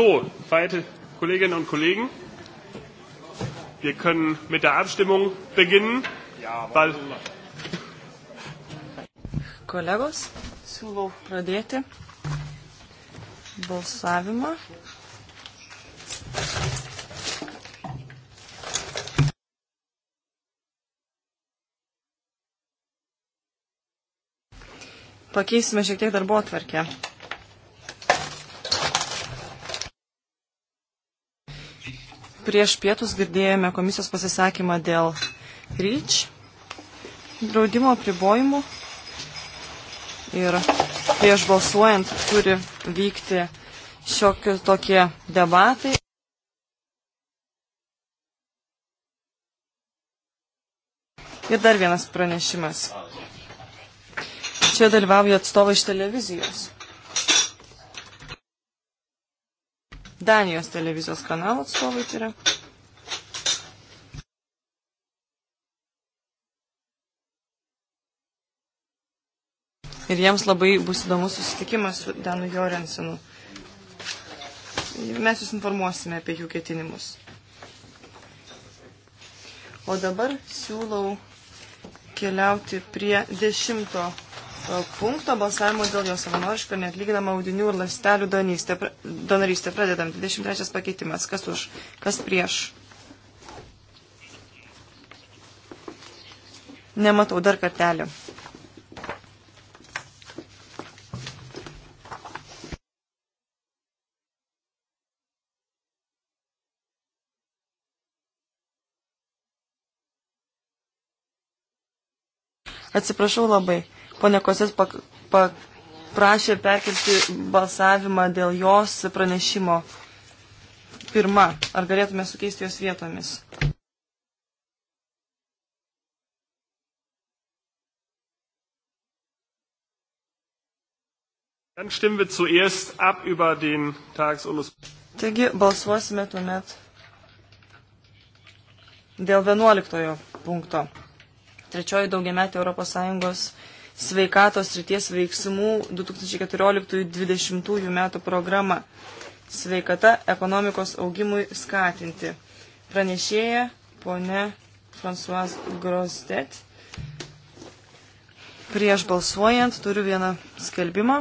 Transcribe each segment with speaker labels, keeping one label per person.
Speaker 1: So, verehrte Kolleginnen und Kollegen, wir können mit der Abstimmung beginnen. Weil...
Speaker 2: Kolegos, siūlau pradėti balsavimą. Pakeisime šiek tiek darbo atvarkę. prieš pietus girdėjome komisijos pasisakymą dėl ryč draudimo apribojimų ir prieš balsuojant turi vykti šiokie tokie debatai. Ir dar vienas pranešimas. Čia dalyvauja atstovai iš televizijos. Danijos televizijos kanalų atstovai tai yra. Ir jiems labai bus įdomus susitikimas su Danu Jorensenu. Mes jūs informuosime apie jų ketinimus. O dabar siūlau keliauti prie dešimto E, punkto balsavimo dėl jo savanoriško ir netlyginamo audinių ir lastelių donystė, donorystė. Pradedam. 23 pakeitimas. Kas už? Kas prieš? Nematau dar kartelį. Atsiprašau labai. Pone Kosės paprašė perkelti balsavimą dėl jos pranešimo. Pirma, ar galėtume sukeisti jos vietomis?
Speaker 1: Dann stimmen wir zuerst ab über den Tagesordnungspunkt.
Speaker 2: Taigi balsuosime tuomet dėl 11 punkto. Trečioji daugiametė ES sveikatos ryties veiksmų 2014-2020 metų programa Sveikata ekonomikos augimui skatinti. Pranešėja ponė François Grostet. Prieš balsuojant turiu vieną skelbimą.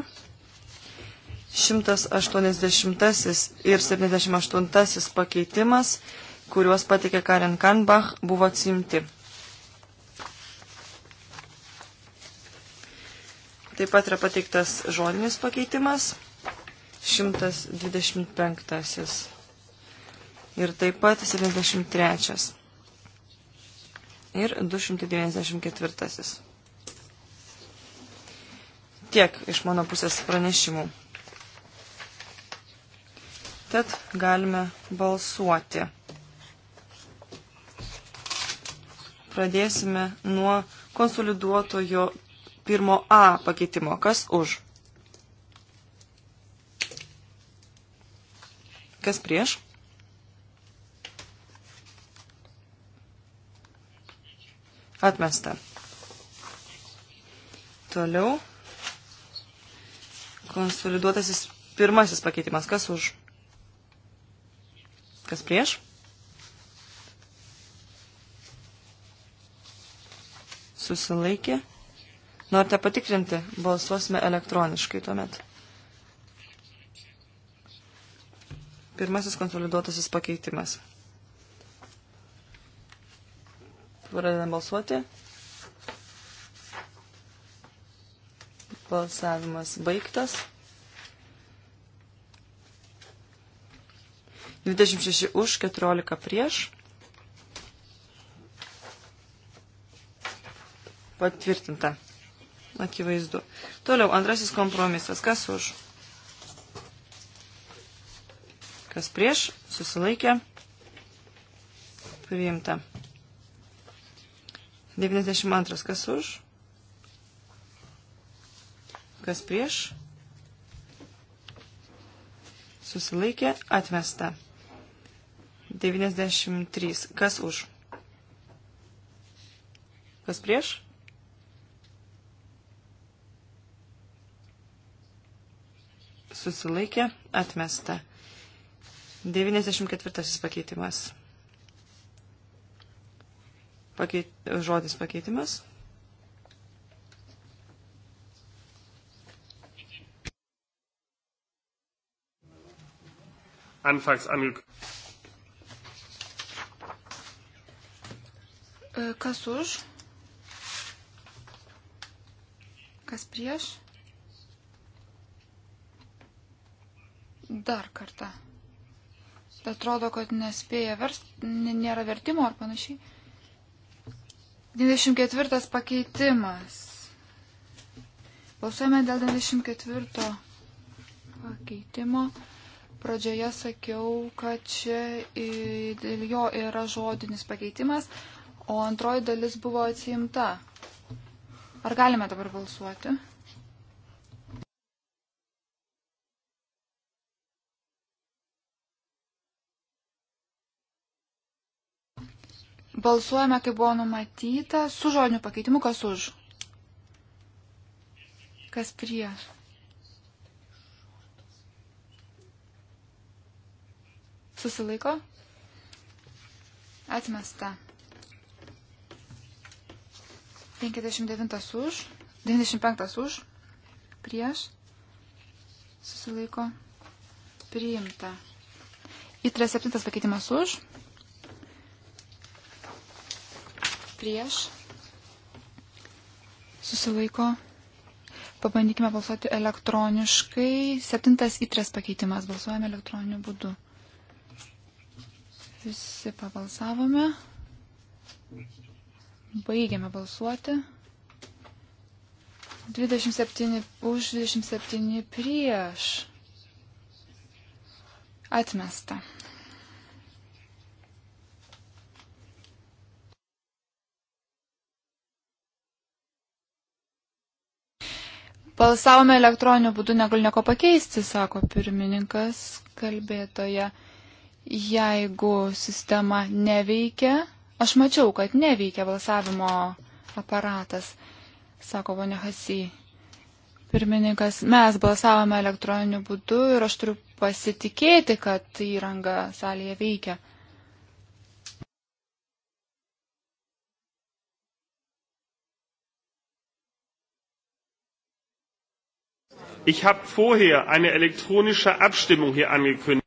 Speaker 2: 180 ir 78 pakeitimas, kuriuos patikė Karen Kanbach, buvo atsimti. Taip pat yra pateiktas žodinis pakeitimas 125 ir taip pat 73 ir 294. Tiek iš mano pusės pranešimų. Tad galime balsuoti. Pradėsime nuo konsoliduotojo pirmo A pakeitimo. Kas už? Kas prieš? Atmesta. Toliau. Konsoliduotasis pirmasis pakeitimas. Kas už? Kas prieš? Susilaikė. Norite patikrinti? Balsuosime elektroniškai tuomet. Pirmasis konsoliduotasis pakeitimas. Pradedame balsuoti. Balsavimas baigtas. 26 už, 14 prieš. Patvirtinta akivaizdu. Toliau, antrasis kompromisas. Kas už? Kas prieš? Susilaikė. Priimta. 92. Kas už? Kas prieš? Susilaikė. Atmesta. 93. Kas už? Kas prieš? susilaikė, atmesta. 94 pakeitimas. Pakeit, žodis pakeitimas.
Speaker 1: Anfangs angekündigt. Kas už?
Speaker 3: Kas prieš? dar kartą. Atrodo, kad nespėja verst, nėra vertimo ar panašiai. 24 pakeitimas. Balsuojame dėl 24 pakeitimo. Pradžioje sakiau, kad čia dėl jo yra žodinis pakeitimas, o antroji dalis buvo atsiimta. Ar galime dabar balsuoti? Balsuojame, kaip buvo numatyta, su žodiniu pakeitimu, kas už. Kas prieš. Susilaiko? Atmesta. 59 už, 95 už, prieš, susilaiko, priimta. Į 37 pakeitimas už, prieš, susilaiko. Pabandykime balsuoti elektroniškai. Septintas įtres pakeitimas. Balsuojame elektroniniu būdu. Visi pabalsavome. Baigiame balsuoti. 27 už, 27 prieš. Atmesta. Balsavome elektroniniu būdu, negaliu nieko pakeisti, sako pirmininkas kalbėtoje. Jeigu sistema neveikia, aš mačiau, kad neveikia balsavimo aparatas, sako ponė Hasi. Pirmininkas, mes balsavome elektroniniu būdu ir aš turiu pasitikėti, kad įranga salėje veikia.
Speaker 1: Ich habe vorher eine elektronische Abstimmung hier angekündigt.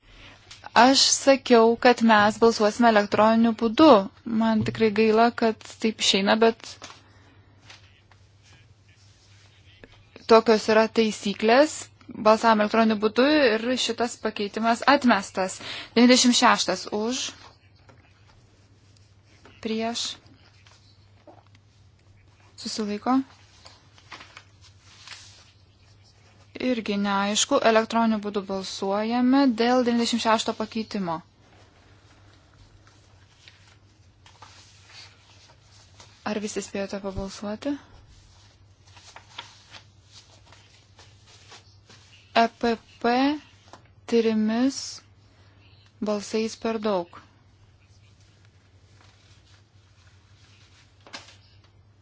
Speaker 3: Aš sakiau, kad mes balsuosime elektroniniu būdu. Man tikrai gaila, kad taip išeina, bet tokios yra taisyklės. Balsavom elektroniniu būdu ir šitas pakeitimas atmestas. 96 už. Prieš. Susilaiko. irgi neaišku. Elektroniniu būdu balsuojame dėl 96 pakeitimo. Ar visi spėjote pabalsuoti? EPP tyrimis balsais per daug.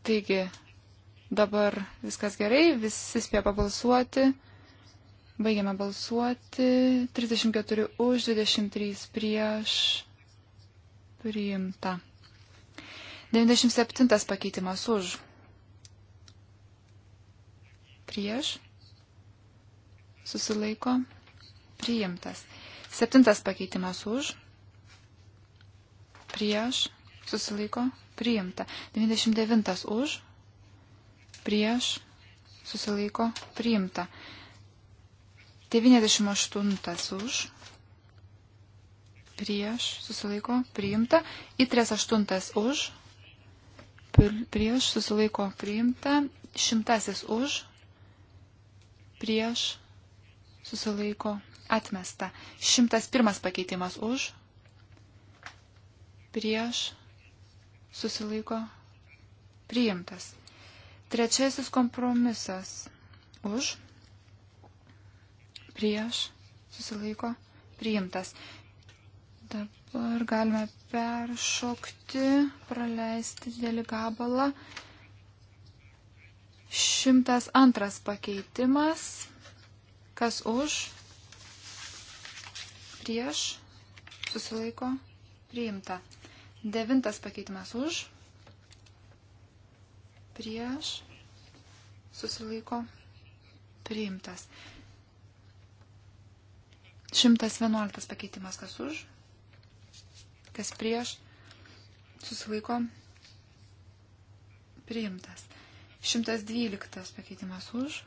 Speaker 3: Taigi, dabar viskas gerai, visi spėjo pabalsuoti. Baigiame balsuoti. 34 už, 23 prieš. Priimta. 97 pakeitimas už. Prieš. Susilaiko. Priimtas. Septintas pakeitimas už. Prieš. Susilaiko. Priimta. 99 už. Prieš. Susilaiko. Priimta. 98 už, prieš, susilaiko, priimta. Įtres 8 už, prieš, susilaiko, priimta. Šimtasis už, prieš, susilaiko, atmesta. Šimtas pirmas pakeitimas už, prieš, susilaiko, priimtas. Trečiasis kompromisas už prieš, susilaiko, priimtas. Dabar galime peršokti, praleisti didelį gabalą. 102 pakeitimas. Kas už? Prieš. Susilaiko. Priimta. Devintas pakeitimas už. Prieš. Susilaiko. Priimtas. 111 pakeitimas kas už, kas prieš, susilaiko priimtas. 112 pakeitimas už,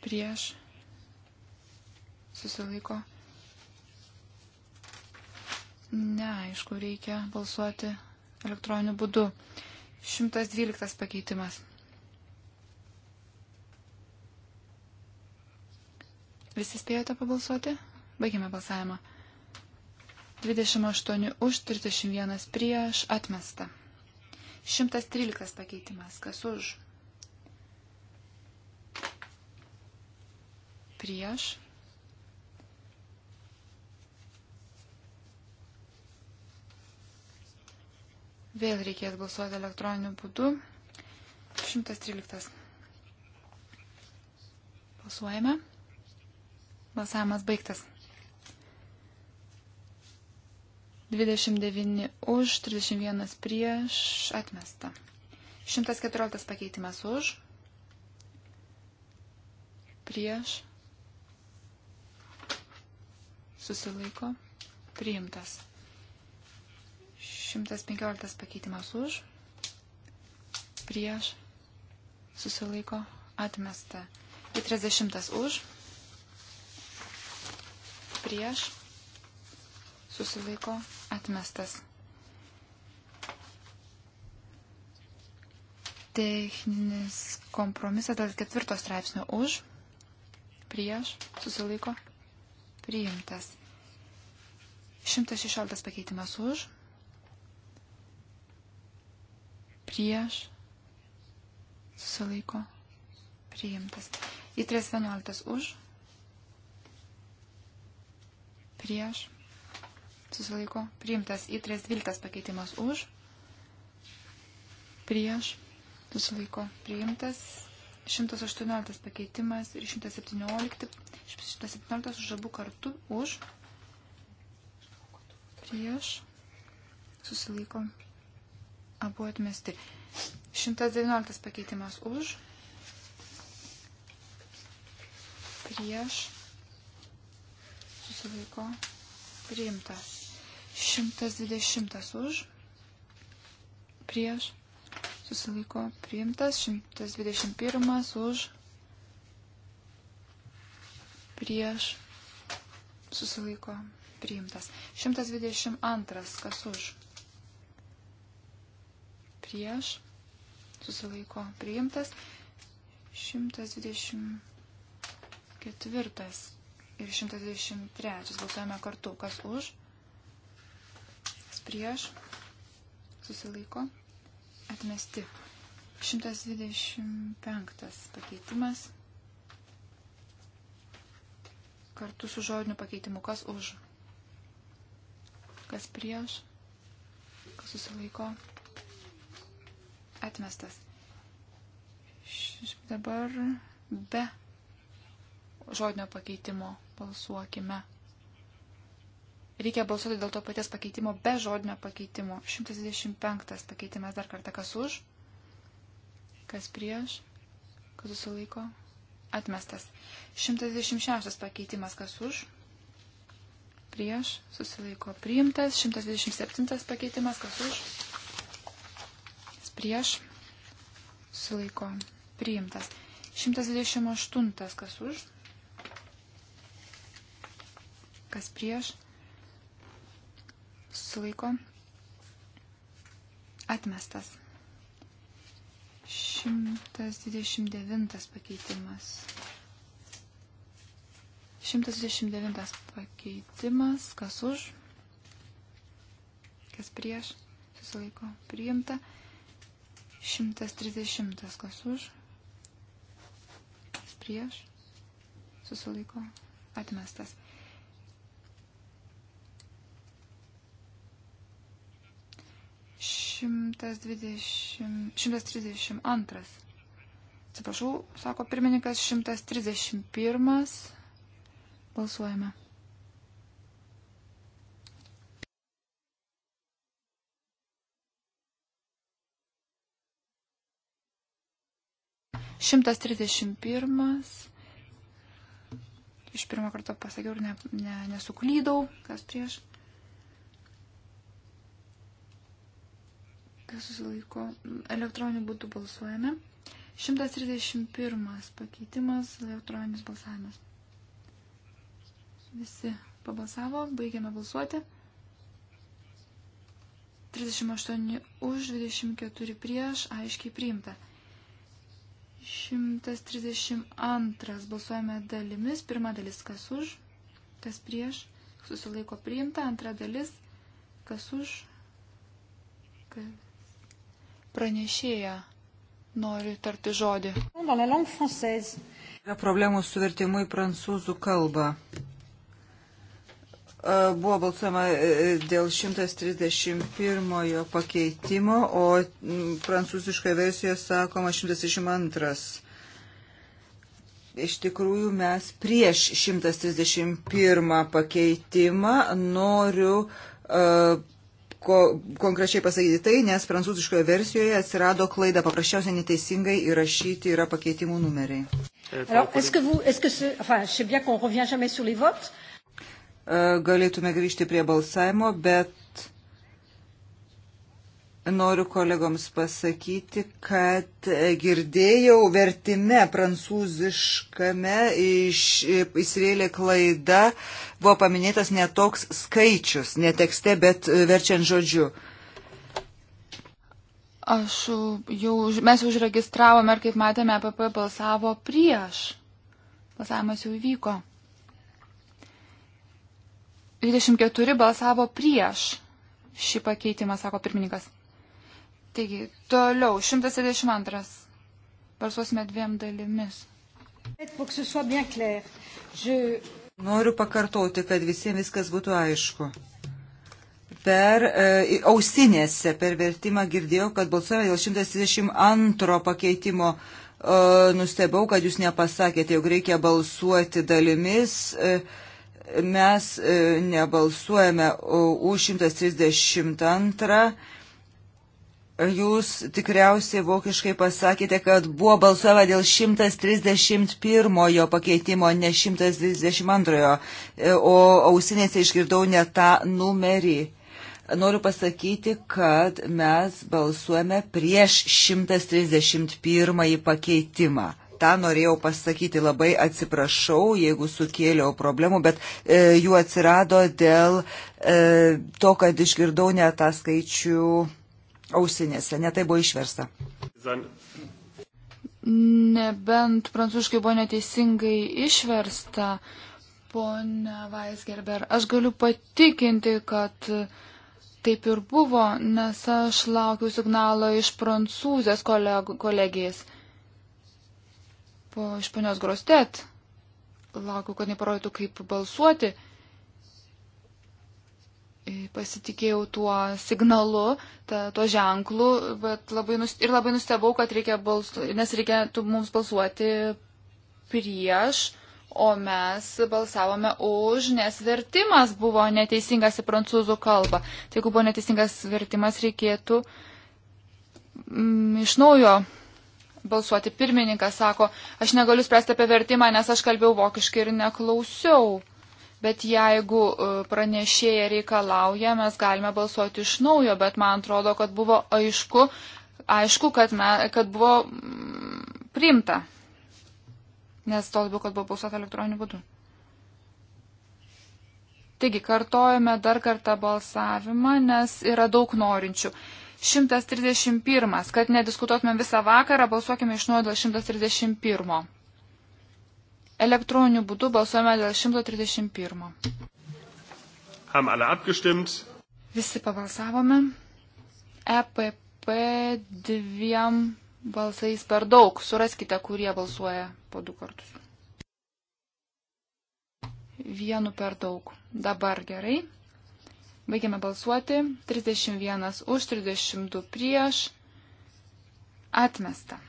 Speaker 3: prieš, susilaiko neaišku, reikia balsuoti elektroniniu būdu. 112 pakeitimas. Visi spėjote pabalsuoti? Baigime balsavimą. 28 už, 31 prieš, atmesta. 113 pakeitimas. Kas už? Prieš. Vėl reikės balsuoti elektroniniu būdu. 113. Balsuojame. Balsavimas baigtas. 29 už, 31 prieš, atmesta. 114 pakeitimas už, prieš, susilaiko, priimtas. 115 pakeitimas už, prieš, susilaiko, atmesta. Į 30 už, prieš, susilaiko atmestas. Techninis kompromisas dėl ketvirto straipsnio už, prieš, susilaiko priimtas. 116 pakeitimas už, prieš, susilaiko priimtas. Į 311 už prieš, susilaiko, priimtas į 312 pakeitimas už, prieš, susilaiko, priimtas 118 pakeitimas ir 117, 117 už abu kartu už, prieš, susilaiko, abu atmesti. 119 pakeitimas už, prieš, susilaiko priimtas. 120 už, prieš susilaiko priimtas. 121 už, prieš susilaiko priimtas. 122 kas už, prieš susilaiko priimtas. 124 ir 123. Balsuojame kartu. Kas už? Kas prieš? Susilaiko. Atmesti. 125 pakeitimas. Kartu su žodiniu pakeitimu. Kas už? Kas prieš? Kas susilaiko? Atmestas. Š dabar be žodinio pakeitimo Balsuokime. Reikia balsuoti dėl to paties pakeitimo be žodinio pakeitimo. 125 pakeitimas dar kartą. Kas už? Kas prieš? Kas susilaiko? Atmestas. 126 pakeitimas. Kas už? Prieš? Susilaiko priimtas. 127 pakeitimas. Kas už? Kas prieš? Susilaiko priimtas. 128 kas už? kas prieš, sulaiko, atmestas. 129 pakeitimas. 129 pakeitimas, kas už, kas prieš, susilaiko, priimta. 130 kas už, kas prieš, susilaiko, atmestas. 120, 132. Atsiprašau, sako pirmininkas 131. Balsuojame. Šimtas trisdešimt pirmas. Iš pirmo karto pasakiau ir ne, ne, nesuklydau, kas prieš. kas susilaiko, elektroniniu būdu balsuojame. 131 pakeitimas, elektroninis balsavimas. Visi pabalsavo, baigiame balsuoti. 38 už, 24 prieš, aiškiai priimta. 132 balsuojame dalimis, pirma dalis kas už, kas prieš, susilaiko priimta, antra dalis kas už, kas Pranešėja nori tarti žodį. Yra
Speaker 4: problemų su vertimu į prancūzų kalbą. E, buvo balsuojama e, dėl 131 pakeitimo, o prancūziškoje versijoje sakoma 132 iš tikrųjų mes prieš 131 pakeitimą noriu uh, ko, konkrečiai pasakyti tai, nes prancūziškoje versijoje atsirado klaida, paprasčiausiai neteisingai įrašyti yra pakeitimų numeriai.
Speaker 1: Eh, Alors,
Speaker 4: est-ce que vous, est-ce que
Speaker 3: ce, enfin, je sais bien qu'on revient jamais sur les votes.
Speaker 4: Eh, galėtume grįžti prie balsavimo, bet noriu kolegoms pasakyti, kad girdėjau vertime prancūziškame iš, įsivėlė klaida, buvo paminėtas netoks skaičius, ne tekste, bet verčiant žodžiu.
Speaker 3: Aš jau, mes užregistravome ir kaip matėme, PP balsavo prieš. Balsavimas jau įvyko. 24 balsavo prieš šį pakeitimą, sako pirmininkas. Taigi, toliau, 172. Balsuosime dviem dalimis.
Speaker 4: Noriu pakartoti, kad visiems viskas būtų aišku. Per e, ausinėse, per vertimą girdėjau, kad balsuoja dėl 132 pakeitimo. E, nustebau, kad jūs nepasakėte, jog reikia balsuoti dalimis. E, mes e, nebalsuojame e, už 132 Jūs tikriausiai vokiškai pasakėte, kad buvo balsuojama dėl 131 pakeitimo, ne 122, e, o ausinėse išgirdau ne tą numerį. Noriu pasakyti, kad mes balsuojame prieš 131 pakeitimą. Ta norėjau pasakyti, labai atsiprašau, jeigu sukėliau problemų, bet e, jų atsirado dėl e, to, kad išgirdau ne tą skaičių ausinėse, netai buvo išversta.
Speaker 3: Nebent prancūziškai buvo neteisingai išversta, ponia Weisgerber, aš galiu patikinti, kad taip ir buvo, nes aš laukiu signalo iš prancūzės koleg kolegijas. Po iš ponios Grostet laukiu, kad neparodytų, kaip balsuoti pasitikėjau tuo signalu, ta, tuo ženklu, bet labai nust, ir labai nustebau, kad reikia balsuoti, nes reikėtų mums balsuoti prieš, o mes balsavome už, nes vertimas buvo neteisingas į prancūzų kalbą. Tai jeigu buvo neteisingas vertimas, reikėtų mm, iš naujo balsuoti. Pirmininkas sako, aš negaliu spręsti apie vertimą, nes aš kalbėjau vokiškai ir neklausiau bet jeigu e, pranešėja reikalauja, mes galime balsuoti iš naujo, bet man atrodo, kad buvo aišku, aišku kad, me, kad buvo mm, priimta. Nes to labiau, kad buvo balsuota elektroniniu būdu. Taigi, kartojame dar kartą balsavimą, nes yra daug norinčių. 131. Kad nediskutuotume visą vakarą, balsuokime iš naujo dėl 131. Elektroniniu būdu balsuojame dėl 131.
Speaker 1: Haben alle abgestimmt?
Speaker 3: Visi pabalsavome. EPP dviem balsais per daug. Suraskite, kurie balsuoja po du kartus. Vienu per daug. Dabar gerai. Baigiame balsuoti. 31 už, 32 prieš. Atmesta.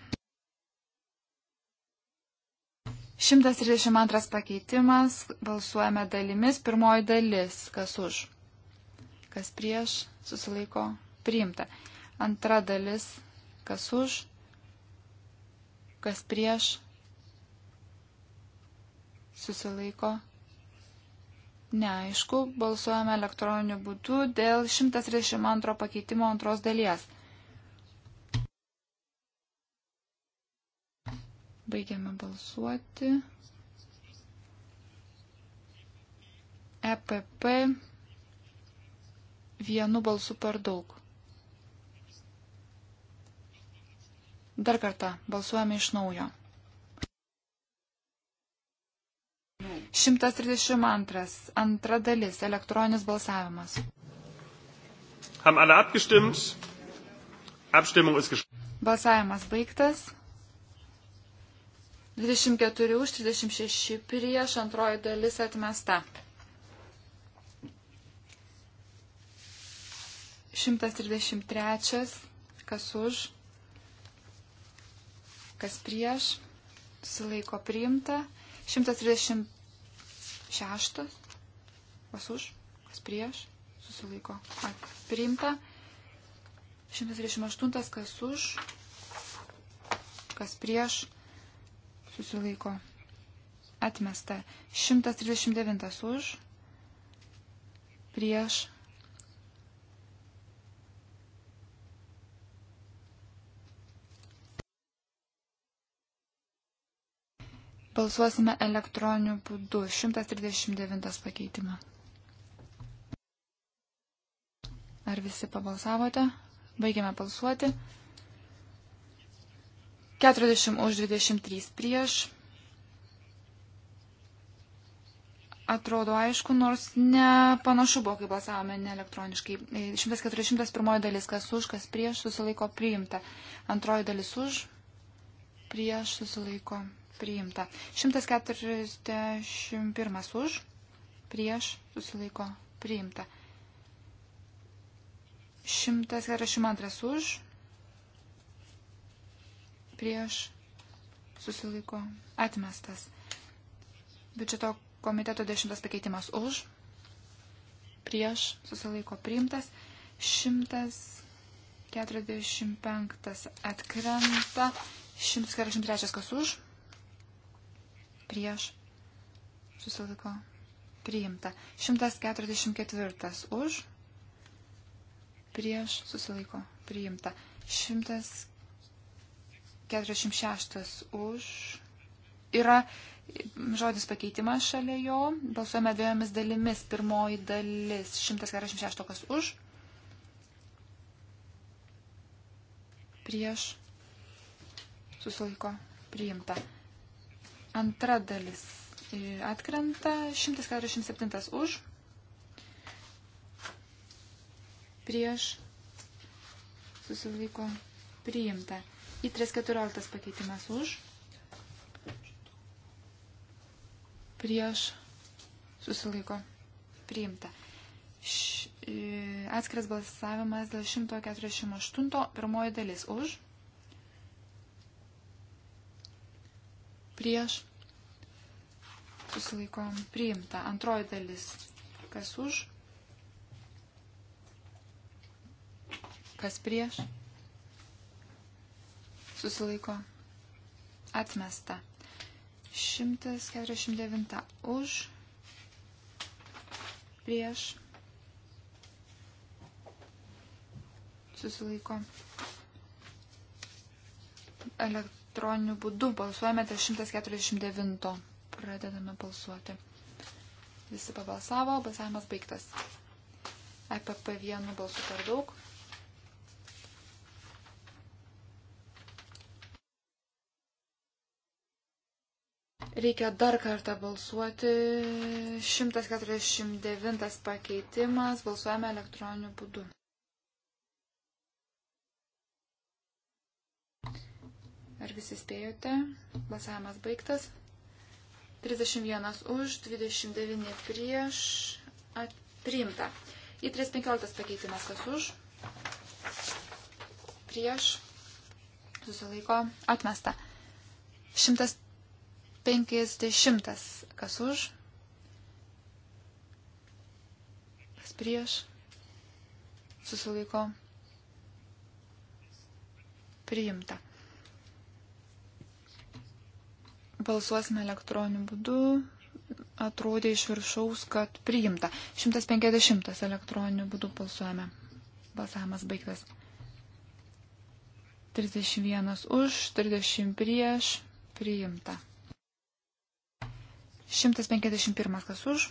Speaker 3: 132 pakeitimas, balsuojame dalimis, pirmoji dalis, kas už, kas prieš, susilaiko, priimta. Antra dalis, kas už, kas prieš, susilaiko. Neaišku, balsuojame elektroniniu būdu dėl 132 pakeitimo antros dalies. Baigiame balsuoti. EPP vienu balsu per daug. Dar kartą balsuojame iš naujo. 132. Antra dalis. Elektroninis balsavimas.
Speaker 1: Haben alle abgestimmt? Abstimmung ist geschlossen.
Speaker 3: Balsavimas baigtas. 24 už 36 prieš antroji dalis atmesta. 133 kas už, kas prieš, sulaiko priimta. 136 kas už, kas prieš, susilaiko priimta. 138 kas už, kas prieš, susilaiko atmesta. 139 už, prieš Balsuosime elektroniniu būdu 139 pakeitimą. Ar visi pabalsavote? Baigiame balsuoti. 40 už 23 prieš. Atrodo aišku, nors nepanašu buvo, kai balsavome ne elektroniškai. 141 dalis, kas už, kas prieš, susilaiko priimta. Antroji dalis už, prieš, susilaiko priimta. 141 už, prieš, susilaiko priimta. 142 už, prieš susilaiko atmestas. Biudžeto komiteto dešimtas pakeitimas už, prieš susilaiko priimtas, šimtas 45 atkrenta, 143 kas už, prieš susilaiko priimta, 144 už, prieš susilaiko priimta, 145 46 už. Yra žodis pakeitimas šalia jo. Balsuojame dviejomis dalimis. Pirmoji dalis 146 kas už. Prieš. Susilaiko. Priimta. Antra dalis e, atkrenta. 147 už. Prieš. Susilaiko. Priimta į 314 pakeitimas už, prieš susilaiko priimta. Š, e, atskiras balsavimas dėl 148 pirmoji dalis už, prieš susilaiko priimta. Antroji dalis kas už, kas prieš susilaiko atmesta. 149 už, prieš, susilaiko elektroniniu būdu. Balsuojame dėl 149. Pradedame balsuoti. Visi pabalsavo, balsavimas baigtas. EPP vienu balsu per daug. Reikia dar kartą balsuoti. 149 pakeitimas. Balsuojame elektroniniu būdu. Ar visi spėjote? Balsavimas baigtas. 31 už, 29 prieš. Priimta. Į 315 pakeitimas kas už. Prieš. Susilaiko. Atmesta. 100. 50. Kas už? Kas prieš? Susilaiko. Priimta. Balsuosime elektroniniu būdu. Atrodė iš viršaus, kad priimta. 150 elektroniniu būdu balsuojame. Balsavimas baigtas. 31 už, 30 prieš, priimta. 151 kas už,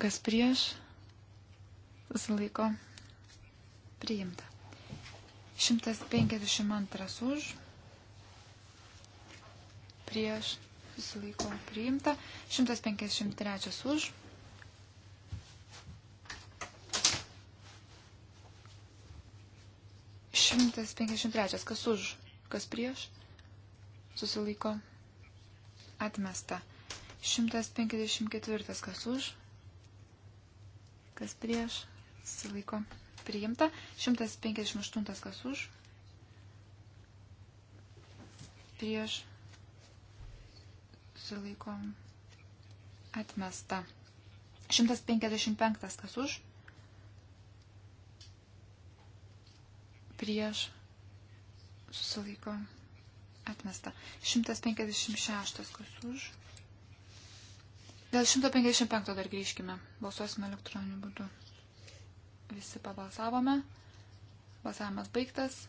Speaker 3: kas prieš, susilaiko priimta. 152 už, prieš, susilaiko priimta. 153 už. Šimtas penkiasdešimt trečias, kas už, kas prieš, susilaiko atmesta. 154 kas už, kas prieš, susilaiko priimta. 158 kas už, prieš, susilaiko atmesta. 155 kas už, prieš, susilaiko atmesta atmesta. 156 kas už. Dėl 155 dar grįžkime. Balsuosime elektroniniu būdu. Visi pabalsavome. Balsavimas baigtas.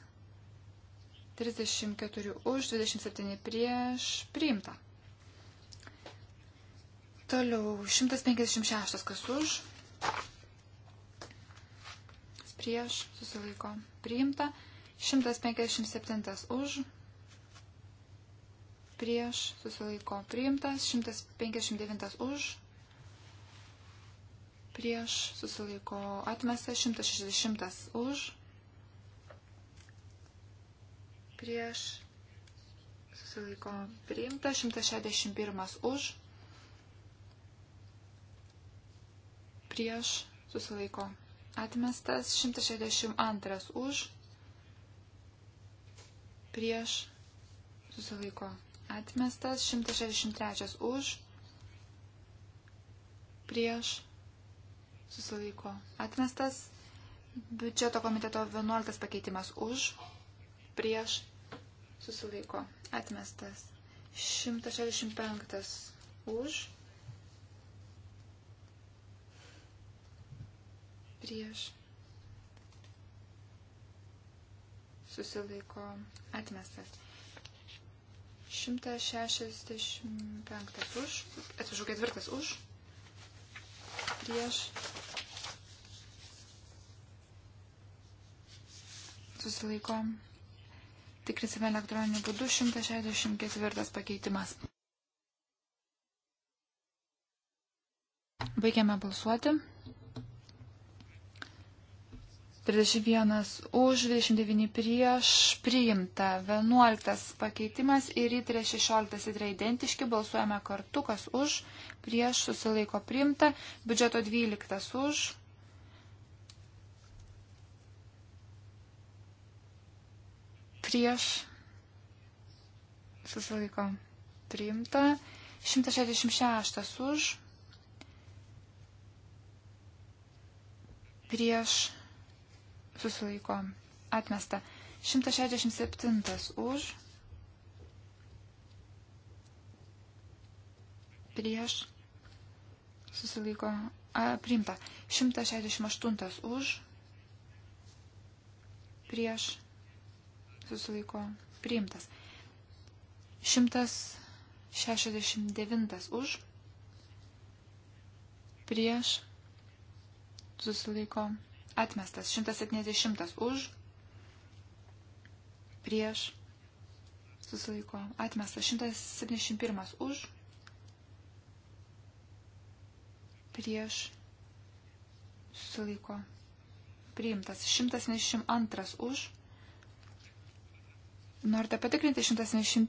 Speaker 3: 34 už, 27 prieš. Priimta. Toliau 156 kas už. Prieš susilaiko. Priimta. 157 už prieš susilaiko priimtas, 159 už, prieš susilaiko atmestas, 160 už, prieš susilaiko priimtas, 161 už, prieš susilaiko atmestas, 162 už, prieš susilaiko atmestas, 163 už, prieš, susilaiko atmestas, biudžeto komiteto 11 pakeitimas už, prieš, susilaiko atmestas, 165 už, prieš. susilaiko atmestas. 165 už, atsiprašau, ketvirtas už, prieš, susilaikom, tikrinsime elektroniniu būdu 164 pakeitimas. Baigiame balsuoti. 31 už, 29 prieš, priimta. 11 pakeitimas ir įtrė 16 yra identiški, balsuojame kartu, kas už, prieš, susilaiko priimta, biudžeto 12 už. Prieš, susilaiko priimta, 166 už, prieš, susilaiko atmesta. 167 už, prieš, susilaiko, a, priimta. 168 už, prieš, susilaiko, priimtas. 169 už, prieš, susilaiko, priimtas Atmestas 170 už, prieš, susilaiko. Atmestas 171 už, prieš, susilaiko. Priimtas 172 už. Norite patikrinti 171?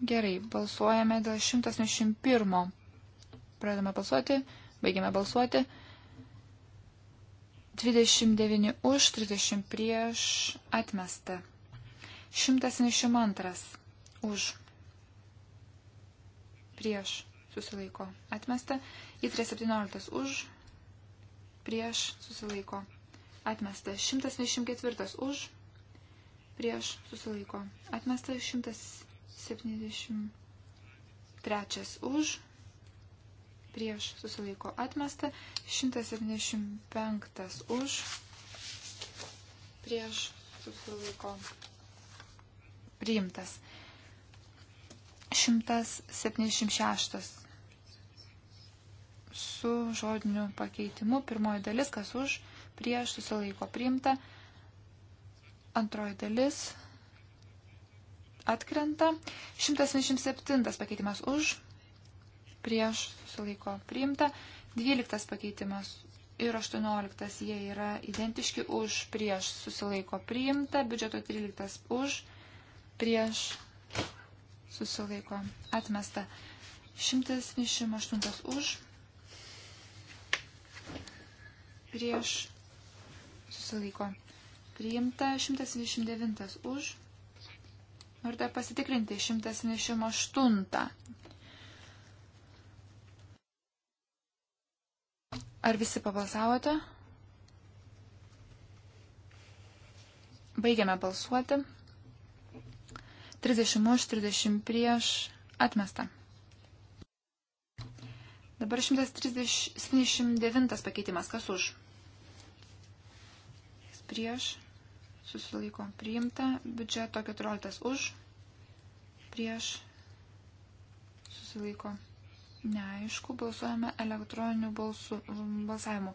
Speaker 3: Gerai, balsuojame dėl 171. Pradedame balsuoti, baigiame balsuoti. 29 už, 30 prieš, atmesta. 172 už, prieš, susilaiko, atmesta. Į 317 už, prieš, susilaiko, atmesta. 124 už, prieš, susilaiko, atmesta. 173 už, prieš susilaiko atmesta, 175 už, prieš susilaiko priimtas, 176 su žodiniu pakeitimu, pirmoji dalis, kas už, prieš susilaiko priimta, antroji dalis atkrenta, 177 pakeitimas už, prieš susilaiko priimta. 12 pakeitimas ir 18 jie yra identiški už prieš susilaiko priimta. Biudžeto 13 už prieš susilaiko atmesta. 128 už prieš susilaiko priimta. 129 už. Norite pasitikrinti 178. Ar visi pabalsavote? Baigiame balsuoti. 30 už, 30 prieš, atmesta. Dabar 179 pakeitimas. Kas už? Jis prieš. Susilaiko priimta. Biudžeto 14 už. Prieš. Susilaiko neaišku, balsuojame elektroniniu balsu, balsavimu.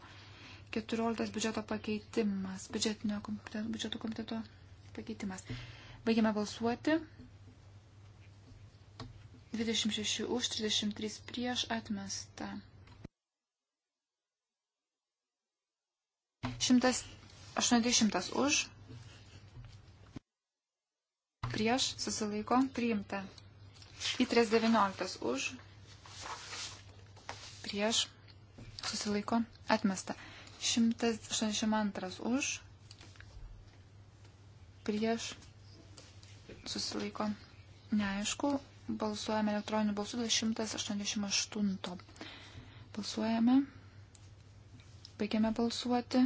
Speaker 3: 14 biudžeto pakeitimas, biudžetinio komiteto, biudžeto komiteto pakeitimas. Baigiame balsuoti. 26 už, 33 prieš atmesta. 180 už. Prieš susilaiko priimta. Į 319 už prieš, susilaiko, atmesta. 182 už, prieš, susilaiko, neaišku. Balsuojame elektroniniu balsu dėl 188. Balsuojame. Baigiame balsuoti.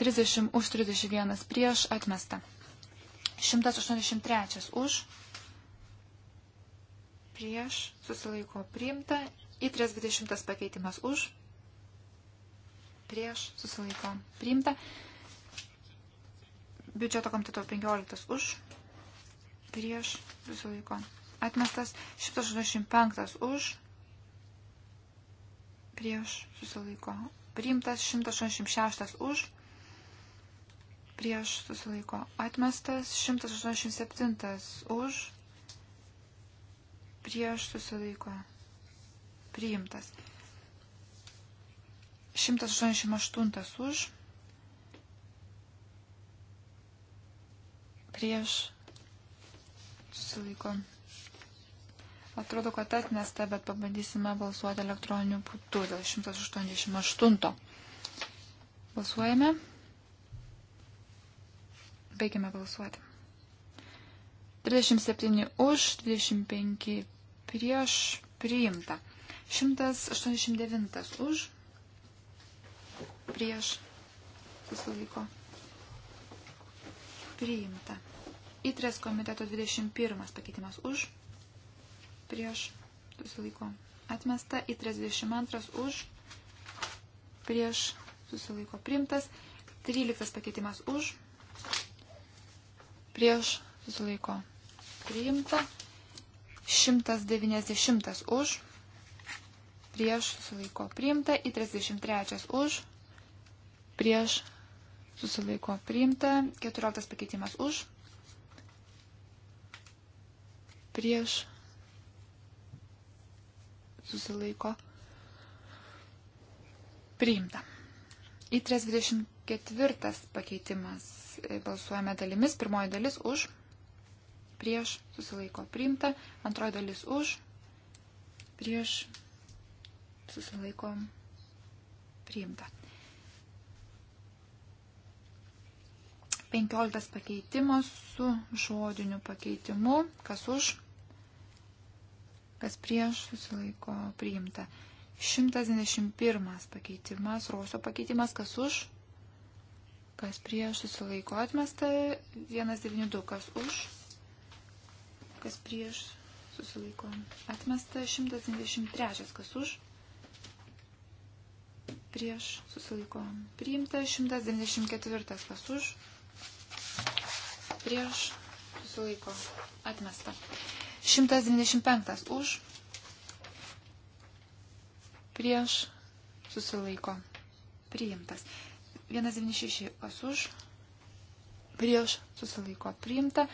Speaker 3: 30 už 31 prieš atmesta. 183 už prieš susilaiko priimta, į 320 pakeitimas už, prieš susilaiko priimta, biudžeto komiteto 15 už, prieš susilaiko atmestas, 185 už, prieš susilaiko priimtas, 186 už, prieš susilaiko atmestas, 187 už, prieš susilaiko priimtas. 188 už prieš susilaiko. Atrodo, kad atmesta, bet pabandysime balsuoti elektroniniu būdu dėl 188. Balsuojame. Baigiame balsuoti. 37 už, 25 prieš priimta. 189 už prieš susilaiko priimta. Įtres komiteto 21 pakeitimas už prieš susilaiko atmesta. Įtres 22 už prieš susilaiko priimtas. 13 pakeitimas už prieš susilaiko priimta. 190 už, prieš susilaiko priimta, į 33 už, prieš susilaiko priimta, 14 pakeitimas už, prieš susilaiko priimta. Į 34 pakeitimas e, balsuojame dalimis, pirmoji dalis už, prieš prieš susilaiko priimta, antroji dalis už, prieš susilaiko priimta. 15 pakeitimas su žodiniu pakeitimu, kas už, kas prieš susilaiko priimta. 121 pakeitimas, rauso pakeitimas, kas už, kas prieš susilaiko atmesta, 192, kas už, kas prieš, susilaiko. Atmesta 173, kas už, prieš, susilaiko. Priimta 194, kas už, prieš, susilaiko. Atmesta. 195 už, prieš, susilaiko. Priimtas. 196 kas už, prieš, susilaiko. Priimta.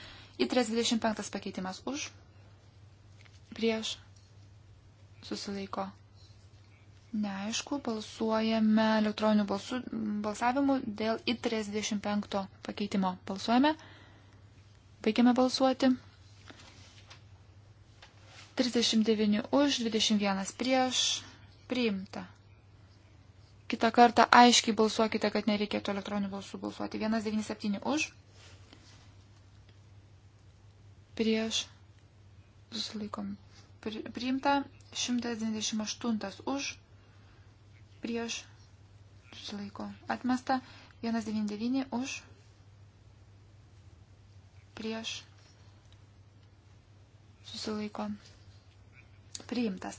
Speaker 3: Į 325 pakeitimas už, prieš, susilaiko. Neaišku, balsuojame elektroniniu balsu, balsavimu dėl į 35 pakeitimo. Balsuojame, baigiame balsuoti. 39 už, 21 prieš, priimta. Kita kartą aiškiai balsuokite, kad nereikėtų elektroninių balsų balsuoti. 197 už, prieš susilaikom priimta, 198 už, prieš susilaiko atmesta, 199 už, prieš susilaiko priimtas.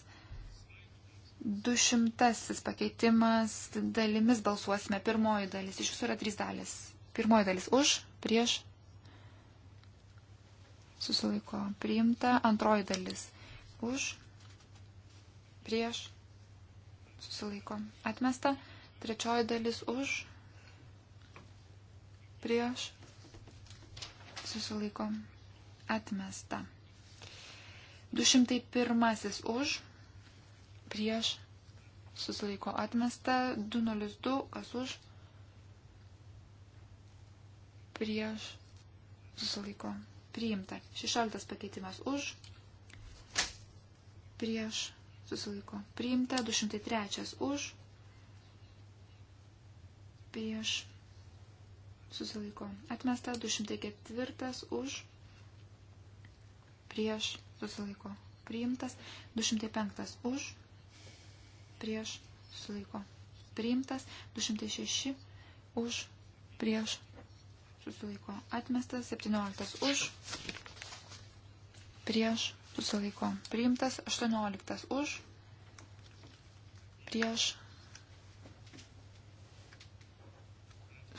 Speaker 3: 200 pakeitimas dalimis balsuosime. Pirmoji dalis, iš visų yra trys dalis. Pirmoji dalis už, prieš, susilaiko priimta. Antroji dalis už, prieš, susilaiko atmesta. Trečioji dalis už, prieš, susilaiko atmesta. 201 už, prieš, susilaiko atmesta, 202, kas už, prieš, susilaiko priimta. 16 pakeitimas už, prieš, susilaiko, priimta. 203 už, prieš, susilaiko, atmesta. 204 už, prieš, susilaiko, priimtas. 205 už, prieš, susilaiko, priimtas. 206 už, prieš, susilaiko atmestas, 17 už, prieš susilaiko priimtas, 18 už, prieš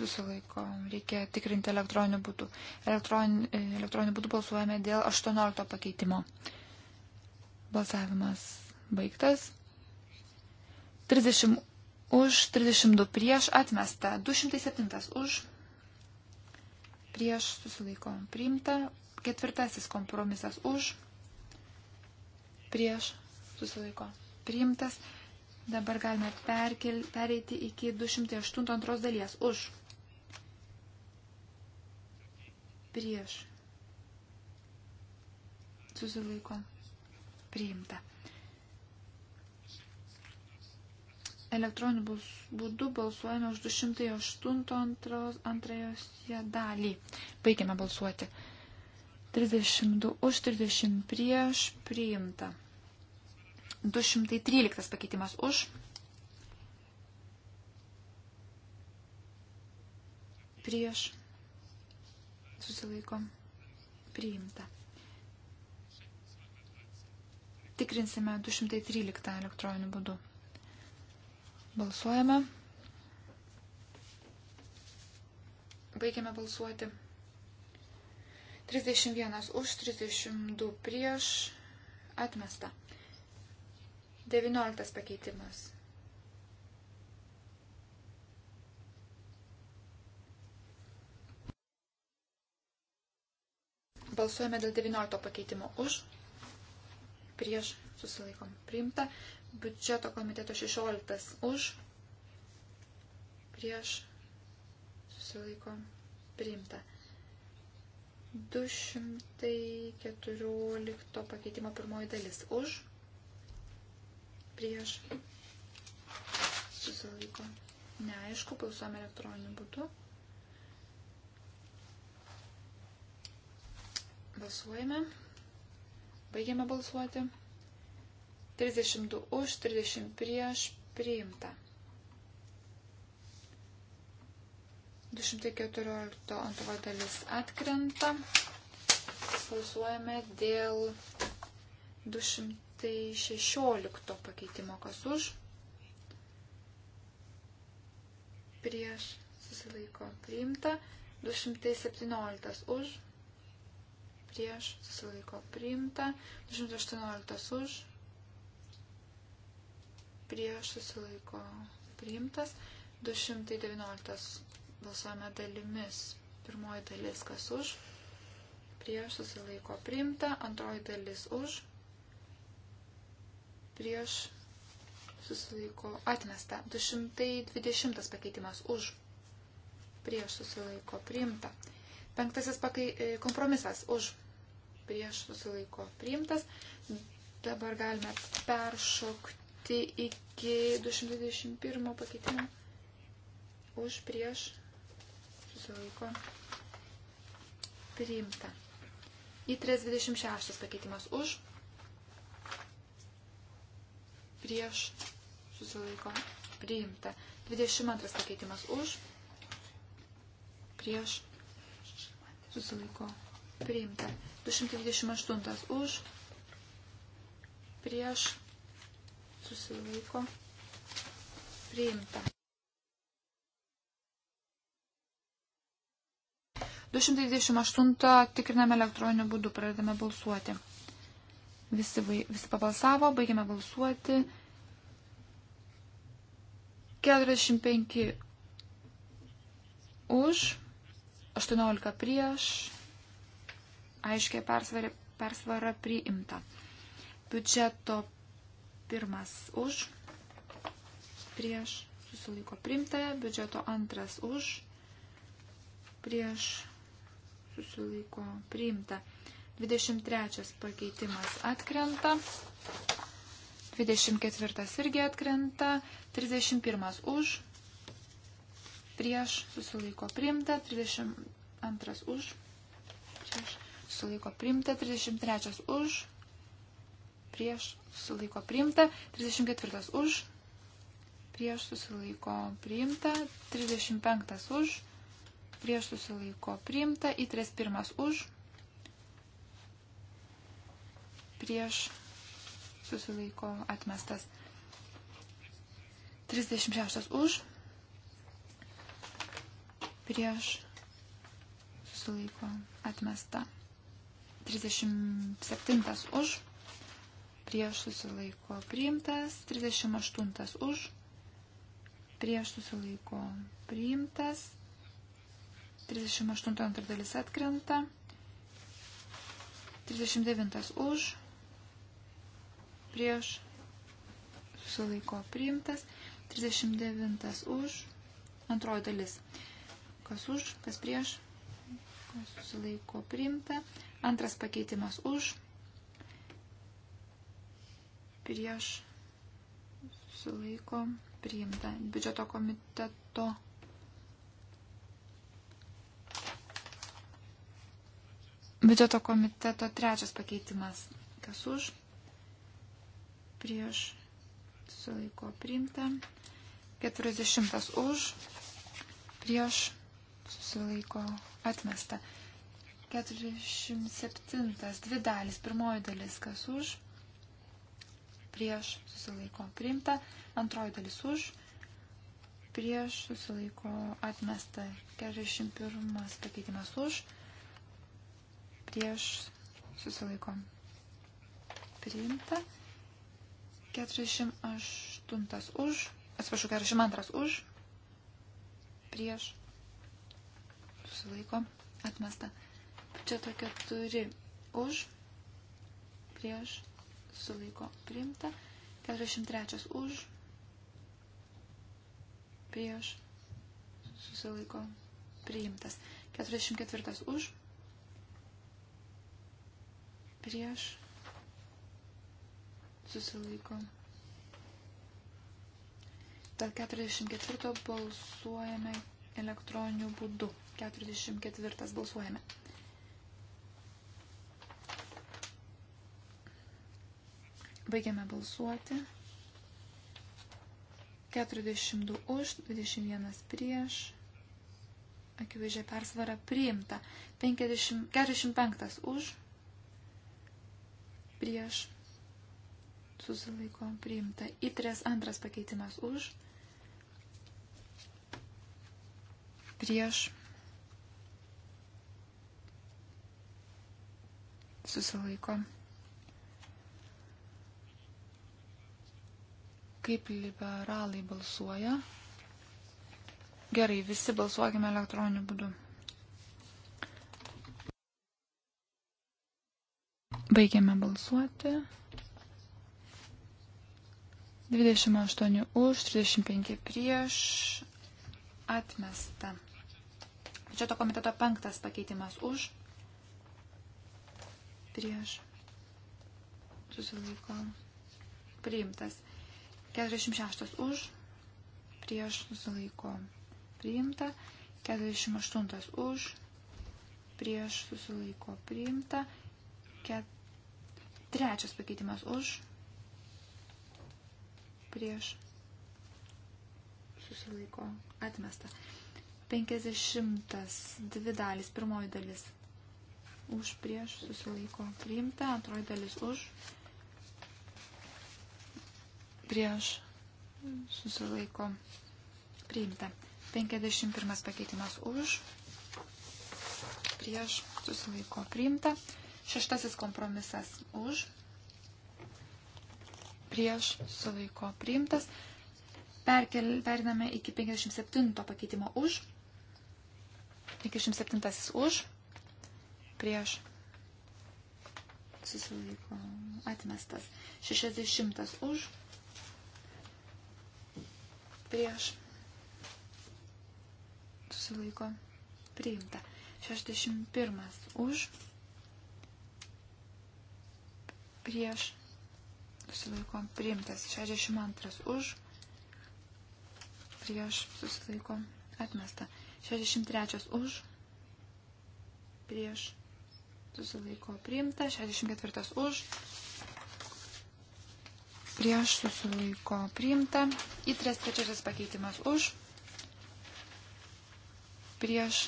Speaker 3: susilaiko, reikia tikrinti elektroniniu būdu. Elektron, elektroniniu būdu balsuojame dėl 18 pakeitimo. Balsavimas baigtas. 30 už, 32 prieš, atmesta, 207 už prieš susilaiko priimta, ketvirtasis kompromisas už, prieš susilaiko priimtas. Dabar galime perkel, pereiti iki 208 dalies už, prieš susilaiko priimta. elektroniniu būdu balsuojame už 208 antrąją dalį. Baigiame balsuoti. 32 už 30 prieš priimta. 213 pakeitimas už. Prieš. Susilaikom. Priimta. Tikrinsime 213 elektroniniu būdu. Balsuojame. Baigiame balsuoti. 31 už, 32 prieš, atmesta. 19 pakeitimas. Balsuojame dėl 19 pakeitimo už, prieš, susilaikom, priimta biudžeto komiteto 16 už, prieš, susilaiko, priimta. 214 pakeitimo pirmoji dalis už, prieš, susilaiko, neaišku, balsuom elektroniniu būdu. Balsuojame. Baigiame balsuoti. 32 už, 30 prieš priimta. 214 antroji dalis atkrenta. Balsuojame dėl 216 pakeitimo, kas už. Prieš susilaiko priimta. 217 už. Prieš susilaiko priimta. 218 už prieš susilaiko priimtas. 219 balsuojame dalimis. Pirmoji dalis kas už, prieš susilaiko priimta, antroji dalis už, prieš susilaiko atmesta. 220 pakeitimas už, prieš susilaiko priimta. Penktasis pakai, e, kompromisas už, prieš susilaiko priimtas. Dabar galime peršokti tai iki 221 pakeitimo už prieš susilaiko priimta. Į 326 pakeitimas už prieš susilaiko priimta. 22 pakeitimas už prieš susilaiko priimta. 228 už prieš susilaiko priimta. 228 tikriname elektroniniu būdu, pradedame balsuoti. Visi, visi pabalsavo, baigiame balsuoti. 45 už, 18 prieš, aiškiai persvara, persvara priimta. Biudžeto pirmas už, prieš susilaiko primta, biudžeto antras už, prieš susilaiko priimta. 23 pakeitimas atkrenta, 24 irgi atkrenta, 31 už, prieš susilaiko priimta, 32 už, prieš susilaiko priimta, 33 už, prieš susilaiko priimta, 34 už, prieš susilaiko priimta, 35 už, prieš susilaiko priimta, į 31 už, prieš susilaiko atmestas, 36 už, prieš susilaiko atmesta, 37 už prieš susilaiko priimtas, 38 už, prieš susilaiko priimtas, 38 antra dalis atkrenta, 39 už, prieš susilaiko priimtas, 39 už, antroji dalis, kas už, kas prieš, kas susilaiko priimta, antras pakeitimas už, prieš susilaiko priimta. Biudžeto komiteto Biudžeto komiteto trečias pakeitimas. Kas už? Prieš susilaiko priimta. 40 už. Prieš susilaiko atmesta. 47. Dvi dalis. Pirmoji dalis. Kas už? prieš susilaiko priimta, antroji dalis už, prieš susilaiko atmesta, 41 pakeitimas už, prieš susilaiko priimta, 48 už, atsiprašau, 42 už, prieš susilaiko atmesta. Čia tokie turi už, prieš susilaiko priimta. 43 už, prieš, susilaiko priimtas. 44 už, prieš, susilaiko. Dėl 44 balsuojame elektroniniu būdu. 44 balsuojame. Baigiame balsuoti. 42 už, 21 prieš. Akivaizdžiai persvara priimta. 50, 45 už, prieš. Susilaiko priimta. Įtrės antras pakeitimas už, prieš. Susilaiko priimta. kaip liberalai balsuoja. Gerai, visi balsuokime elektroniniu būdu. Baigiame balsuoti. 28 už, 35 prieš. Atmesta. Čia to komiteto penktas pakeitimas už. Prieš. Susilaiko. Priimtas. 46 už, prieš susilaiko priimta, 48 už, prieš susilaiko priimta, ket... trečias pakeitimas už, prieš susilaiko atmesta. 50 dvi dalis, pirmoji dalis už, prieš susilaiko priimta, antroji dalis už, prieš prieš susilaiko priimta. 51 pakeitimas už, prieš susilaiko priimta. Šeštasis kompromisas už, prieš susilaiko priimtas. Perkel, periname iki 57 pakeitimo už, 57 už, prieš susilaiko atmestas. 60 už, prieš susilaiko priimta. 61 už prieš susilaiko priimtas. 62 už prieš susilaiko atmesta. 63 už prieš susilaiko priimta. 64 už prieš susilaiko priimta. Įtras trečiasis pakeitimas už, prieš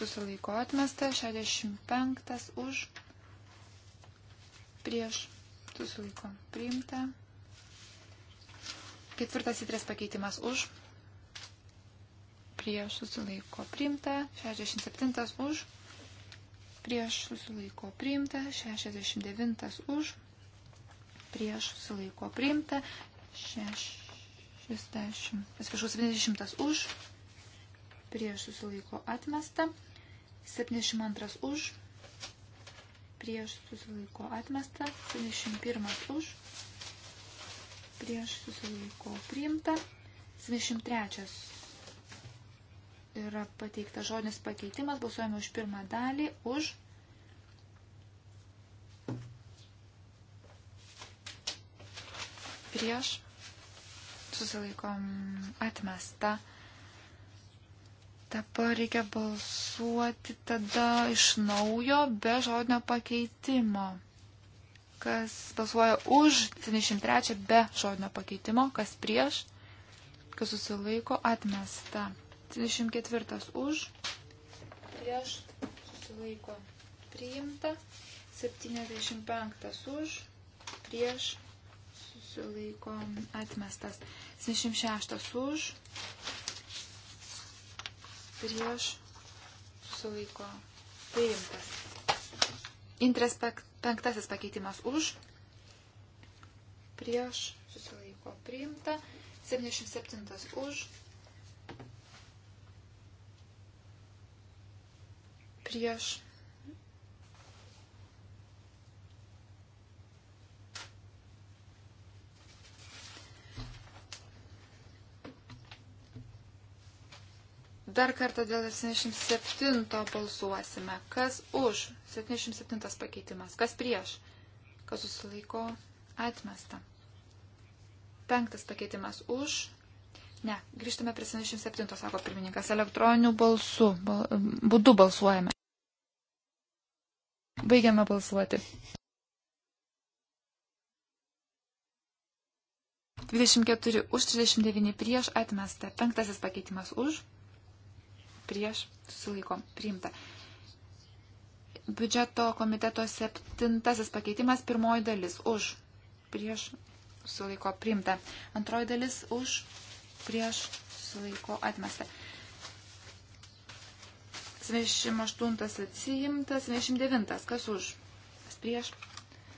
Speaker 3: susilaiko atmesta. 65 už, prieš susilaiko priimta. Ketvirtas įtras pakeitimas už, prieš susilaiko priimta, 67 už, prieš susilaiko priimta, 69 už, prieš susilaiko priimta, 60, atsiprašau, 70 už, prieš susilaiko atmesta, 72 už, prieš susilaiko atmesta, 71 už, prieš susilaiko priimta, 73 yra pateiktas žodinis pakeitimas, balsuojame už pirmą dalį, už, prieš, susilaikom atmesta. Dabar reikia balsuoti tada iš naujo be žodinio pakeitimo. Kas balsuoja už 73 be žodinio pakeitimo, kas prieš, kas susilaiko atmesta. 74 už, prieš, susilaiko priimta. 75 už, prieš, susilaiko atmestas. 76 už, prieš susilaiko priimtas. Intres penktasis pakeitimas už, prieš susilaiko priimta. 77 už, prieš Dar kartą dėl 77 balsuosime. Kas už? 77 pakeitimas. Kas prieš? Kas susilaiko? Atmesta. Penktas pakeitimas už. Ne, grįžtame prie 77, sako pirmininkas. Elektroniniu balsu. Bal, būdu balsuojame. Baigiame balsuoti. 24 už 39 prieš atmesta. Penktasis pakeitimas už prieš susilaiko priimta. Biudžeto komiteto septintasis pakeitimas, pirmoji dalis už prieš susilaiko priimta. Antroji dalis už prieš susilaiko atmesta. 28 atsijimtas, 29 kas už, kas prieš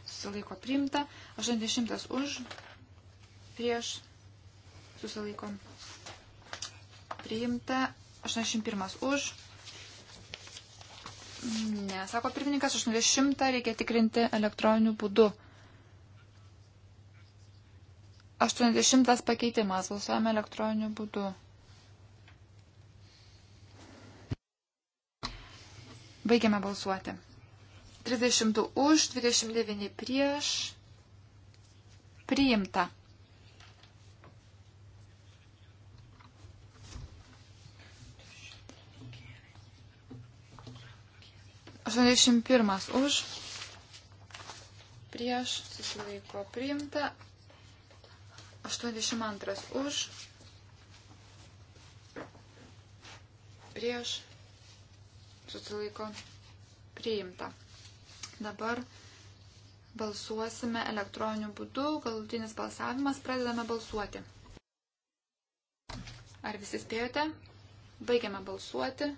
Speaker 3: susilaiko priimta, 80 už prieš susilaiko priimta, 81 už. Ne, sako pirmininkas, 80 reikia tikrinti elektroniniu būdu. 80 pakeitimas, balsuojame elektroniniu būdu. Baigiame balsuoti. 30 už, 29 prieš. Priimta. 81 už, prieš, susilaiko priimta, 82 už, prieš, susilaiko priimta. Dabar balsuosime elektroniniu būdu, galutinis balsavimas, pradedame balsuoti. Ar visi spėjote? Baigiame balsuoti.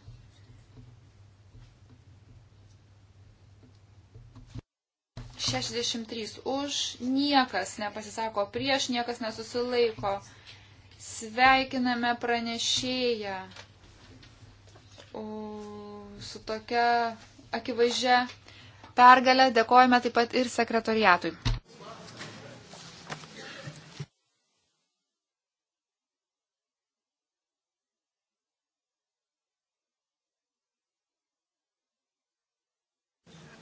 Speaker 3: 63 už, niekas nepasisako prieš, niekas nesusilaiko. Sveikiname pranešėją su tokia akivaizdžia pergalė. Dėkojame taip pat ir sekretoriatui.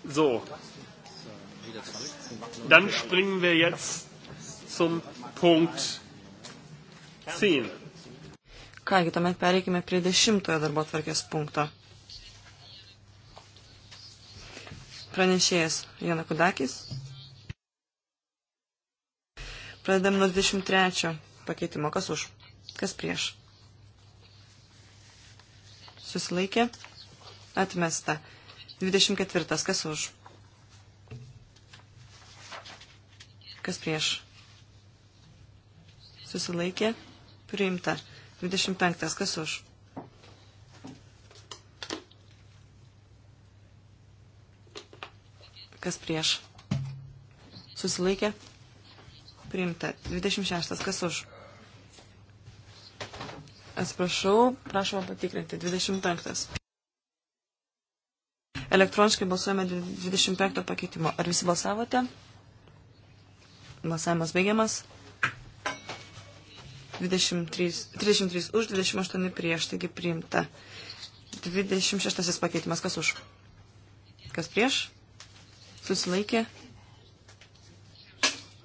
Speaker 1: So, Dann springen wir jetzt zum Punkt 10.
Speaker 2: Kągi, tuomet pereikime prie dešimtojo darbo tvarkės punkto. Pranešėjas Jona Kudakis. Pradedam nuo 23 pakeitimo. Kas už? Kas prieš? Susilaikė? Atmesta. 24. Kas už? Kas prieš? Susilaikė. Priimta. 25. Kas už? Kas prieš? Susilaikė. Priimta. 26. Kas už? Atsiprašau, prašoma patikrinti. 25. Elektroniškai balsuojame 25 pakeitimo. Ar visi balsavote? Balsavimas baigiamas. 23, 33 už, 28 prieš, taigi priimta. 26 pakeitimas, kas už? Kas prieš? Susilaikė?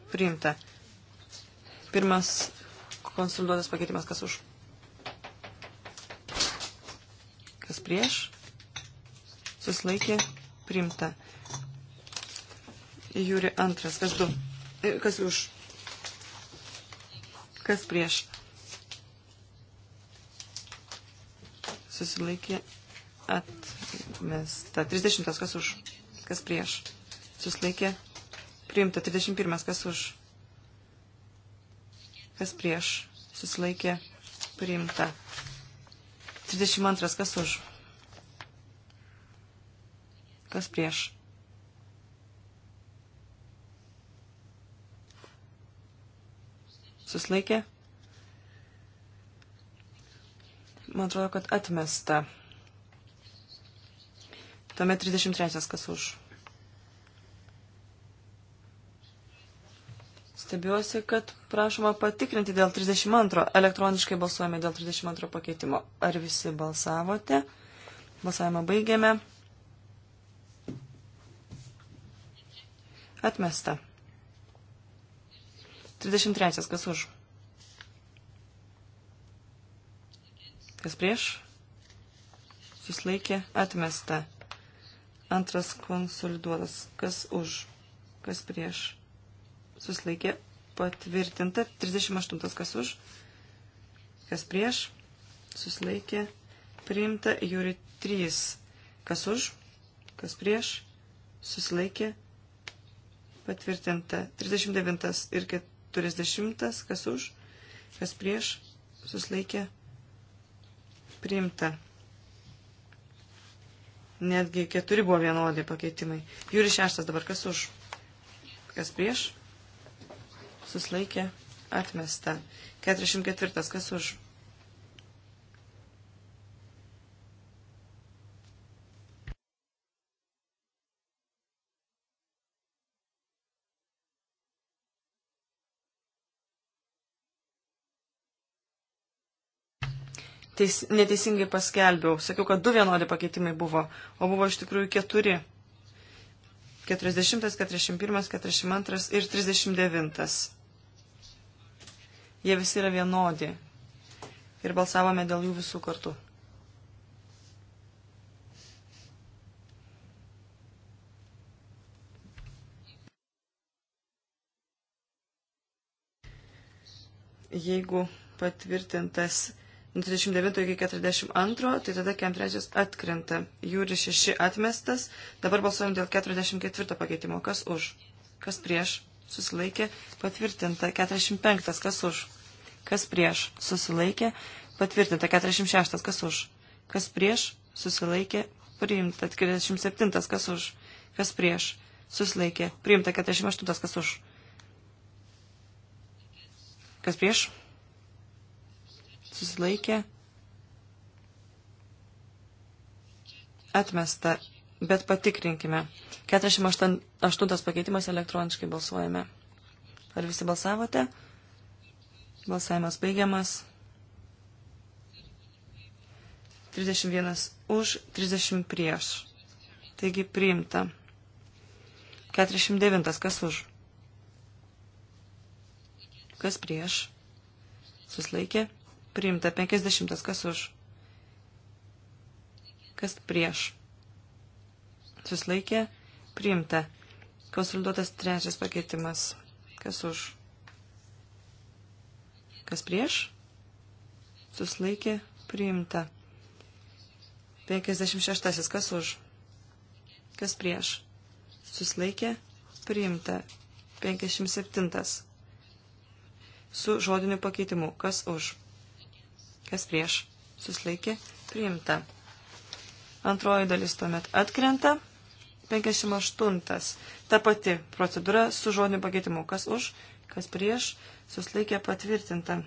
Speaker 2: Priimta. Pirmas konsoliduotas pakeitimas, kas už? Kas prieš? Susilaikė? Priimta. Jūri antras, kas du? E, kas už? Kas prieš? Susilaikė atmesta. 30. Kas už? Kas prieš? Susilaikė priimta. 31. Kas už? Kas prieš? Susilaikė priimta. 32. Kas už? Kas prieš? Suslaikė? Man atrodo, kad atmesta. Tuomet 33 kas už. Stebiuosi, kad prašoma patikrinti dėl 32. Elektroniškai balsuojame dėl 32 pakeitimo. Ar visi balsavote? Balsavimą baigėme. Atmesta. 33. Kas už? Kas prieš? Suslaikė atmesta. Antras konsoliduotas. Kas už? Kas prieš? Suslaikė patvirtinta. 38. Kas už? Kas prieš? Suslaikė priimta. Jūri 3. Kas už? Kas prieš? Suslaikė patvirtinta. 39 ir 4 40, kas už, kas prieš, susilaikė, priimta. Netgi keturi buvo vienodai pakeitimai. Jūri šeštas dabar, kas už, kas prieš, susilaikė, atmesta. 44, kas už, teis, neteisingai paskelbiau. Sakiau, kad du vienodi pakeitimai buvo, o buvo iš tikrųjų keturi. 40, 41, 42 ir 39. Jie visi yra vienodi. Ir balsavome dėl jų visų kartu. Jeigu patvirtintas 29 iki 42, tai tada 43 atkrenta. Jūri 6 atmestas. Dabar balsuojam dėl 44 pakeitimo. Kas už? Kas prieš? Susilaikė. Patvirtinta. 45. Kas už? Kas prieš? Susilaikė. Patvirtinta. 46. Kas už? Kas prieš? Susilaikė. Priimta. 47. Kas už? Kas prieš? Susilaikė. Priimta. 48. Kas už? Kas prieš? susilaikė, atmesta, bet patikrinkime. 48 pakeitimas elektroniškai balsuojame. Ar visi balsavote? Balsavimas baigiamas. 31 už, 30 prieš. Taigi priimta. 49. Kas už? Kas prieš? Suslaikė? Priimta 50. Kas už? Kas prieš? Suslaikė. Priimta. Konsoliduotas trečias pakeitimas. Kas už? Kas prieš? Suslaikė. Priimta. 56. Kas už? Kas prieš? Suslaikė. Priimta. 57. Su žodiniu pakeitimu. Kas už? kas prieš, susilaikė, priimta. Antroji dalis tuomet atkrenta. 58. Ta pati procedūra su žodiniu pakeitimu. Kas už, kas prieš, susilaikė patvirtinta.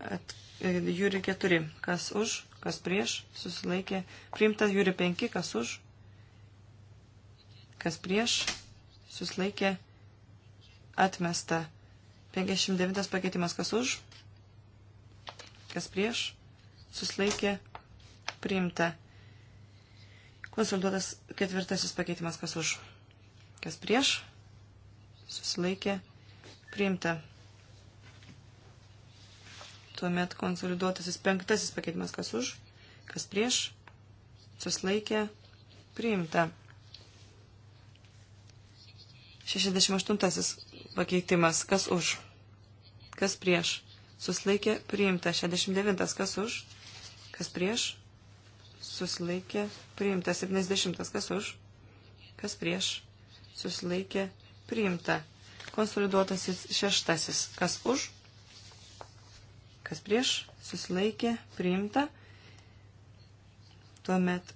Speaker 2: At, e, jūri 4. Kas už, kas prieš, susilaikė. Priimta jūri 5. Kas už, kas prieš, susilaikė. Atmesta. 59 pakeitimas kas už, kas prieš, susilaikė, priimta. Konsultuotas ketvirtasis pakeitimas kas už, kas prieš, susilaikė, priimta. Tuomet konsoliduotasis penktasis pakeitimas kas už, kas prieš, susilaikė, priimta. 68 pakeitimas kas už, Kas prieš? Suslaikė priimta. 69. Kas už? Kas prieš? Suslaikė priimta. 70. Kas už? Kas prieš? Suslaikė priimta. Konsoliduotasis šeštasis. Kas už? Kas prieš? Suslaikė priimta. Tuomet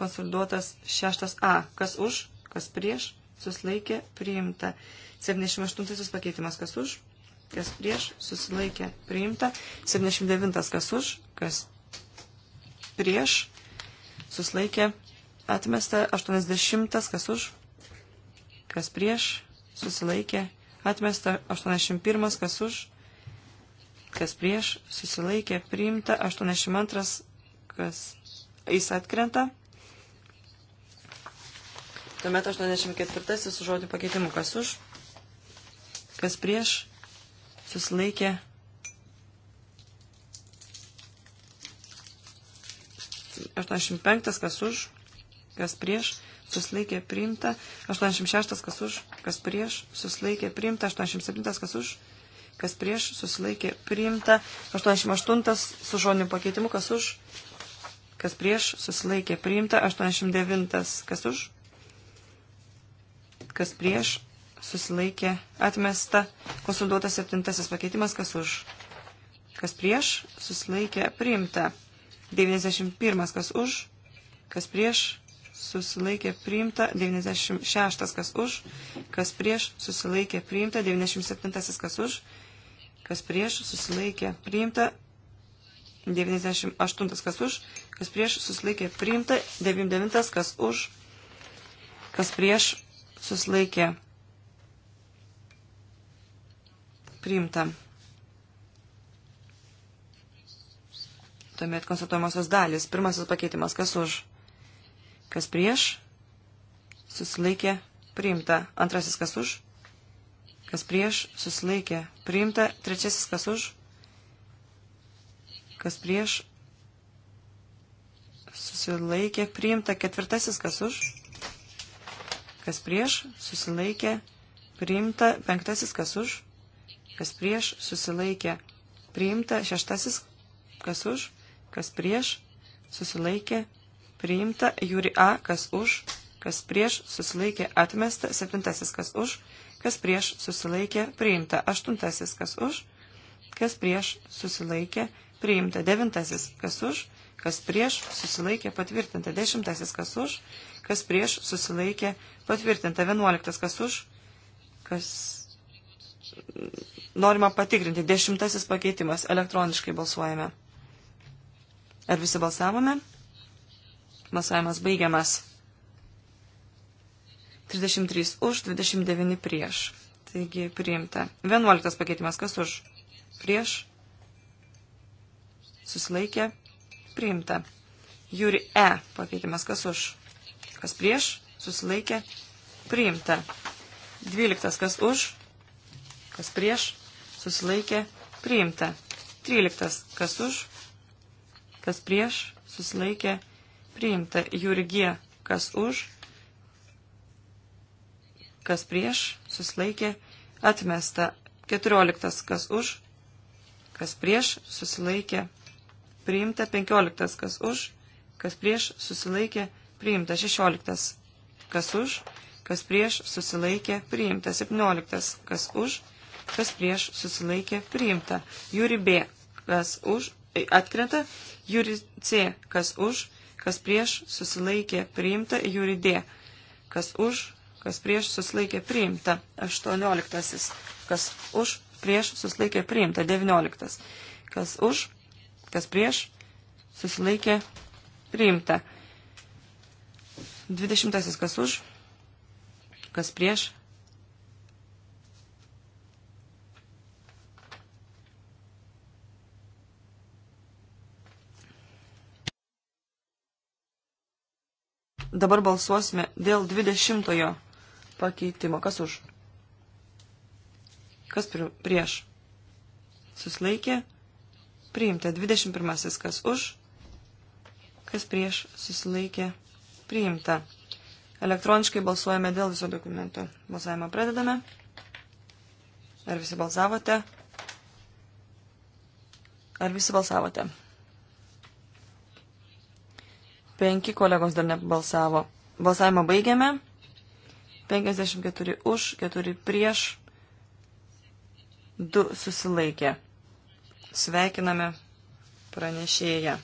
Speaker 2: konsoliduotas šeštas A. Kas už? Kas prieš? Suslaikė priimta. 78 pakeitimas. Kas už? kas prieš, susilaikė, priimta. 79 kas už, kas prieš, susilaikė, atmesta. 80 kas už, kas prieš, susilaikė, atmesta. 81 kas už, kas prieš, susilaikė, priimta. 82 kas jis atkrenta. Tuomet 84 su žodžiu pakeitimu kas už, kas prieš, susilaikė. Aštuoniasdešimt penktas, kas už, kas prieš, susilaikė priimta. Aštuoniasdešimt šeštas, kas už, kas prieš, susilaikė priimta. Aštuoniasdešimt septintas, kas už, kas prieš, susilaikė priimta. 88 su žodiniu pakeitimu, kas už, kas prieš, susilaikė priimta. 89 kas už, kas prieš, susilaikė atmesta, konsultuotas septintasis pakeitimas, kas už, kas prieš, susilaikė priimta, 91 kas už, kas prieš, susilaikė priimta, 96 kas už, kas prieš, susilaikė priimta, 97 kas už, kas prieš, susilaikė priimta, 98 kas už, kas prieš, susilaikė priimta, 99 kas už, kas prieš, susilaikė priimta Priimta. Tuomet konstatuojamosios dalis. Pirmasis pakeitimas. Kas už? Kas prieš? Susilaikė. Priimta. Antrasis kas už? Kas prieš? Susilaikė. Priimta. Trečiasis kas už? Kas prieš? Susilaikė. Priimta. Ketvirtasis kas už? Kas prieš? Susilaikė. Priimta. Penktasis kas už? kas prieš, susilaikė, priimta. Šeštasis, kas už, kas prieš, susilaikė, priimta. Jūri A, kas už, kas prieš, susilaikė, atmesta. Septintasis, kas už, kas prieš, susilaikė, priimta. Aštuntasis, kas už, kas prieš, susilaikė, priimta. Devintasis, kas už, kas prieš susilaikė patvirtinta, dešimtasis kas už, kas prieš susilaikė patvirtinta, vienuoliktas kas už, kas norima patikrinti. Dešimtasis pakeitimas. Elektroniškai balsuojame. Ar visi balsavome? Balsavimas baigiamas. 33 už, 29 prieš. Taigi priimta. 11 pakeitimas. Kas už? Prieš. Susilaikė. Priimta. Jūri E pakeitimas. Kas už? Kas prieš? Susilaikė. Priimta. 12. Kas už? kas prieš, susilaikė, priimta. 13. Kas už, kas prieš, susilaikė, priimta. Jurgie, kas už, kas prieš, susilaikė, atmesta. 14. Kas už, kas prieš, susilaikė, priimta. 15. Kas už, kas prieš, susilaikė, priimta. 16. Kas už, kas prieš, susilaikė, priimta. 17. Kas už, kas prieš susilaikė priimta. Jūri B, kas už, e, atkrenta. Jūri C, kas už, kas prieš susilaikė priimta. Jūri D, kas už, kas prieš susilaikė priimta. 18. Kas už, prieš susilaikė priimta. 19. Kas už, kas prieš susilaikė priimta. 20. Kas už, kas prieš Dabar balsuosime dėl 20 pakeitimo. Kas už? Kas prieš? Susilaikė. Priimta. 21. Kas už? Kas prieš? Susilaikė. Priimta. Elektroniškai balsuojame dėl viso dokumento. Balsavimą pradedame. Ar visi balsavote? Ar visi balsavote? Penki kolegos dar nebalsavo. Balsavimą baigiame. 54 už, 4 prieš, 2 susilaikė. Sveikiname pranešėją.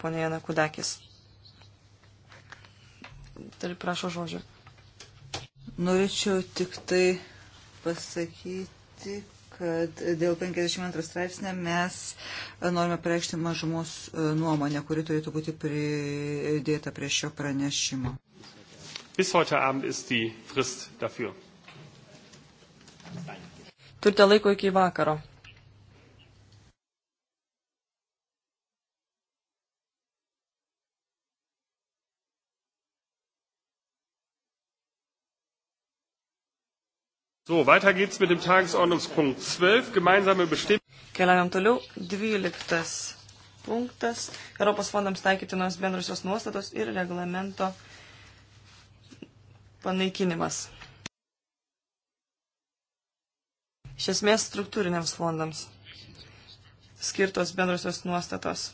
Speaker 2: Pone Jana Kudakis. Tai prašau žodžiu.
Speaker 4: Norėčiau tik tai pasakyti, kad dėl 52 straipsnio mes e, norime pareikšti mažumos e, nuomonę, kuri turėtų būti pridėta prie šio pranešimo.
Speaker 2: Turite laiko iki vakaro.
Speaker 1: So, weiter geht's mit dem Tagesordnungspunkt 12, gemeinsame Bestimmungen. Keliaujam toliau. 12 punktas. Europos fondams
Speaker 2: taikytinos bendrusios nuostatos ir reglamento panaikinimas. Iš esmės struktūriniams fondams skirtos bendrusios nuostatos.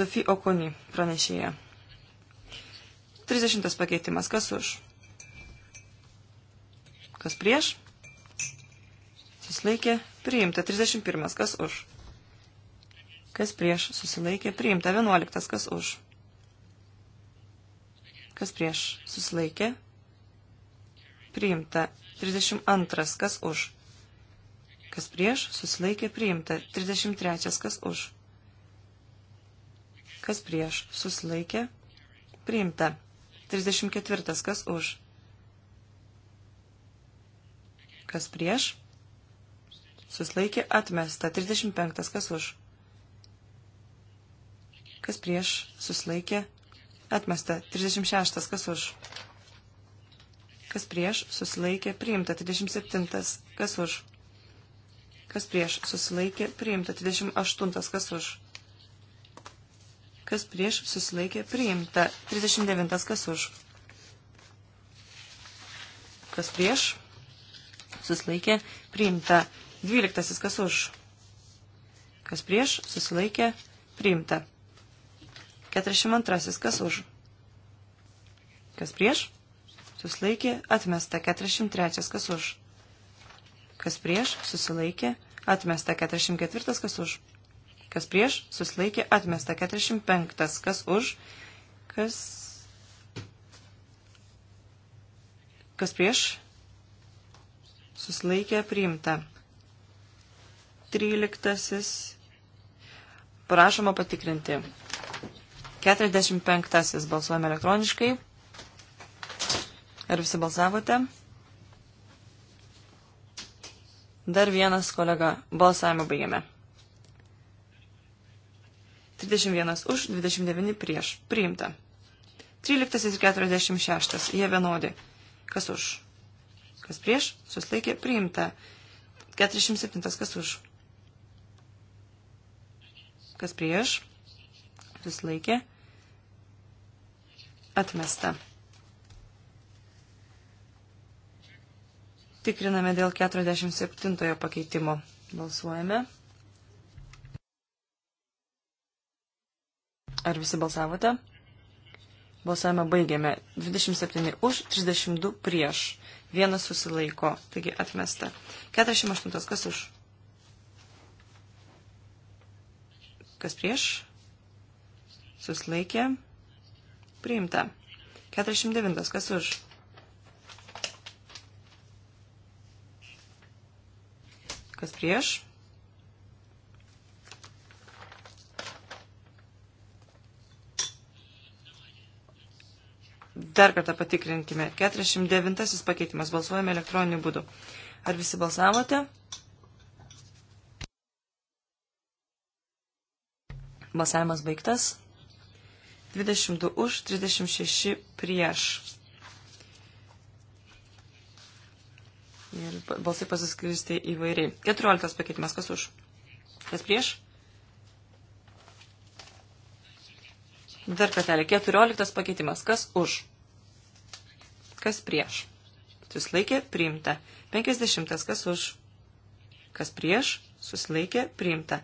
Speaker 2: Sofija Okoni pranešėja. 30 pakeitimas. Kas už? Kas prieš? Susilaikė. Priimta. 31. Kas už? Kas prieš? Susilaikė. Priimta. 11. Kas už? Kas prieš? Susilaikė. Priimta. 32. Kas už? Kas prieš? Susilaikė. Priimta. 33. Kas už? Kas prieš? Susilaikė. Priimta. 34. Kas už? Kas prieš? Suslaikė atmesta. 35. Kas už? Kas prieš? Suslaikė atmesta. 36. Kas už? Kas prieš? Suslaikė priimta. 37. Kas už? Kas prieš? Suslaikė priimta. 28. Kas už? kas prieš susilaikė priimta. 39 kas už. Kas prieš susilaikė priimta. 12 kas už. Kas prieš susilaikė priimta. 42 kas už. Kas prieš susilaikė atmesta. 43 kas už. Kas prieš susilaikė atmesta. 44 kas už kas prieš, susilaikė, atmesta 45, kas už, kas, kas prieš, susilaikė, priimta. 13. Prašoma patikrinti. 45. Balsuojame elektroniškai. Ar visi balsavote? Dar vienas kolega. Balsavimą baigiame. 31 už, 29 prieš. Priimta. 13 ir 46. Jie vienodi. Kas už? Kas prieš? Suslaikė. Priimta. 47. Kas už? Kas prieš? Suslaikė. Atmesta. Tikriname dėl 47 pakeitimo. Balsuojame. Ar visi balsavote? Balsavimą baigėme. 27 už, 32 prieš. Vienas susilaiko, taigi atmesta. 48. Kas už? Kas prieš? Susilaikė. Priimta. 49. Kas už? Kas prieš? Dar kartą patikrinkime. 49 pakeitimas. Balsuojame elektroniniu būdu. Ar visi balsavote? Balsavimas baigtas. 22 už, 36 prieš. Ir balsai pasiskirsti įvairiai. 14 pakeitimas. Kas už? Kas prieš? Dar kartelį. 14 pakeitimas. Kas už? Kas prieš? Susilaikė priimta. 50. Kas už? Kas prieš? Susilaikė priimta.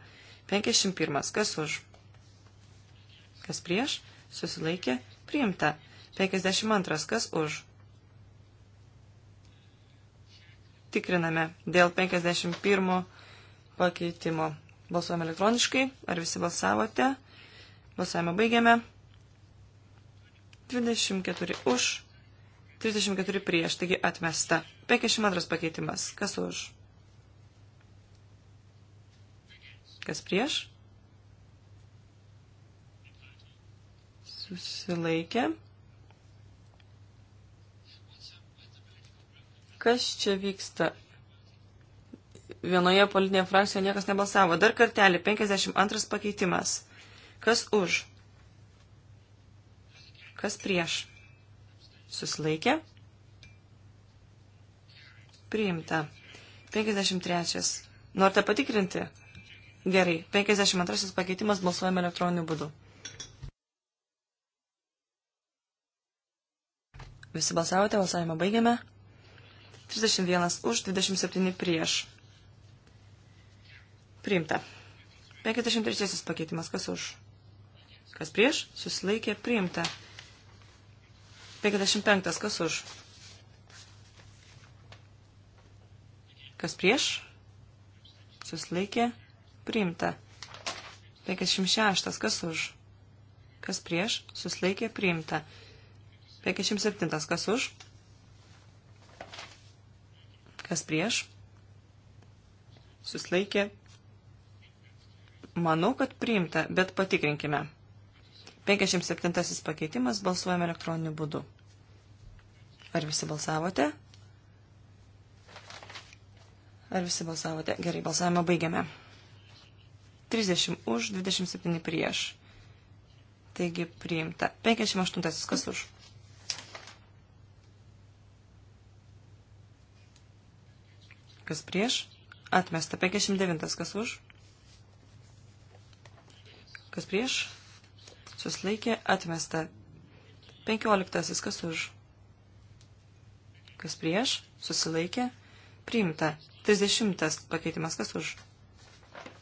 Speaker 2: 51. Kas už? Kas prieš? Susilaikė priimta. 52. Kas už? Tikriname dėl 51 pakeitimo. Balsuojame elektroniškai. Ar visi balsavote? Balsavimą baigiame. 24 už, 34 prieš, taigi atmesta. 52 pakeitimas. Kas už? Kas prieš? Susilaikė. Kas čia vyksta? Vienoje politinėje frakcijoje niekas nebalsavo. Dar kartelį. 52 pakeitimas. Kas už? Kas prieš? Susilaikė. Priimta. 53. Norite patikrinti? Gerai. 52 pakeitimas balsuojame elektroniniu būdu. Visi balsavote, balsavimą baigiame. 31 už, 27 prieš. Priimta. 53 pakeitimas, kas už? Kas prieš? Susilaikė, priimta. 55. Kas už? Kas prieš? Suslaikė. Priimta. 56. Kas už? Kas prieš? Suslaikė. Priimta. 57. Kas už? Kas prieš? Suslaikė. Manau, kad priimta, bet patikrinkime. 57 pakeitimas balsuojame elektroniniu būdu. Ar visi balsavote? Ar visi balsavote? Gerai, balsavimą baigiame. 30 už, 27 prieš. Taigi priimta. 58 kas už? Kas prieš? Atmesta. 59 kas už? Kas prieš? susilaikė, atmesta. Penkioliktasis, kas už, kas prieš, susilaikė, priimta. Trisdešimtas pakeitimas, kas už,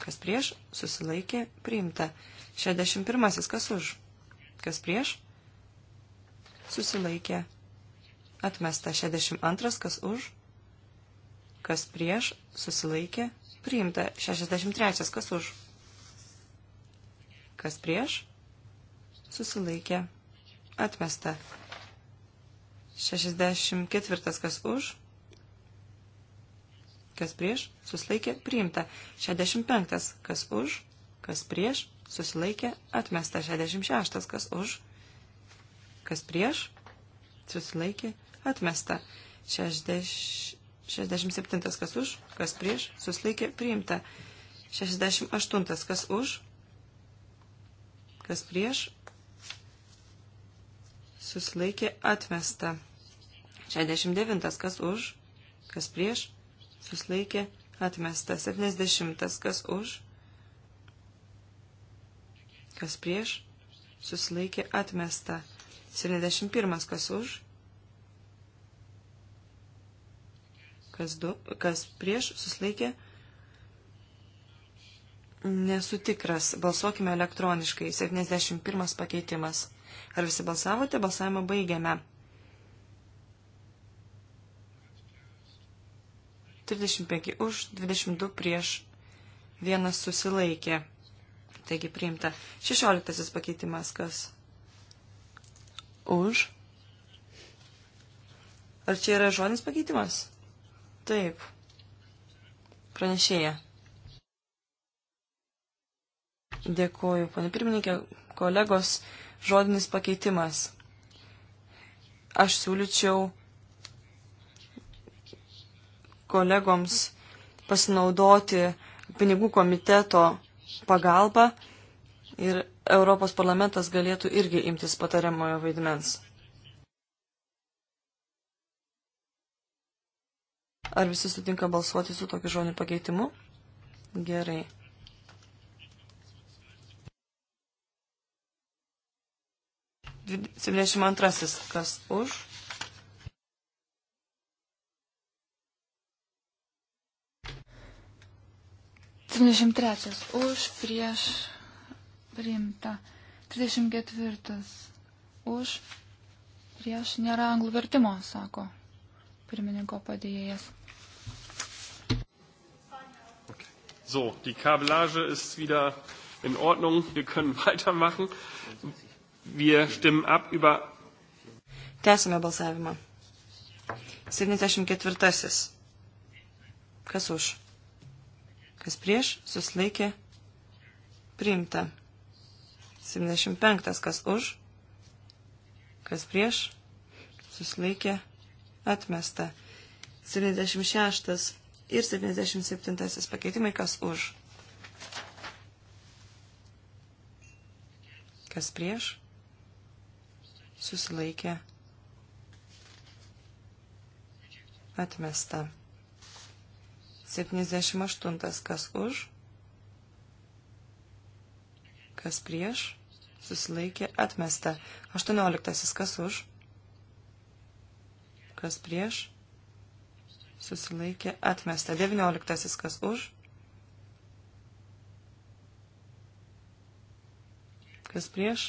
Speaker 2: kas prieš, susilaikė, priimta. Šešdešimt pirmasis, kas už, kas prieš, susilaikė, atmesta. Šešdešimt antras, kas už, kas prieš, susilaikė, priimta. Šešdešimt trečias, kas už, kas prieš, susilaikė, atmesta. 64 kas už, kas prieš, susilaikė, priimta. 65 kas už, kas prieš, susilaikė, atmesta. 66 kas už, kas prieš, susilaikė, atmesta. 60, 67 kas už, kas prieš, susilaikė, priimta. 68 kas už, kas prieš, susilaikė atmesta. 69. Kas už, kas prieš, susilaikė atmesta. 70. Kas už, kas prieš, susilaikė atmesta. 71. Kas už, kas, du, kas prieš, susilaikė atmesta. Nesu tikras. Balsuokime elektroniškai. 71 pakeitimas. Ar visi balsavote? Balsavimą baigiame. 35 už, 22 prieš, vienas susilaikė. Taigi priimta. 16 pakeitimas kas? Už. Ar čia yra žodinis pakeitimas? Taip. Pranešėja. Dėkuoju, ponė pirmininkė, kolegos žodinis pakeitimas. Aš siūlyčiau kolegoms pasinaudoti pinigų komiteto pagalba ir Europos parlamentas galėtų irgi imtis patariamojo vaidmens. Ar visi sutinka balsuoti su tokiu žodiniu pakeitimu? Gerai. 72.
Speaker 3: Kas už? Trisdešimt trečias. Už prieš priimta. Trisdešimt ketvirtas. Už prieš nėra anglų vertimo, sako pirmininko padėjėjas.
Speaker 1: So, die Kabelage ist wieder in Ordnung. Wir können weitermachen. Wir stimmen ab über.
Speaker 2: Tęsime balsavimą. 74. Kas už? Kas prieš? Suslaikė. Priimta. 75. Kas už? Kas prieš? Suslaikė. Atmesta. 76 ir 77 pakeitimai. Kas už? Kas prieš? susilaikė, atmesta. 78. Kas už, kas prieš, susilaikė, atmesta. 18. Kas už, kas prieš, susilaikė, atmesta. 19. Kas už, kas prieš,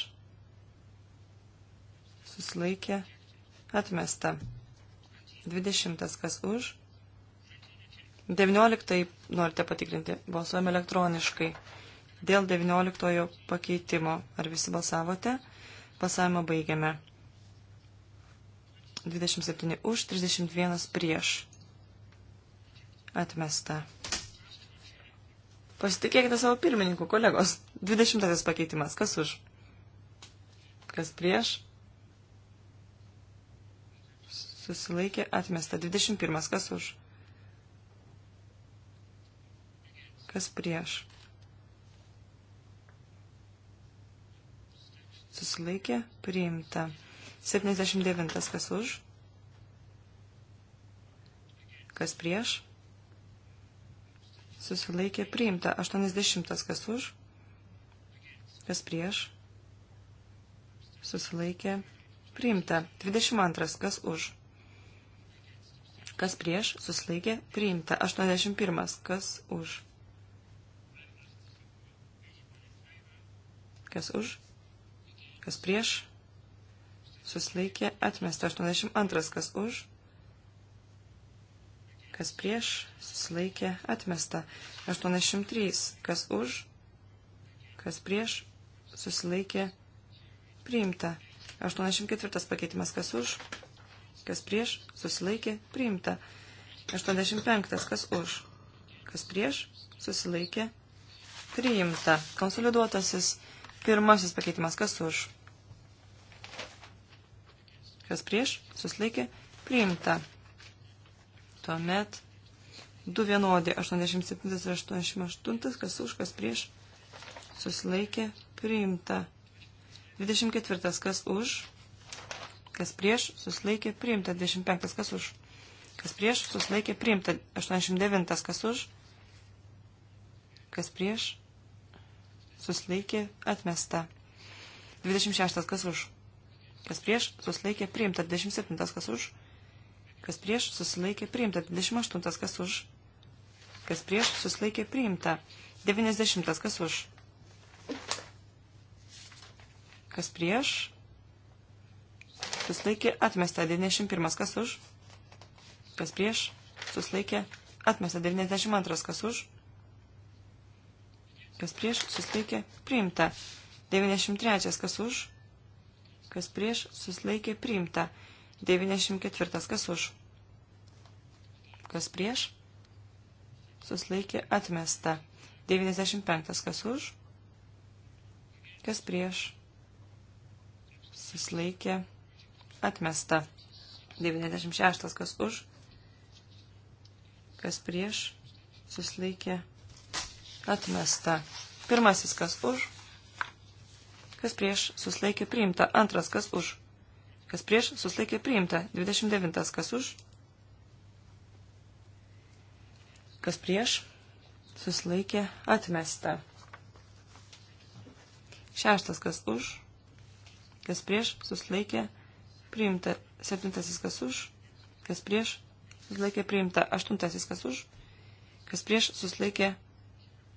Speaker 2: susilaikė, atmesta. 20 kas už. 19 norite patikrinti, balsuojame elektroniškai. Dėl 19 pakeitimo. Ar visi balsavote? Pasavimą baigiame. 27 už, 31 prieš. Atmesta. Pasitikėkite savo pirmininku, kolegos. 20 pakeitimas. Kas už? Kas prieš? susilaikė atmesta. 21. Kas už? Kas prieš? Susilaikė priimta. 79. Kas už? Kas prieš? Susilaikė priimta. 80. Kas už? Kas prieš? Susilaikė priimta. 22. Kas už? Kas prieš, susilaikė, priimta. 81. Kas už? Kas už? Kas prieš? Susilaikė, atmesta. 82. Kas už? Kas prieš? Susilaikė, atmesta. 83. Kas už? Kas prieš? Susilaikė, priimta. 84 pakeitimas kas už, kas prieš, susilaikė, priimta. 85. Kas už, kas prieš, susilaikė, priimta. Konsoliduotasis pirmasis pakeitimas, kas už, kas prieš, susilaikė, priimta. Tuomet du vienodi, 87 ir 88, kas už, kas prieš, susilaikė, priimta. 24. Kas už, kas prieš, susilaikė priimta 25, kas už, kas prieš, susilaikė priimta 89, kas už, kas prieš, susilaikė atmesta 26, kas už, kas prieš, susilaikė priimta 27, kas už, kas prieš, susilaikė priimta 28, kas už, kas prieš, susilaikė priimta 90, kas už, kas prieš, susilaikė atmesta 91 kas už, kas prieš, susilaikė atmesta 92 kas už, kas prieš, susilaikė priimta 93 kas už, kas prieš, susilaikė priimta 94 kas už, kas prieš, susilaikė atmesta 95 kas už, kas prieš, susilaikė atmesta atmesta. 96 kas už, kas prieš, susilaikė, atmesta. Pirmasis kas už, kas prieš, susilaikė, priimta. Antras kas už, kas prieš, susilaikė, priimta. 29 kas už, kas prieš, susilaikė, atmesta. Šeštas kas už, kas prieš, susilaikė, priimta. Septintasis kas už, kas prieš, susilaikė priimta. Aštuntasis kas už, kas prieš, susilaikė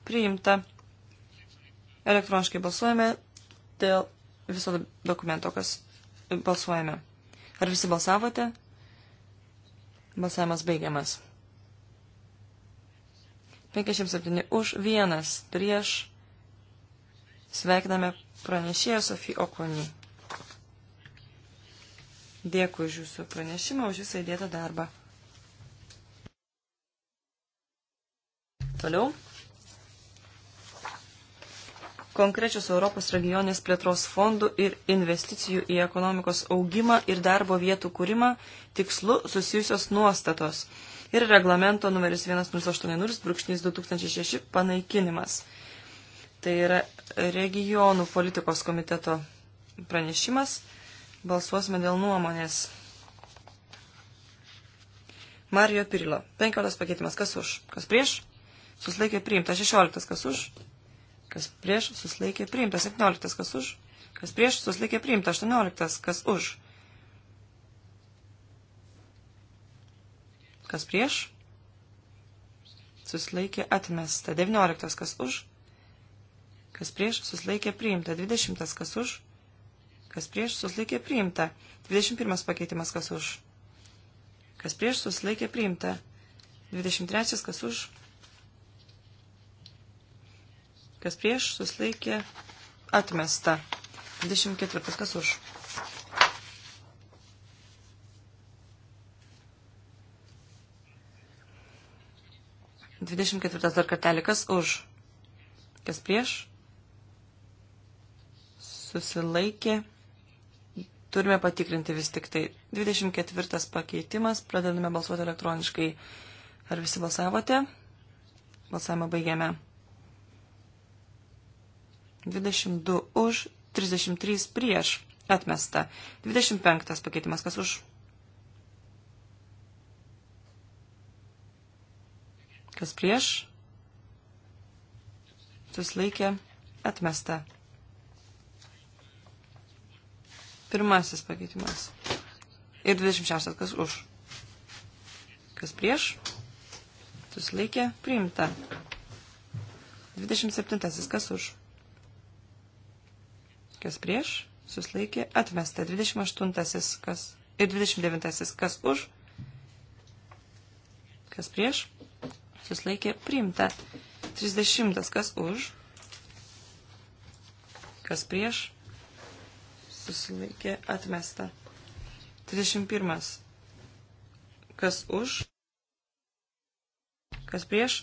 Speaker 2: priimta. Elektroniškai balsuojame dėl viso dokumento, kas balsuojame. Ar visi balsavote? Balsavimas baigiamas. 57 už vienas prieš sveikiname pranešėją Sofiją Okonį. Dėkui už jūsų pranešimą, už jūsų įdėtą darbą. Toliau. Konkrečios Europos regionės plėtros fondų ir investicijų į ekonomikos augimą ir darbo vietų kūrimą tikslu susijusios nuostatos ir reglamento numeris 1080-2006 panaikinimas. Tai yra regionų politikos komiteto pranešimas. Balsuosime dėl nuomonės. Mario Pirilo. 15 pakeitimas. Kas už? Kas prieš? Suslaikė priimta. 16. Kas už? Kas prieš? Suslaikė priimta. 17. Kas už? Kas prieš? Suslaikė priimta. 18. Kas už? Kas prieš? Suslaikė atmesta. 19. Kas už? Kas prieš? Suslaikė priimta. 20. Kas už? Kas prieš susilaikė priimta. 21 pakeitimas kas už. Kas prieš susilaikė priimta. 23 kas už. Kas prieš susilaikė atmesta. 24 kas už. Dvidešimt ketvirtas dar kartelį, kas už, kas prieš, susilaikė, Turime patikrinti vis tik tai. 24 pakeitimas, pradedame balsuoti elektroniškai. Ar visi balsavote? Balsavimą baigiame. 22 už, 33 prieš. Atmesta. 25 pakeitimas, kas už? Kas prieš? Susilaikė. Atmesta. Pirmasis pakeitimas. Ir 26. Kas už? Kas prieš? Susilaikė. Priimta. 27. Kas už? Kas prieš? Susilaikė. Atmesta. 28. Kas? Ir 29. Kas už? Kas prieš? Susilaikė. Priimta. 30. Kas už? Kas prieš? susilaikė atmesta. 31. Kas už, kas prieš,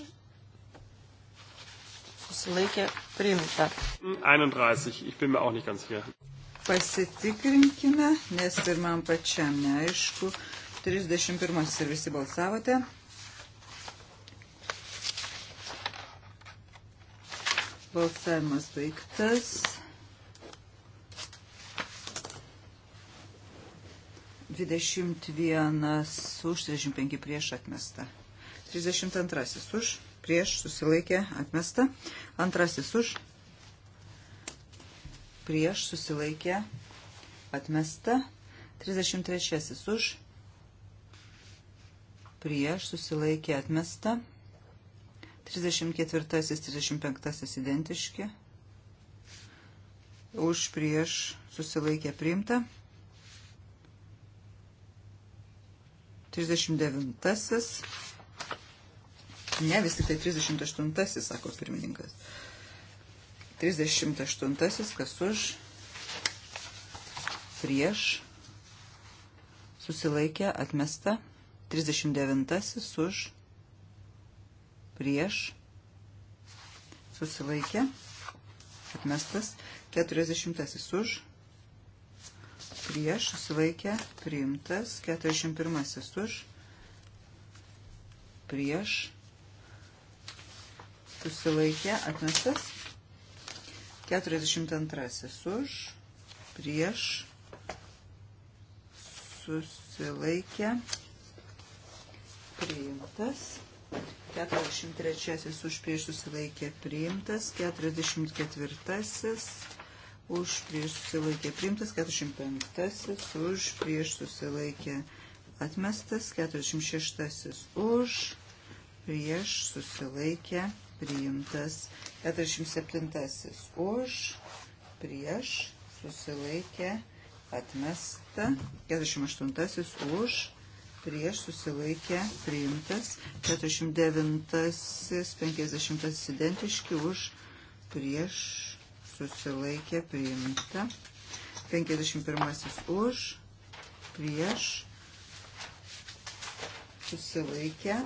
Speaker 2: susilaikė priimta.
Speaker 1: 31. Ich bin mir auch nicht ganz sicher.
Speaker 4: Pasitikrinkime, nes ir man pačiam neaišku. 31. ir visi balsavote. Balsavimas baigtas. 21 už 35 prieš atmesta. 32 už prieš susilaikė atmesta. Antrasis už prieš susilaikė atmesta. 33 už prieš susilaikė atmesta. 34-35 identiški. Už prieš susilaikė priimta. 39. Ne, vis tik tai 38, sako pirmininkas. 38, kas už, prieš, susilaikė, atmesta. 39 už, prieš, susilaikė, atmestas. 40 už, prieš, susilaikė, priimtas. 41 už, prieš, susilaikė, atmestas. 42 už, prieš, susilaikė, priimtas. 43 už prieš susilaikė priimtas, 44 už prieš susilaikė priimtas, 45-asis už prieš susilaikė atmestas, 46-asis už prieš susilaikė priimtas, 47-asis už prieš susilaikė atmesta, 48-asis už prieš susilaikė priimtas, 49-asis, 50-asis identiški už prieš susilaikė priimta. 51 už, prieš, susilaikė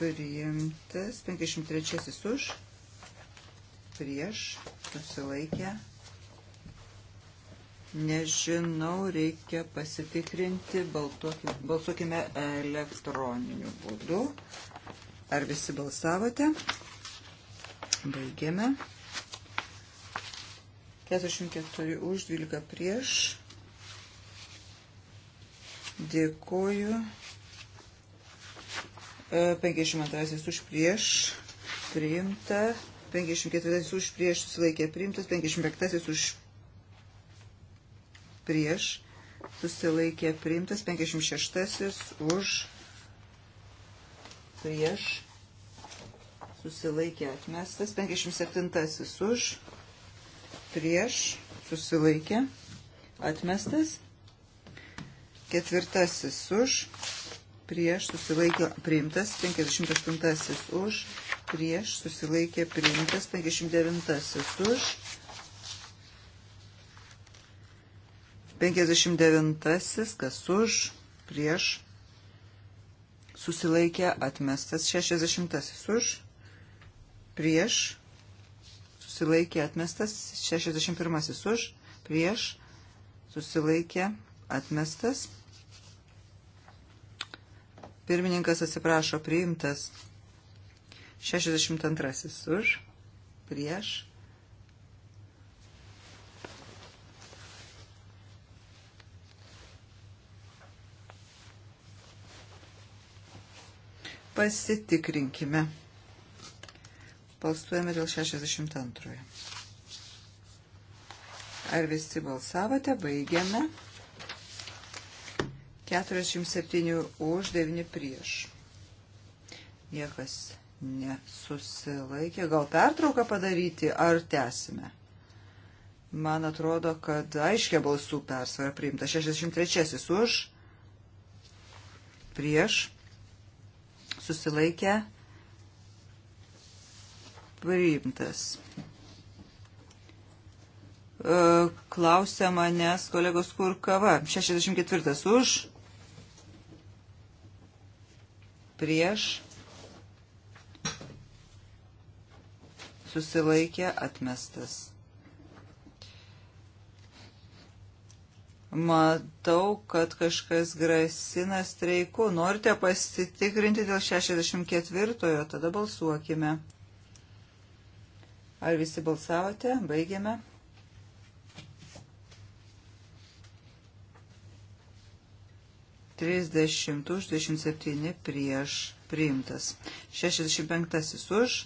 Speaker 4: priimtas. 53 už, prieš, susilaikė. Nežinau, reikia pasitikrinti, baltuokime, balsuokime elektroniniu būdu. Ar visi balsavote? Baigiame. 44 už, 12 prieš. Dėkoju. 52 e, už prieš. Priimta. 54 už prieš susilaikė priimtas. 55 už prieš susilaikė priimtas. 56 už prieš susilaikė atmestas. 57 už prieš prieš, susilaikė, atmestas. Ketvirtasis už, prieš, susilaikė, priimtas. 58-asis už, prieš, susilaikė, priimtas. 59-asis už. 59-asis, kas už, prieš, susilaikė, atmestas. 60-asis už, prieš, susilaikė atmestas, 61 už, prieš, susilaikė atmestas. Pirmininkas atsiprašo, priimtas 62 už, prieš. Pasitikrinkime. Balsuojame dėl 62. Ar visi balsavote? Baigiame. 47 už, 9 prieš. Niekas nesusilaikė. Gal pertrauką padaryti, ar tęsime? Man atrodo, kad aiškia balsų persvara priimta. 63 už, prieš, susilaikė, priimtas. E, klausia manęs kolegos Kurkava. 64 už. Prieš. Susilaikė atmestas. Matau, kad kažkas grasina streiku. Norite pasitikrinti dėl 64-ojo, tada balsuokime. Ar visi balsavote? Baigiame. Trisdešimt už, dvidešimt septyni prieš priimtas. Šešiasdešimt penktasis už,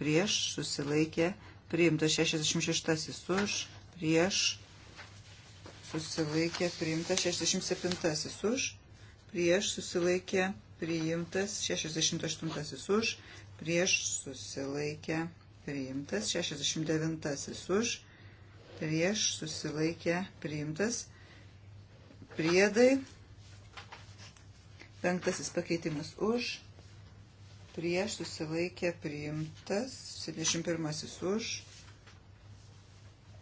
Speaker 4: prieš susilaikė priimtas. Šešiasdešimt šeštasis už, prieš susilaikė priimtas. Šešiasdešimt septintasis už, prieš susilaikė priimtas. Šešiasdešimt aštuntasis už, prieš susilaikė priimtas priimtas, 69 už, prieš susilaikė priimtas, priedai, penktasis pakeitimas už, prieš susilaikė priimtas, 71 už,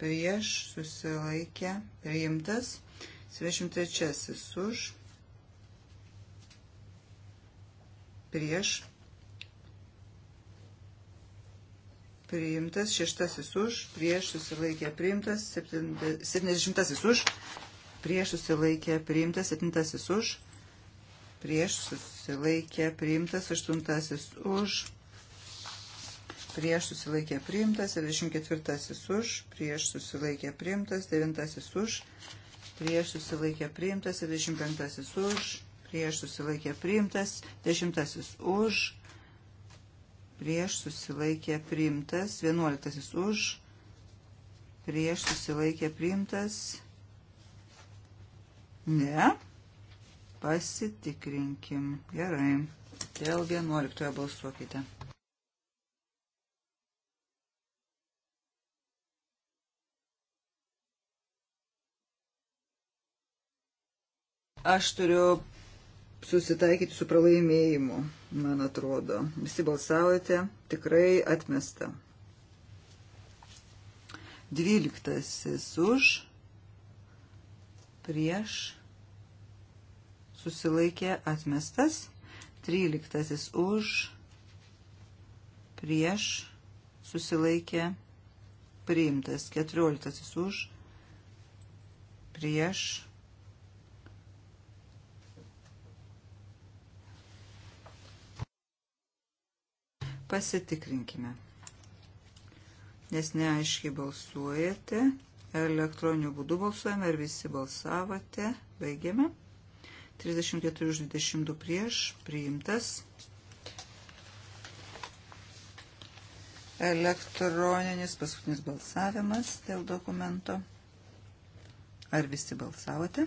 Speaker 4: prieš susilaikė priimtas, 73 už, prieš priimtas, šeštasis už, prieš susilaikė priimtas, septyniasdešimtasis už, prieš susilaikė priimtas, septintasis už, prieš susilaikė priimtas, aštuntasis už, prieš susilaikė priimtas, 74 už, prieš susilaikė priimtas, 9 už, prieš susilaikė priimtas, 75 už, prieš susilaikė priimtas, 10 už, prieš susilaikė priimtas, 11 už, prieš susilaikė priimtas, ne, pasitikrinkim, gerai, dėl 11 balsuokite. Aš turiu susitaikyti su pralaimėjimu, man atrodo. Visi balsavote, tikrai atmesta. Dvyliktasis už, prieš, susilaikė atmestas. Tryliktasis už, prieš, susilaikė priimtas. Keturioliktasis už, prieš, Pasitikrinkime. Nes neaiškiai balsuojate, elektroniniu būdu balsuojame, ar visi balsavote. Baigiame. 34 už 22 prieš, priimtas. Elektroninis paskutinis balsavimas dėl dokumento. Ar visi balsavote?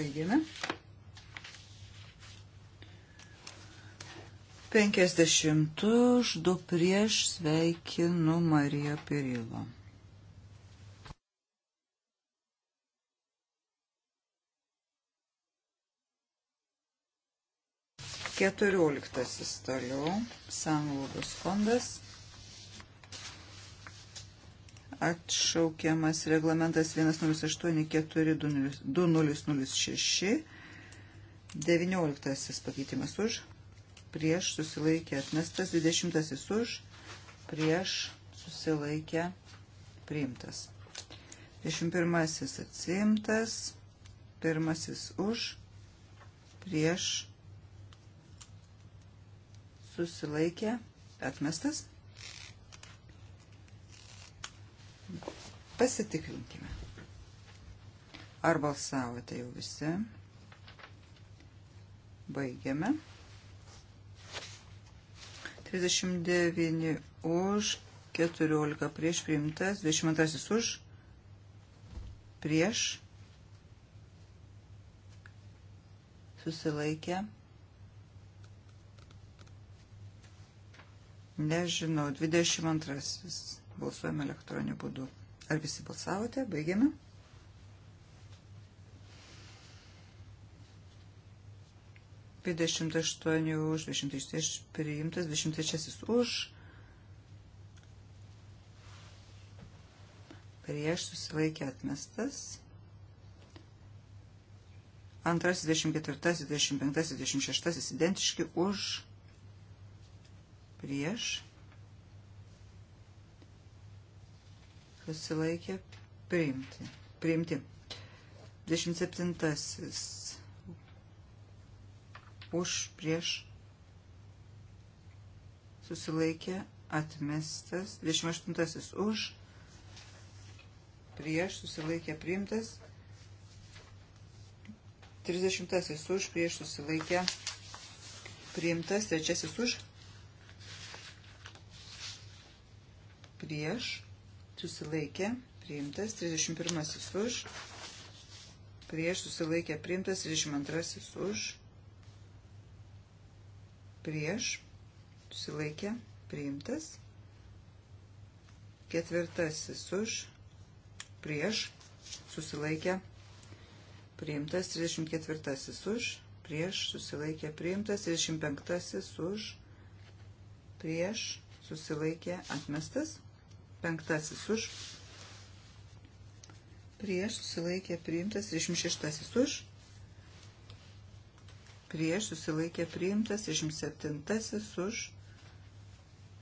Speaker 4: Baigėme. 50 už 2 prieš sveikinu Mariją Pirilo. Keturioliktasis toliau, Sanglaudos fondas atšaukiamas reglamentas 1084206, 19 pakeitimas už, prieš susilaikė atmestas, 20 už, prieš susilaikė priimtas. 21 atsimtas, pirmasis už, prieš susilaikė atmestas. Pasitikrinkime. Ar balsavote jau visi? Baigiame. 39 už, 14 prieš priimtas, 22 už, prieš, susilaikė. Nežinau, 22 balsuojame elektroniniu būdu. Ar visi balsavote? Baigiame. 28 už, 26 priimtas, 23 už, prieš susilaikė atmestas. Antrasis, 24, 25, 26 identiški už, prieš susilaikė priimti. priimti. 27 už prieš susilaikė atmestas, 28 už prieš susilaikė priimtas, 30 už prieš susilaikė priimtas, 3 už prieš susilaikė priimtas, 31 už prieš susilaikė priimtas, 32 už prieš, susilaikė, priimtas. Ketvirtasis už, prieš, susilaikė, priimtas. 34 už, prieš, susilaikė, priimtas. 35 už, prieš, susilaikė, atmestas. Penktasis už, prieš, susilaikė, priimtas. 36 už, prieš prieš susilaikė priimtas, 67 už,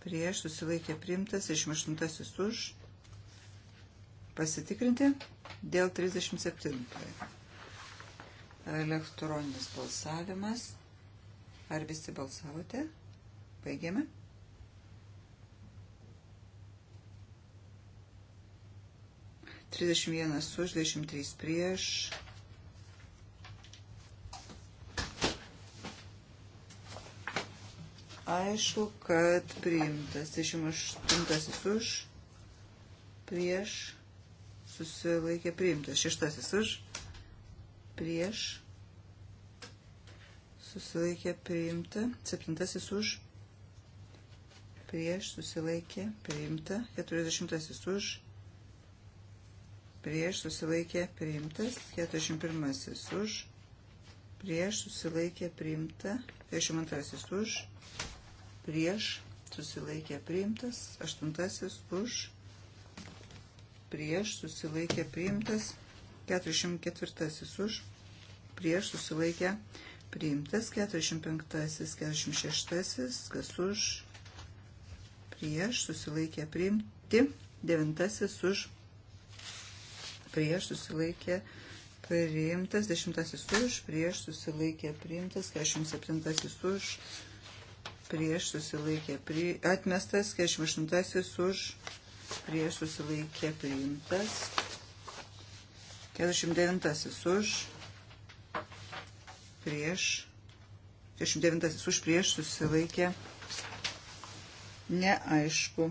Speaker 4: prieš susilaikė priimtas, 68 už, pasitikrinti dėl 37. Elektroninis balsavimas. Ar visi balsavote? Baigėme. Trisdešimt vienas už, dvidešimt trys prieš. Aišku, kad priimtas 28 už, prieš, susilaikė priimtas 6 už, prieš, susilaikė priimta 7 už, prieš, susilaikė priimta 40 už, prieš, susilaikė priimtas 41 už, prieš susilaikė priimta, 22 už, prieš, susilaikė priimtas, aštuntasis už, prieš, susilaikė priimtas, 44 už, prieš, susilaikė priimtas, 45, 46, kas už, prieš, susilaikė priimti, 9 už, prieš, susilaikė priimtas priimtas, dešimtasis už, prieš susilaikė priimtas, kešim septintasis už, prieš susilaikė pri... atmestas, 48 už prieš susilaikė priimtas, 49 už prieš 49 už prieš susilaikė neaišku.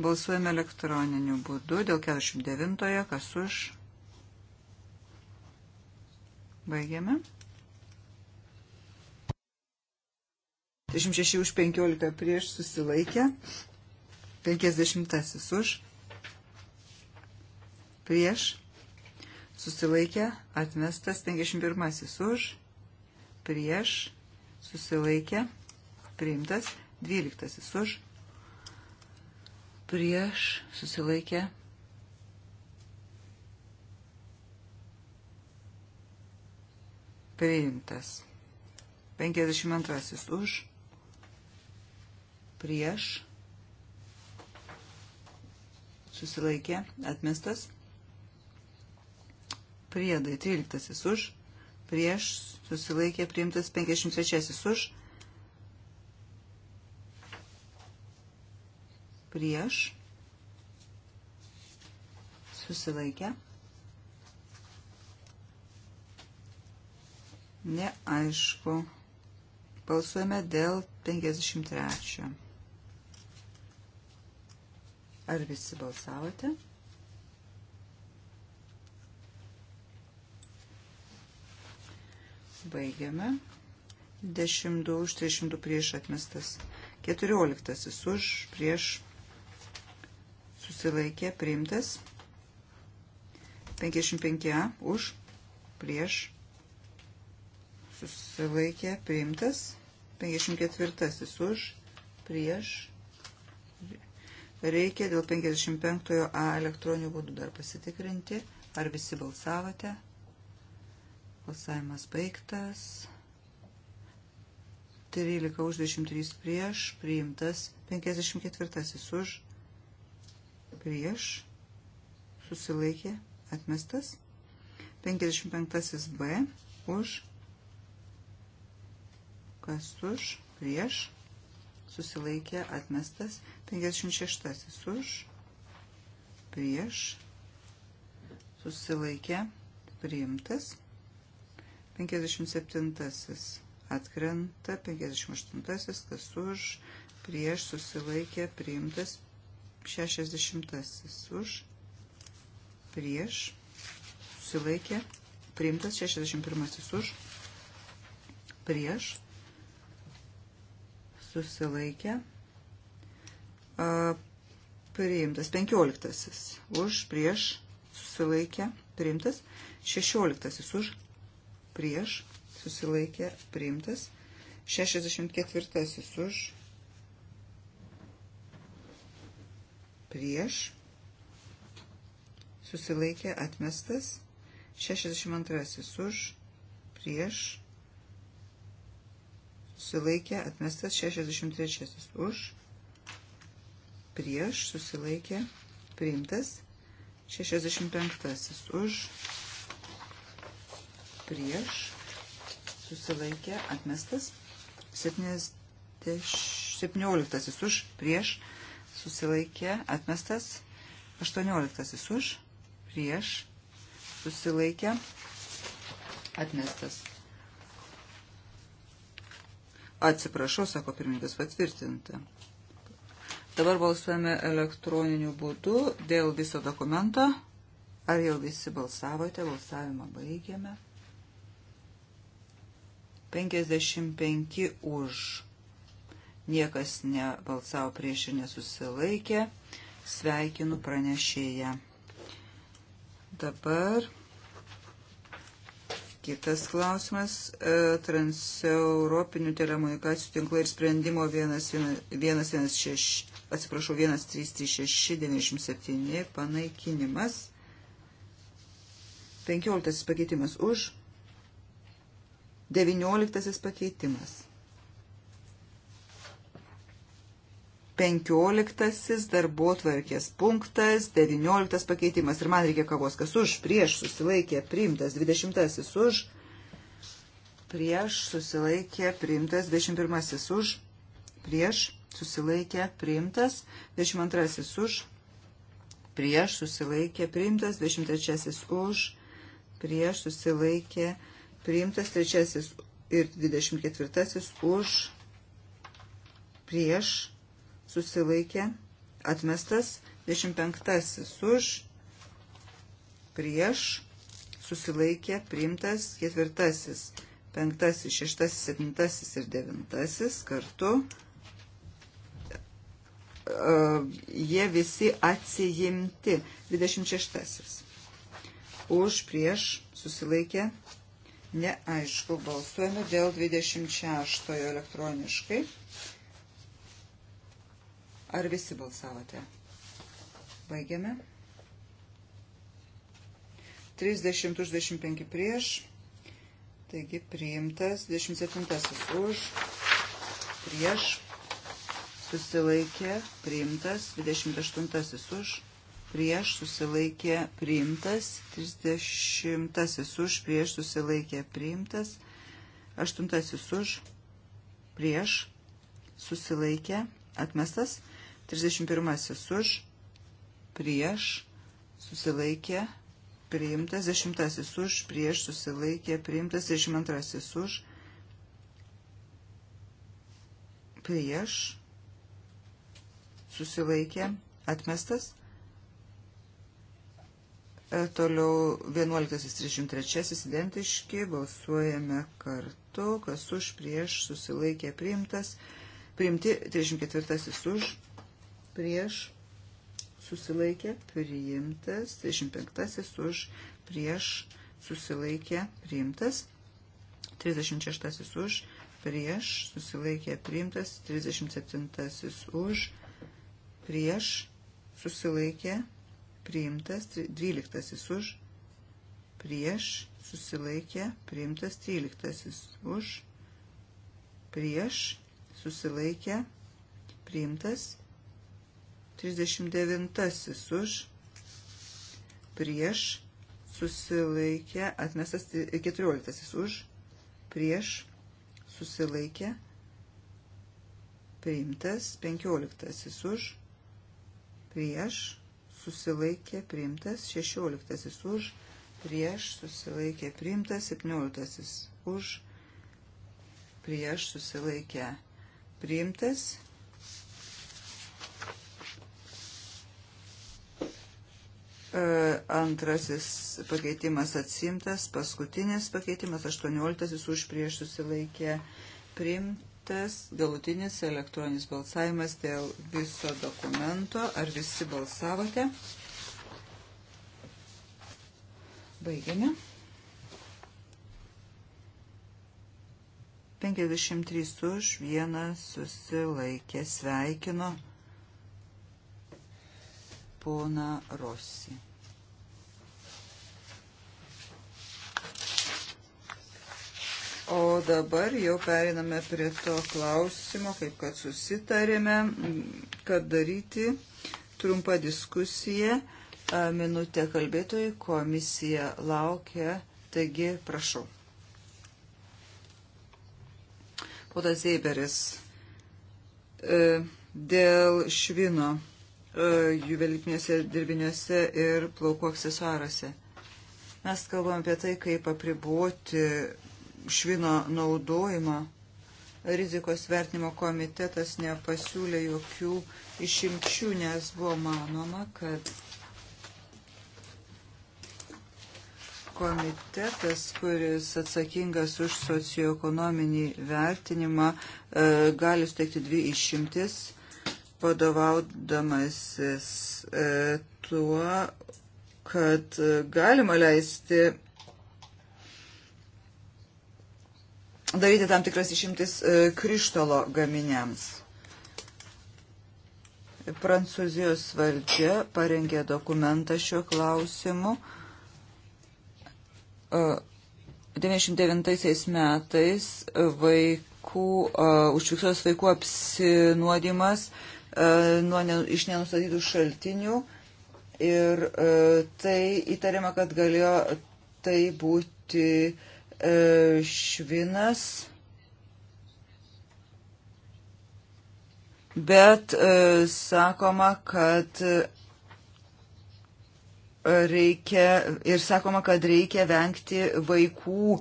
Speaker 4: Balsuojame elektroniniu būdu dėl 49, kas už. Baigiame. 36 už 15 prieš susilaikę. 50 už prieš susilaikę. Atmestas 51 už prieš susilaikę. Priimtas 12 už prieš susilaikę. Priimtas. 52 už prieš, susilaikė, atmestas. Priedai 13 už, prieš, susilaikė, priimtas 53 už, prieš, susilaikė. Neaišku. Balsuojame dėl 53. Ar visi balsavote? Baigiame. 10 už 300 prieš atmestas. 14 už prieš susilaikė priimtas. 55 už prieš susilaikė priimtas. 54 už prieš Reikia dėl 55 A elektroninių būdų dar pasitikrinti. Ar visi balsavote? Balsavimas baigtas. 13 už 23 prieš, priimtas 54 už, prieš, susilaikė, atmestas, 55 B už, kas už, prieš, susilaikė atmestas 56 už prieš susilaikė priimtas 57 atkrenta 58 kas už prieš susilaikė priimtas 60 už prieš susilaikė priimtas 61 už prieš susilaikė, priimtas. Penkioliktasis už, prieš, susilaikė, priimtas. Šešioliktasis už, prieš, susilaikė, priimtas. Šešiasdešimt ketvirtasis už, prieš, susilaikė, atmestas. Šešiasdešimt antrasis už, prieš, susilaikė atmestas 63 už, prieš susilaikė priimtas 65 už, prieš susilaikė atmestas 17 už, prieš susilaikė atmestas 18 už, prieš susilaikė atmestas Atsiprašau, sako pirmininkas, patvirtinta. Dabar balsuojame elektroniniu būdu dėl viso dokumento. Ar jau visi balsavote? Balsavimą baigėme. 55 už. Niekas nebalsavo prieš ir nesusilaikė. Sveikinu pranešėją. Dabar Kitas klausimas e, - transeuropinių telekomunikacijų tinklai ir sprendimo 116, atsiprašau, 133697 panaikinimas. 15 pakeitimas už. 19 pakeitimas. 15 darbo tvarkės punktas, 19 pakeitimas ir man reikia kavos, kas už, prieš susilaikė priimtas, 20 už, prieš susilaikė priimtas, 21 už, prieš susilaikė priimtas, 22 už, prieš susilaikė priimtas, 23 už, prieš susilaikė priimtas, 3 ir 24 už, prieš susilaikė, atmestas, 25 už, prieš, susilaikė, priimtas, ketvirtasis, penktasis, šeštasis, septintasis ir devintasis kartu. Uh, jie visi atsijimti. 26. Už prieš susilaikė neaišku. Balsuojame dėl 26 elektroniškai. Ar visi balsavote? Baigiame. 30 už 25 prieš. Taigi priimtas 27 už prieš. Susilaikė priimtas 28 už prieš. Susilaikė priimtas 30 už prieš. Susilaikė priimtas 8 už prieš. Susilaikė atmestas 30 31 už, prieš, susilaikė, priimtas. 10 už, prieš, susilaikė, priimtas. 22 už, prieš, susilaikė, atmestas. E, toliau 11.33 identiški, balsuojame kartu, kas už prieš susilaikė priimtas, priimti 34 už prieš susilaikė priimtas, 35 už prieš susilaikė priimtas, 36 už prieš susilaikė priimtas, 37 už prieš susilaikė priimtas, 12 už prieš susilaikė priimtas, 13 už prieš susilaikė priimtas, 13 39 už, prieš, susilaikė, atmestas 14 už, prieš, susilaikė, priimtas 15 už, prieš, susilaikė, priimtas 16 už, prieš, susilaikė, priimtas 17 už, prieš, susilaikė, priimtas 17 E, antrasis pakeitimas atsimtas, paskutinis pakeitimas, 18 už prieš susilaikė priimtas, galutinis elektroninis balsavimas dėl viso dokumento. Ar visi balsavote? Baigiame. 53 už, vieną susilaikė, sveikino pona Rossi. O dabar jau periname prie to klausimo, kaip kad susitarėme, kad daryti trumpą diskusiją. Minutė kalbėtojų komisija laukia, taigi prašau. Potas Eiberis e, dėl švino E, jų velipinėse dirbiniuose ir plaukų aksesuaruose. Mes kalbam apie tai, kaip apriboti švino naudojimą. Rizikos vertinimo komitetas nepasiūlė jokių išimčių, nes buvo manoma, kad komitetas, kuris atsakingas už socioekonominį vertinimą, e, gali suteikti dvi išimtis. Iš vadovaudamasis e, tuo, kad galima leisti daryti tam tikras išimtis e, krištolo gaminiams. Prancūzijos valdžia parengė dokumentą šiuo klausimu. 99 e, metais vaikų, užfiksuos vaikų apsinuodimas uh, E, nuo ne, iš nenustatytų šaltinių ir e, tai įtariama, kad galėjo tai būti e, švinas. Bet sakoma, kad reikia ir sakoma, kad reikia vengti vaikų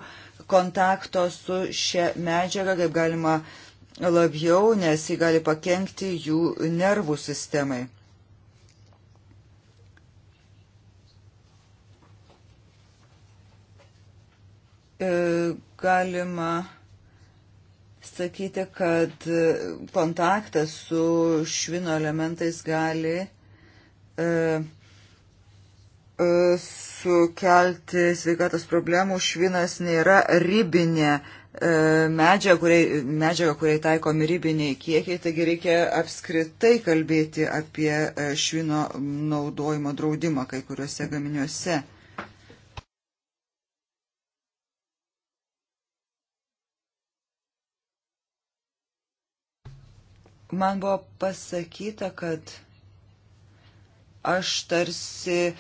Speaker 4: kontakto su šia medžiaga, kaip galima uh, labiau, nes jį gali pakengti jų nervų sistemai. E, galima sakyti, kad kontaktas su švino elementais gali e, e, sukelti sveikatos problemų. Švinas nėra ribinė E, medžiagą, kuriai, medžiagą, kuriai taikomi ribiniai kiekiai, taigi reikia apskritai kalbėti apie e, švino naudojimo draudimą kai kuriuose gaminiuose. Man buvo pasakyta, kad aš tarsi e,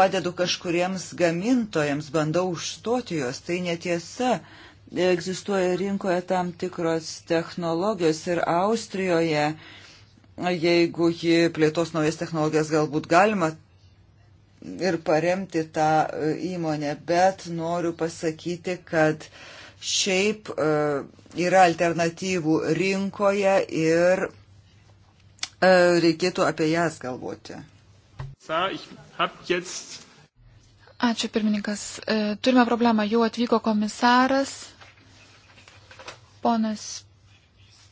Speaker 4: padedu kažkuriems gamintojams, bandau užstoti juos. Tai netiesa. E, egzistuoja rinkoje tam tikros technologijos ir Austrijoje, jeigu ji plėtos naujas technologijas galbūt galima ir paremti tą e, įmonę, bet noriu pasakyti, kad šiaip e, yra alternatyvų rinkoje ir e, reikėtų apie
Speaker 1: jas galvoti.
Speaker 3: Ačiū pirmininkas. Turime problemą. Jau atvyko komisaras. Ponas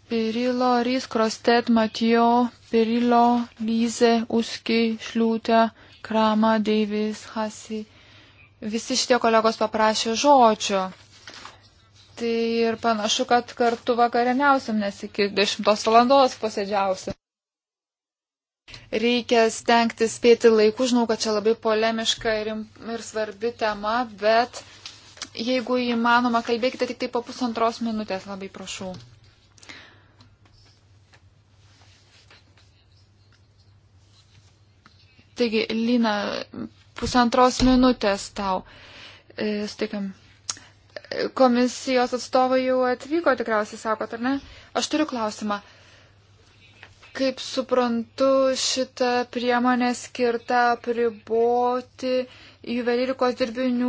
Speaker 3: Pirilo, Rys, Krostet, Matijo, Pirilo, Lyze, Uski, Šliūtė, Krama, Deivis, Hasi. Visi šitie kolegos paprašė žodžio. Tai ir panašu, kad kartu vakarieniausim, nes iki 10 valandos posėdžiausim. Reikia stengtis spėti laiku, žinau, kad čia labai polemiška ir, ir svarbi tema, bet uh, Jeigu įmanoma, kalbėkite tik tai po pusantros minutės, labai prašau. Taigi, Lina, pusantros minutės tau. E, Stikam. Komisijos atstovai jau atvyko, tikriausiai sakot, ar ne? Aš turiu klausimą. Kaip suprantu, šita priemonė skirta priboti juvelyrikos dirbinių,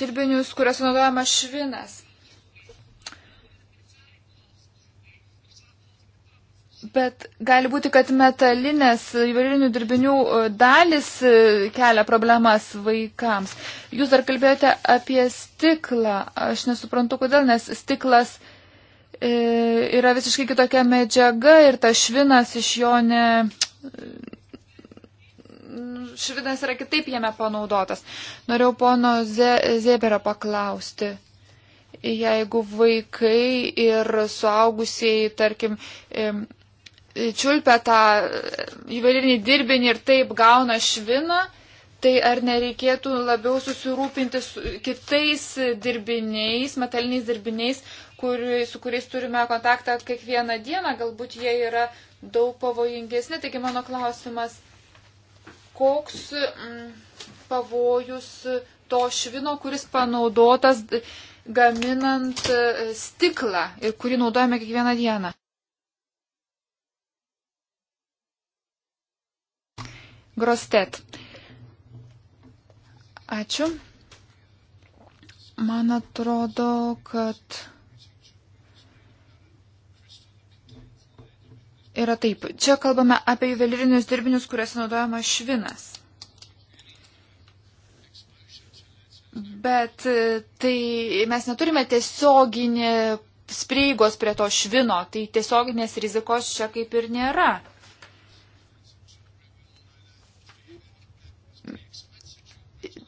Speaker 3: dirbinius, kuriuose naudojama švinas. Bet gali būti, kad metalinės juvelyrinių dirbinių e, dalis e, kelia problemas vaikams. Jūs dar kalbėjote apie stiklą. Aš nesuprantu, kodėl, nes stiklas e, yra visiškai kitokia medžiaga ir tas švinas iš jo ne, švinas yra kitaip jame panaudotas. Norėjau pono Ze Zeberio paklausti. Jeigu vaikai ir suaugusiai, tarkim, čiulpia tą juvelinį e, dirbinį ir taip gauna šviną, tai ar nereikėtų labiau susirūpinti su kitais dirbiniais, metaliniais dirbiniais, kur, su kuriais turime kontaktą kiekvieną dieną, galbūt jie yra daug pavojingesni. Taigi mano klausimas koks mm, pavojus to švino, kuris panaudotas gaminant e, stiklą ir kurį naudojame kiekvieną dieną. Grostet. Ačiū. Man atrodo, kad yra taip. Čia kalbame apie juvelyrinius dirbinius, kuriuose naudojama švinas. Bet e, tai mes neturime tiesioginį prieigos prie to švino, tai tiesioginės rizikos čia kaip ir nėra.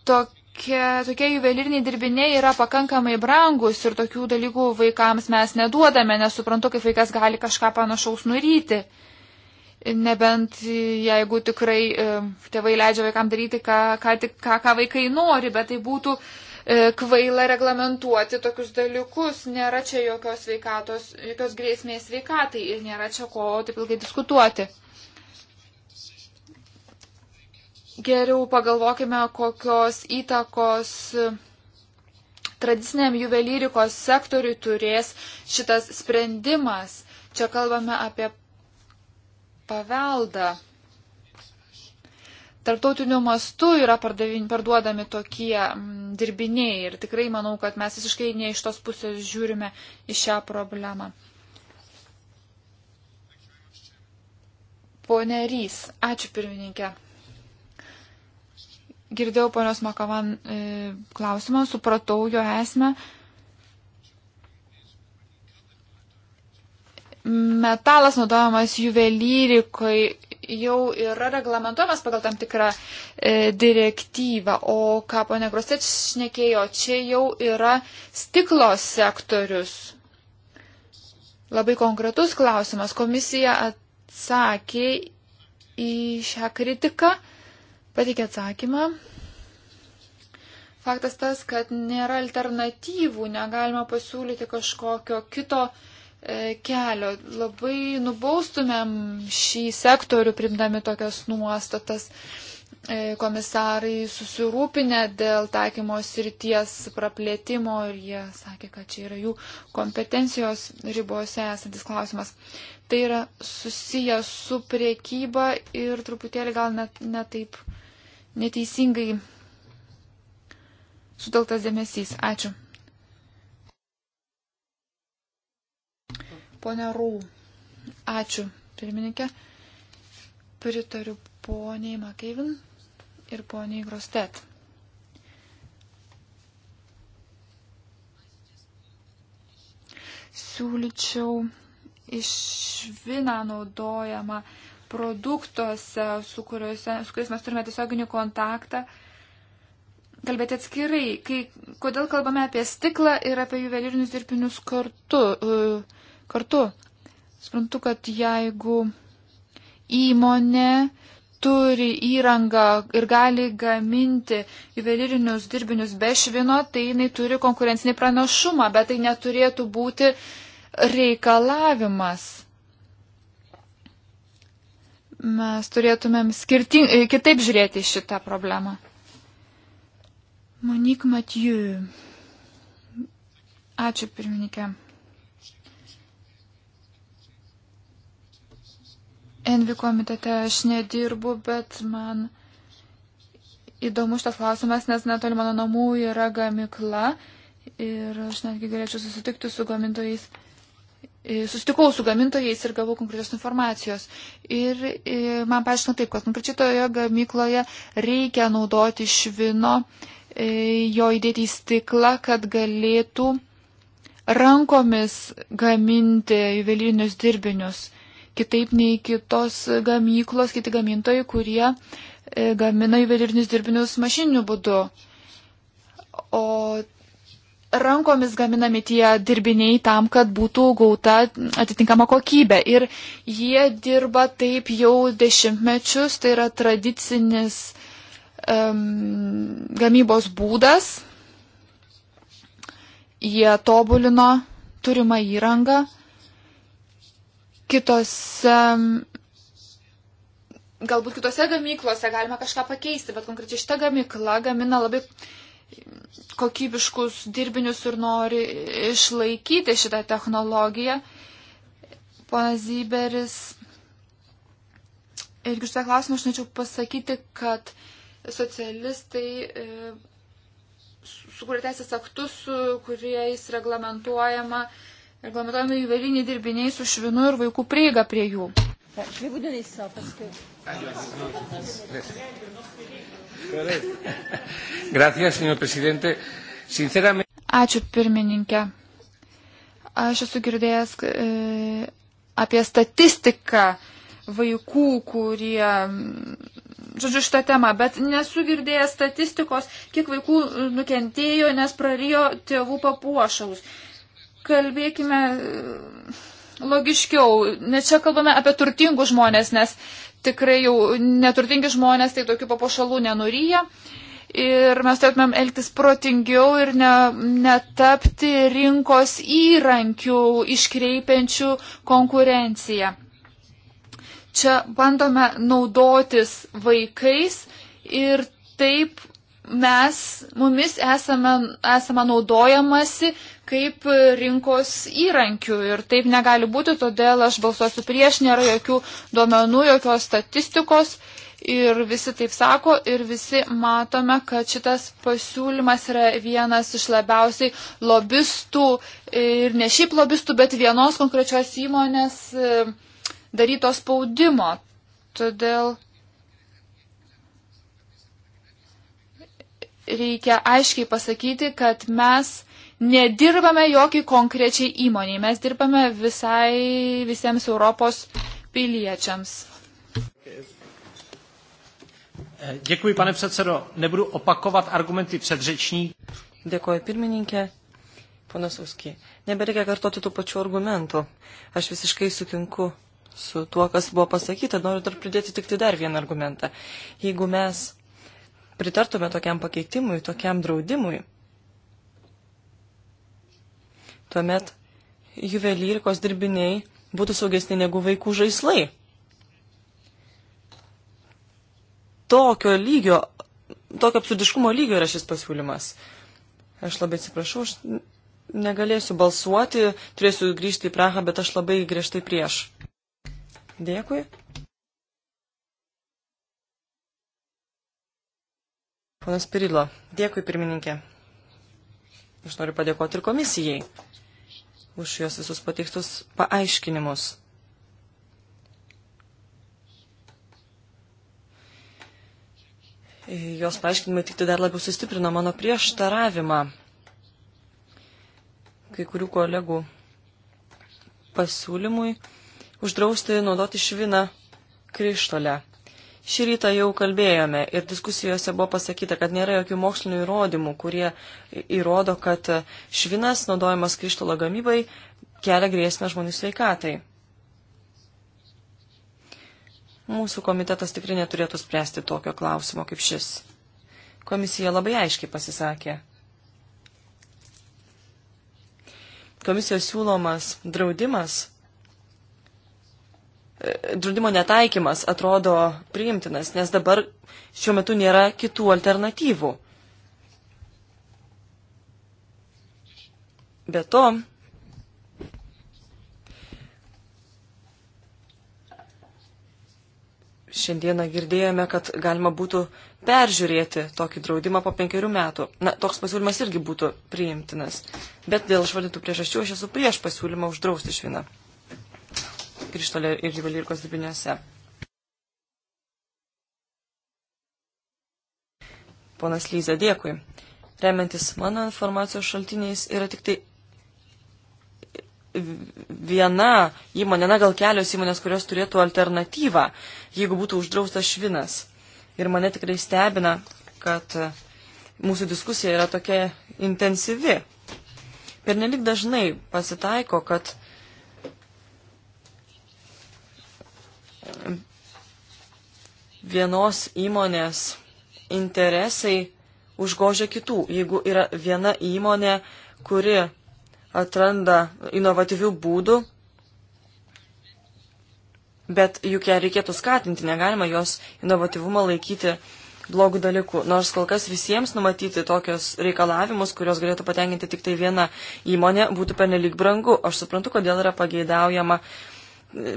Speaker 3: Tokia tokie juvelyriniai dirbiniai yra pakankamai brangus ir tokių dalykų vaikams mes neduodame, nesuprantu, kaip vaikas gali kažką panašaus nuryti. Nebent jeigu tikrai e, tėvai leidžia vaikam daryti, ką, ką, ką, ką vaikai nori, bet tai būtų e, kvaila reglamentuoti tokius dalykus, nėra čia jokios, veikatos, jokios grėsmės sveikatai ir nėra čia ko taip ilgai diskutuoti. Geriau pagalvokime, kokios įtakos e, tradiciniam juvelyrikos sektoriui turės šitas sprendimas. Čia kalbame apie paveldą. Tarptautiniu mastu yra parduodami tokie mm, dirbiniai ir tikrai manau, kad mes visiškai ne iš tos pusės žiūrime į šią problemą. Pone Rys, ačiū pirmininkė girdėjau ponios Makavan e, klausimą, supratau jo esmę. Metalas naudojamas juvelyrikoje jau yra reglamentuojamas pagal tam tikrą e, direktyvą, o ką ponė Grosteč šnekėjo, čia jau yra stiklo sektorius. Labai konkretus klausimas. Komisija atsakė į šią kritiką. E, pateikė atsakymą. Faktas tas, kad nėra alternatyvų, negalima pasiūlyti kažkokio kito e, kelio. Labai nubaustumėm šį sektorių, primdami tokias nuostatas. E, komisarai susirūpinę dėl taikymo srities praplėtimo ir jie sakė, kad čia yra jų kompetencijos ribose esantis klausimas. Tai yra susijęs su priekyba ir truputėlį gal net, netaip. Ne neteisingai sutelktas dėmesys. Ačiū. Pone Rau, ačiū, pirmininkė. Pritariu poniai Makeivin ir poniai Grostet. Siūlyčiau iš vina naudojama produktuose, su, kuriuose, su kuriais mes turime tiesioginį kontaktą, kalbėti atskirai. Kai, kodėl kalbame apie stiklą ir apie juvelyrinius dirbinius kartu? E, kartu? Sprantu, kad jeigu įmonė turi įrangą ir gali gaminti juvelyrinius dirbinius be švino, tai jinai turi konkurencinį pranašumą, bet tai neturėtų būti reikalavimas mes turėtumėm skirting, e, kitaip žiūrėti šitą problemą. Monik Matijų. Ačiū pirmininkė. Envi komitete aš nedirbu, bet man įdomu šitas klausimas, nes netoli mano namų yra gamikla ir aš netgi galėčiau susitikti su gamintojais E, Sustikau su gamintojais ir gavau konkrečios informacijos. Ir e, man paaiškino taip, kad konkrečiai toje gamykloje reikia naudoti švino, e, jo įdėti į stiklą, kad galėtų rankomis gaminti juvelinius dirbinius. Kitaip nei kitos gamyklos, kiti gamintojai, kurie gamina juvelinius dirbinius mašiniu būdu. O rankomis gaminami tie dirbiniai tam, kad būtų gauta atitinkama kokybė. Ir jie dirba taip jau dešimtmečius, tai yra tradicinis um, gamybos būdas. Jie tobulino turimą įrangą. Kitose, galbūt kitose gamyklose galima kažką pakeisti, bet konkrečiai šita gamykla gamina labai kokybiškus dirbinius ir nori išlaikyti šitą technologiją. Ponas Zyberis, irgi šitą klausimą aš norėčiau pasakyti, kad socialistai e, sukūrė teisės aktus, kuriais reglamentuojama, reglamentuojama įvairiniai dirbiniai su švinu ir vaikų prieiga prie jų. Je vais vous donner ça parce que.
Speaker 2: Gracias, señor presidente. Sinceramente.
Speaker 3: Ačiū pirmininkė. Aš esu girdėjęs e, apie statistiką vaikų, kurie, žodžiu, šitą temą, bet nesu girdėjęs statistikos, kiek vaikų nukentėjo, nes prarijo tėvų papuošalus. Kalbėkime e, logiškiau, nes čia kalbame apie turtingus žmonės, nes tikrai jau neturtingi žmonės tai tokių papuošalų nenuryja. Ir mes turėtumėm elgtis protingiau ir ne, netapti rinkos įrankių iškreipiančių konkurenciją. Čia bandome naudotis vaikais ir taip mes, mumis esame, esame naudojamasi kaip rinkos įrankių ir taip negali būti, todėl aš balsuosiu prieš, nėra jokių duomenų, jokios statistikos ir visi taip sako ir visi matome, kad šitas pasiūlymas yra vienas iš labiausiai lobistų ir ne šiaip lobistų, bet vienos konkrečios įmonės e, daryto spaudimo. Todėl reikia aiškiai pasakyti, kad mes nedirbame jokiai konkrečiai įmoniai, mes dirbame visai visiems Europos piliečiams. Děkuji, pane předsedo. Nebudu opakovat argumenty předřečníků.
Speaker 2: Dėkuoju, pirmininkė. Ponas Uski, nebereikia kartoti tų pačių argumentų. Aš visiškai sutinku su tuo, kas buvo pasakyta. Noriu dar pridėti tik tai dar vieną argumentą. Jeigu mes pritartume tokiam pakeitimui, tokiam draudimui, tuomet juvelyrikos dirbiniai būtų saugesni negu vaikų žaislai. Tokio lygio, tokio absurdiškumo lygio yra šis pasiūlymas. Aš labai atsiprašau, aš negalėsiu balsuoti, turėsiu grįžti į Prahą, bet aš labai griežtai prieš. Dėkui. Ponas Pirilo, dėkui pirmininkė. Aš noriu padėkoti ir komisijai už juos visus pateiktus paaiškinimus. Jos paaiškinimai tik tai dar labiau sustiprino mano prieštaravimą. Kai kurių kolegų pasiūlymui uždrausti naudoti šviną krištolę. Šį rytą jau kalbėjome ir diskusijose buvo pasakyta, kad nėra jokių mokslinių įrodymų, kurie įrodo, kad švinas naudojamas krištolo gamybai kelia grėsmę žmonių sveikatai. Mūsų komitetas tikrai neturėtų spręsti tokio klausimo kaip šis. Komisija labai aiškiai pasisakė. Komisijos siūlomas draudimas draudimo netaikymas atrodo priimtinas, nes dabar šiuo metu nėra kitų alternatyvų. Be to, šiandieną girdėjome, kad galima būtų peržiūrėti tokį draudimą po penkerių metų. Na, toks pasiūlymas irgi būtų priimtinas. Bet dėl išvardintų priežasčių aš esu prieš pasiūlymą uždrausti šviną krištolė ir juvelyrikos dirbiniuose. Ponas Lyza, dėkui. Remiantis mano informacijos šaltiniais yra tik tai viena įmonė, na gal kelios įmonės, kurios turėtų alternatyvą, jeigu būtų uždraustas švinas. Ir mane tikrai stebina, kad mūsų diskusija yra tokia intensyvi. Per nelik dažnai pasitaiko, kad vienos įmonės interesai užgožia kitų. Jeigu yra viena įmonė, kuri atranda inovatyvių būdų, bet juk ją reikėtų skatinti, negalima jos inovatyvumą laikyti blogų dalykų. Nors kol kas visiems numatyti tokius reikalavimus, kurios galėtų patenkinti tik tai viena įmonė, būtų pernelyg brangu. Aš suprantu, kodėl yra pageidaujama uh,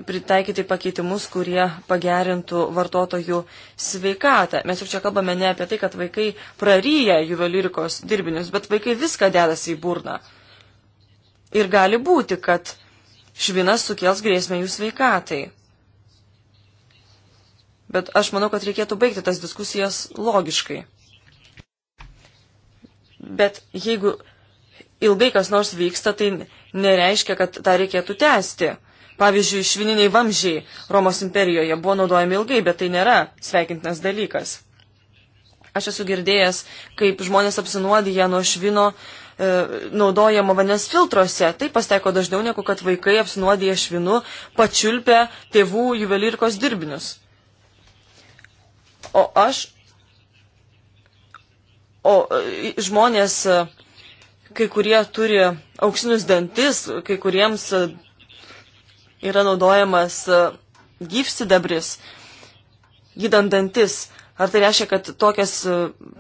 Speaker 2: pritaikyti pakeitimus, kurie pagerintų vartotojų sveikatą. Mes juk čia kalbame ne apie tai, kad vaikai praryja juvelyrikos dirbinius, bet vaikai viską dedasi į burną. Ir gali būti, kad švinas sukels grėsmę jų sveikatai. Bet aš manau, kad reikėtų baigti tas diskusijas logiškai. Bet jeigu ilgai kas nors vyksta, tai nereiškia, kad tą reikėtų tęsti. Pavyzdžiui, švininiai vamžiai Romos imperijoje buvo naudojami ilgai, bet tai nėra sveikintinas dalykas. Aš esu girdėjęs, kaip žmonės apsinuodija nuo švino e, naudojamo vandens filtruose. Tai pasteko dažniau negu kad vaikai apsinuodija švinu, pačiulpia tėvų juvelyrikos dirbinius. O aš. O e, žmonės, e, kai kurie turi auksinius dantis, kai kuriems e, yra naudojamas e, gyvsidabris, gydant dantis. Ar tai reiškia, kad tokias e,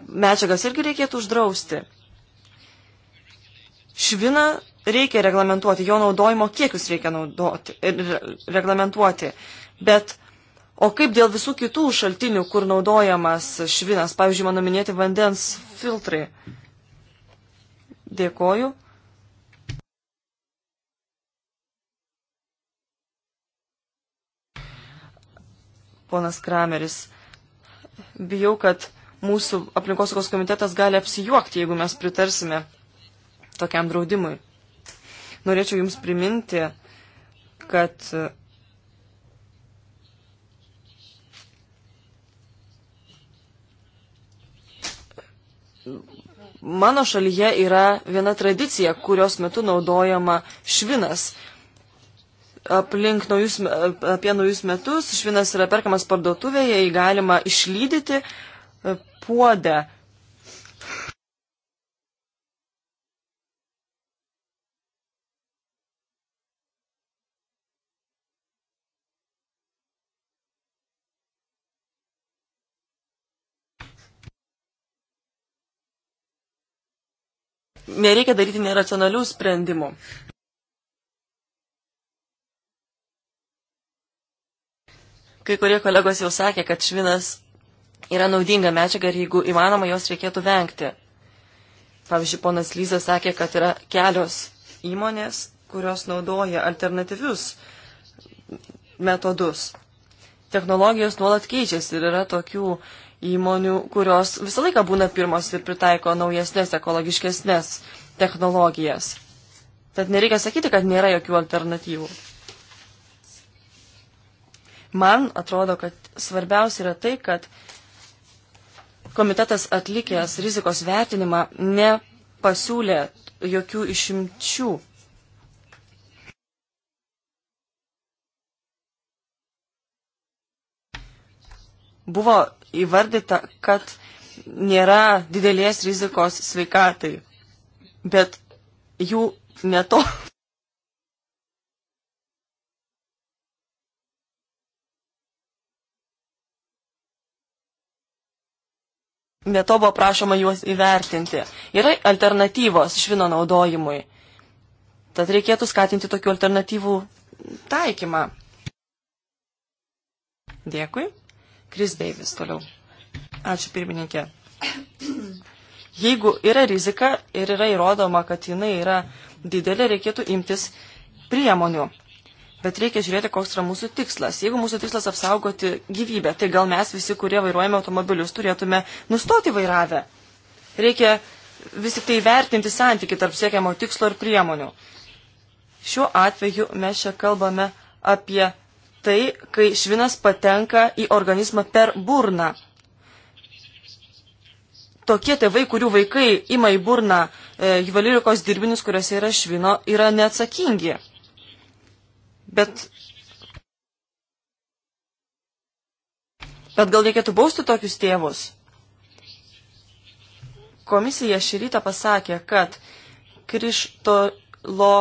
Speaker 2: medžiagas irgi reikėtų uždrausti? Šviną reikia reglamentuoti, jo naudojimo kiekius reikia naudoti, e, reglamentuoti. Bet o kaip dėl visų kitų šaltinių, kur naudojamas švinas, pavyzdžiui, mano minėti vandens filtrai? Dėkoju. ponas Krameris. Bijau, kad mūsų aplinkosaugos komitetas gali apsijuokti, jeigu mes pritarsime tokiam draudimui. Norėčiau Jums priminti, kad mano šalyje yra viena tradicija, kurios metu naudojama švinas aplink naujus, apie naujus metus švinas yra perkamas parduotuvėje, jį galima išlydyti e, puodę. Nereikia daryti neracionalių sprendimų. Kai kurie kolegos jau sakė, kad švinas yra naudinga medžiaga ir jeigu įmanoma, jos reikėtų vengti. Pavyzdžiui, ponas Lyza sakė, kad yra kelios įmonės, kurios naudoja alternatyvius metodus. Technologijos nuolat keičiasi ir yra tokių įmonių, kurios visą laiką būna pirmos ir pritaiko naujesnės, ekologiškesnės technologijas. Tad nereikia sakyti, kad nėra jokių alternatyvų. Man atrodo, kad svarbiausia yra tai, kad komitetas atlikęs rizikos vertinimą nepasiūlė jokių išimčių. Buvo įvardyta, kad nėra didelės rizikos sveikatai, bet jų neto Be to buvo prašoma juos įvertinti. Yra alternatyvos švino naudojimui. Tad reikėtų skatinti tokių alternatyvų taikymą. Dėkui. Kris Deivis toliau. Ačiū pirmininkė. Jeigu yra rizika ir yra įrodoma, kad jinai yra didelė, reikėtų imtis priemonių. Bet reikia žiūrėti, koks yra mūsų tikslas. Jeigu mūsų tikslas apsaugoti gyvybę, tai gal mes visi, kurie vairuojame automobilius, turėtume nustoti vairavę. Reikia vis tik tai vertinti santyki tarp siekiamo tikslo ir priemonių. Šiuo atveju mes čia kalbame apie tai, kai švinas patenka į organizmą per burną. Tokie tėvai, kurių vaikai ima į burną e, juvelyrikos dirbinius, kuriuose yra švino, yra neatsakingi. Bet, bet gal reikėtų bausti tokius tėvus? Komisija šį rytą pasakė, kad krištolo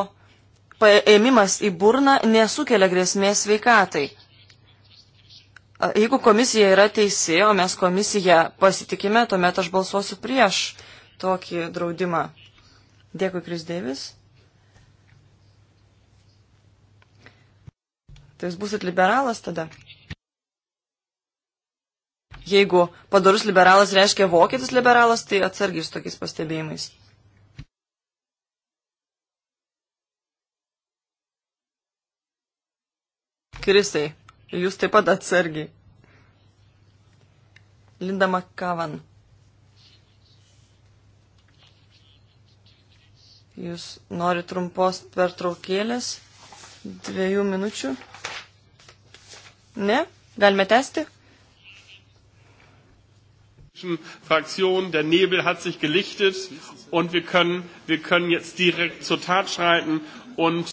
Speaker 2: paėmimas į burną nesukelia grėsmės sveikatai. Jeigu komisija yra teisi, o mes komisiją pasitikime, tuomet aš balsuosiu prieš tokį draudimą. Dėkui, Kris Deivis. Tai jūs busit liberalas tada? Jeigu padarus liberalas reiškia vokietis liberalas, tai atsargiai su tokiais pastebėjimais. Krisai, jūs taip pat atsargiai. Linda McCavan. Jūs norite trumpos pertraukėlės? dviejų minučių? Ne? Galime tęsti?
Speaker 1: Fraktion, der Nebel hat sich gelichtet und wir können, wir können jetzt direkt zur Tat schreiten und.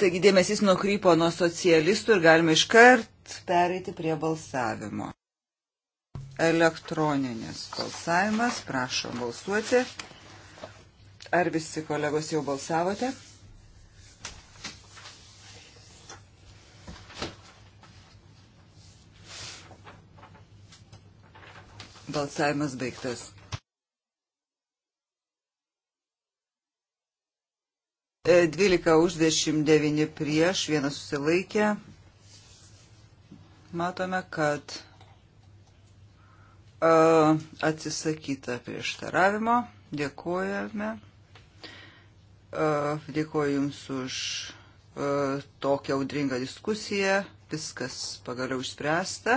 Speaker 1: Taigi dėmesys
Speaker 4: nukrypo nuo socialistų ir galime iškart pereiti prie balsavimo. Elektroninis balsavimas, prašom balsuoti. Ar visi kolegos jau balsavote? Balsavimas baigtas. E, dvylika už, dešimt devini prieš, vienas susilaikė. Matome, kad a, e, atsisakyta prieštaravimo. Dėkojame. A, e, dėkoju Jums už tokią audringą diskusiją viskas pagaliau išspręsta,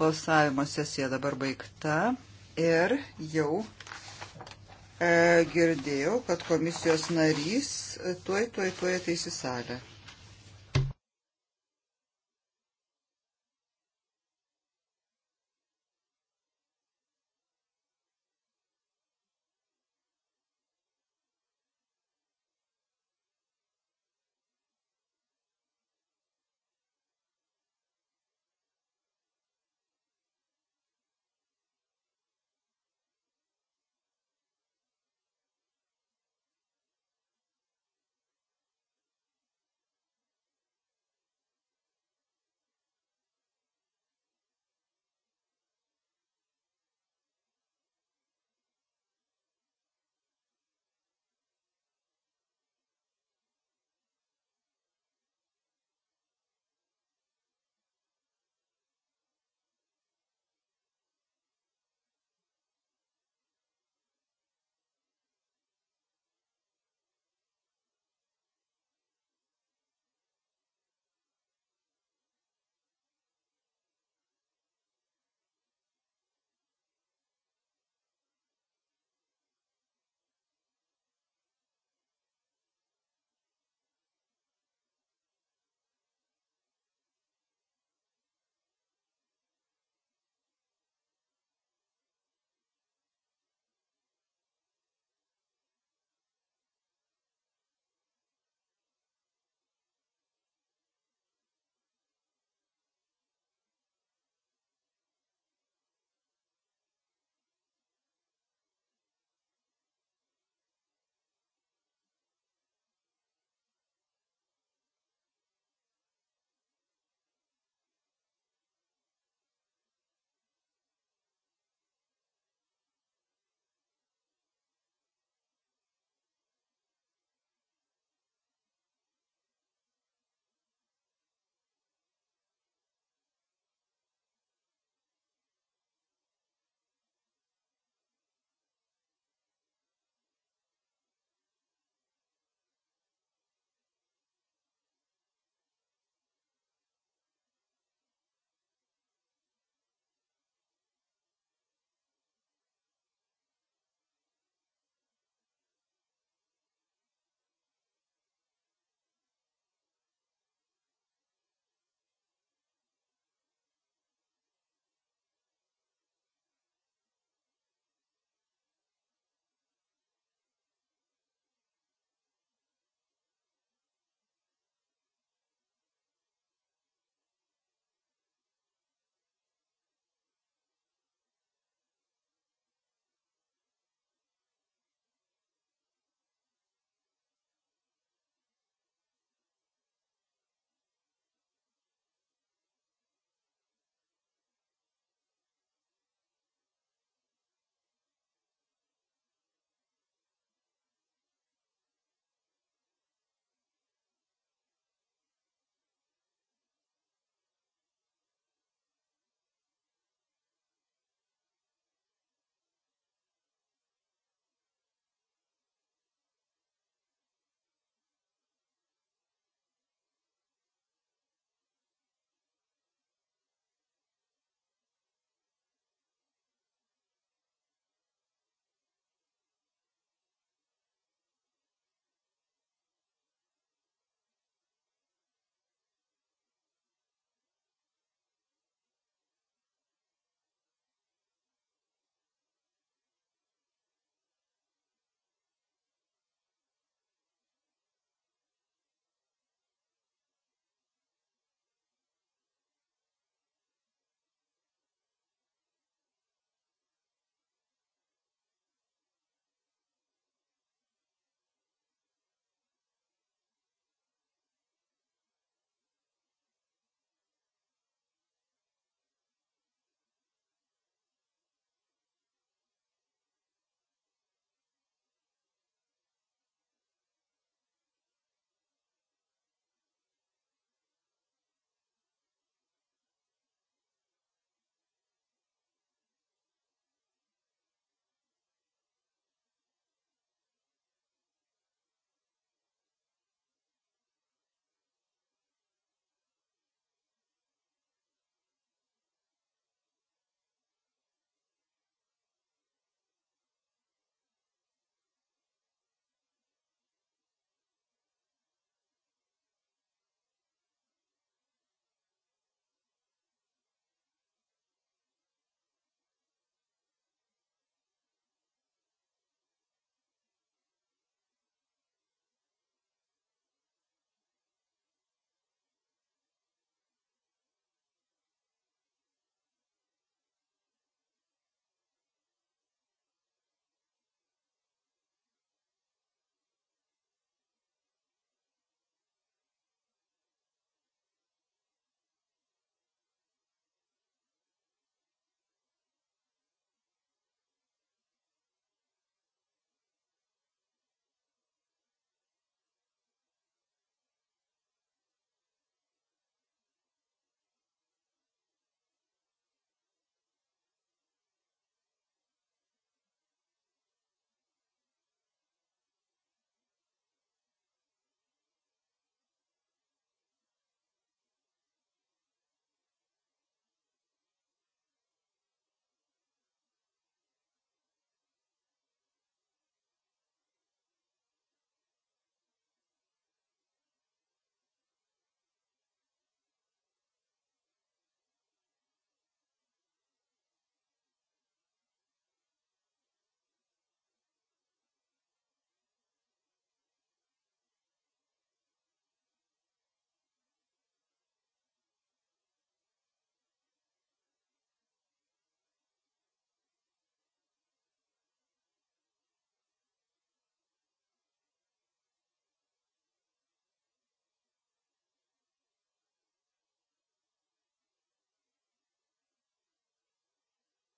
Speaker 4: balsavimo sesija dabar baigta ir jau e, girdėjau, kad komisijos narys tuoj tuoj tuoj ateis į salę.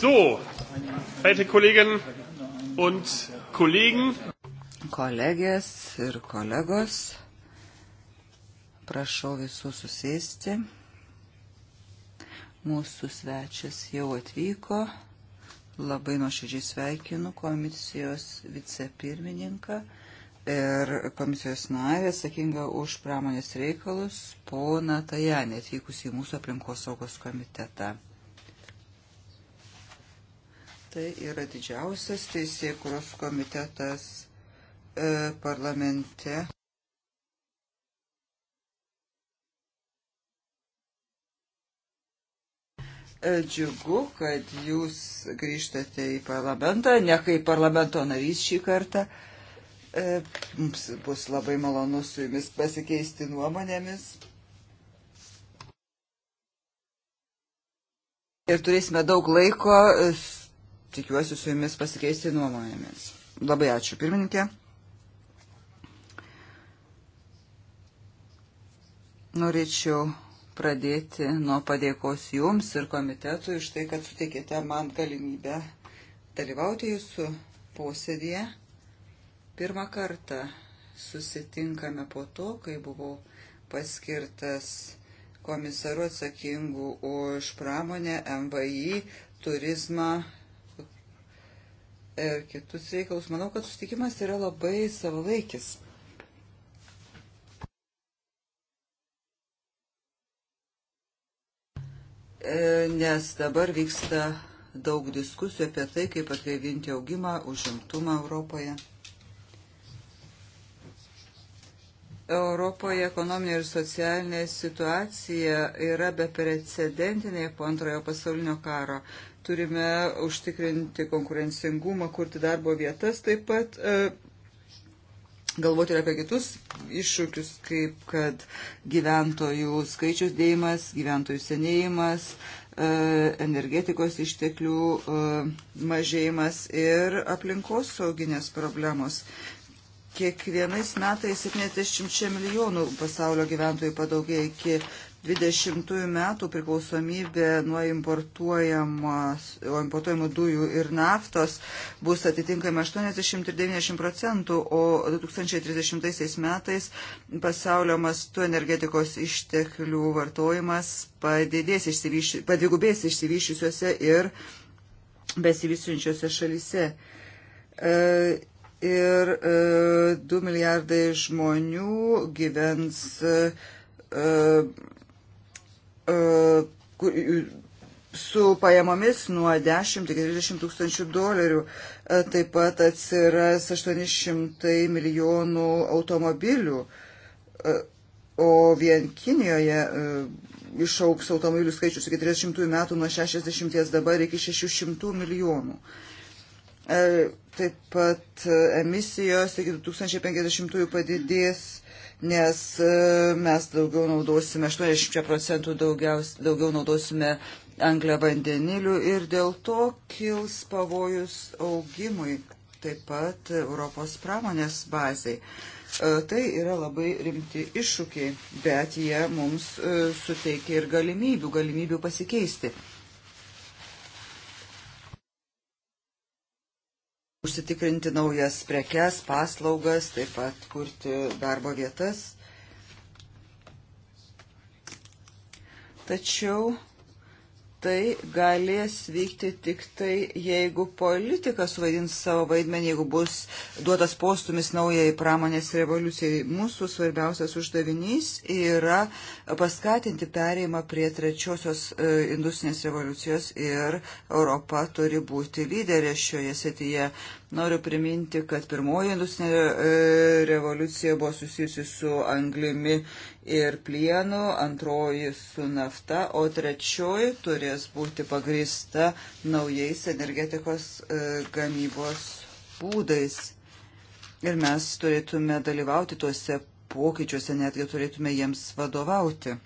Speaker 4: So, verehrte Kolleginnen und Kollegen. Kolegės ir kolegos, prašau visų susėsti. Mūsų svečias jau atvyko. Labai nuoširdžiai sveikinu komisijos vicepirmininką ir komisijos narė atsakinga už pramonės reikalus, pona Tajanė, atvykusi į mūsų aplinkos saugos komitetą. Tai yra didžiausias teisėkuros komitetas e, parlamente. E, džiugu, kad jūs grįžtate į parlamentą, ne kaip parlamento narys šį kartą. E, mums bus labai malonu su jumis pasikeisti nuomonėmis. Ir turėsime daug laiko tikiuosi su jumis pasikeisti nuomonėmis. Labai ačiū, pirmininkė. Norėčiau pradėti nuo padėkos jums ir komitetui iš tai, kad suteikėte man galimybę dalyvauti jūsų posėdėje. Pirmą kartą susitinkame po to, kai buvau paskirtas komisaru atsakingu už pramonę, MVI, turizmą ir kitus reikalus. Manau, kad sustikimas yra labai savalaikis. E, nes dabar vyksta daug diskusijų apie tai, kaip atgaivinti augimą, užimtumą Europoje. Europoje ekonominė ir socialinė situacija yra beprecedentinė po antrojo pasaulinio karo turime užtikrinti konkurencingumą, kurti darbo vietas, taip pat e, galvoti ir apie kitus iššūkius, kaip kad gyventojų skaičius dėjimas, gyventojų senėjimas, e, energetikos išteklių e, mažėjimas ir aplinkos sauginės problemos. Kiekvienais metais 70 milijonų pasaulio gyventojų padaugėja iki 20 metų priklausomybė nuo importuojamų dujų ir naftos bus atitinkamai 80 ir 90 procentų, o 2030 metais pasaulio mastu energetikos išteklių vartojimas padidės, išsivyši, padvigubės išsivyšiusiuose ir besivysiančiuose šalyse. E, ir e, 2 milijardai žmonių gyvens e, E, e, su pajamomis nuo 10 iki 30 tūkstančių dolerių. E, taip pat atsiras 800 milijonų automobilių, o vien Kinijoje išauks automobilių skaičius iki 30 metų nuo 60 dabar iki 600 milijonų. Taip pat emisijos iki 2050 padidės nes e, mes daugiau naudosime, 80 procentų daugiau naudosime anglę vandenilių ir dėl to kils pavojus augimui, taip pat Europos pramonės bazai. E, tai yra labai rimti iššūkiai, bet jie mums e, suteikia ir galimybių, galimybių pasikeisti. užsitikrinti naujas prekes, paslaugas, taip pat kurti darbo vietas. Tačiau tai galės vykti tik tai, jeigu politika suvaidins savo vaidmenį, jeigu bus duotas postumis naujai pramonės revoliucijai. Mūsų svarbiausias uždavinys yra paskatinti pereimą prie trečiosios e, industrinės revoliucijos ir Europa turi būti lyderė šioje srityje. Noriu priminti, kad pirmoji industrinė e, revoliucija buvo susijusi su anglimi ir plienų, antroji su nafta, o trečioji turės būti pagrįsta naujais energetikos e, gamybos būdais. Ir mes turėtume dalyvauti tuose pokyčiuose, netgi turėtume jiems vadovauti e,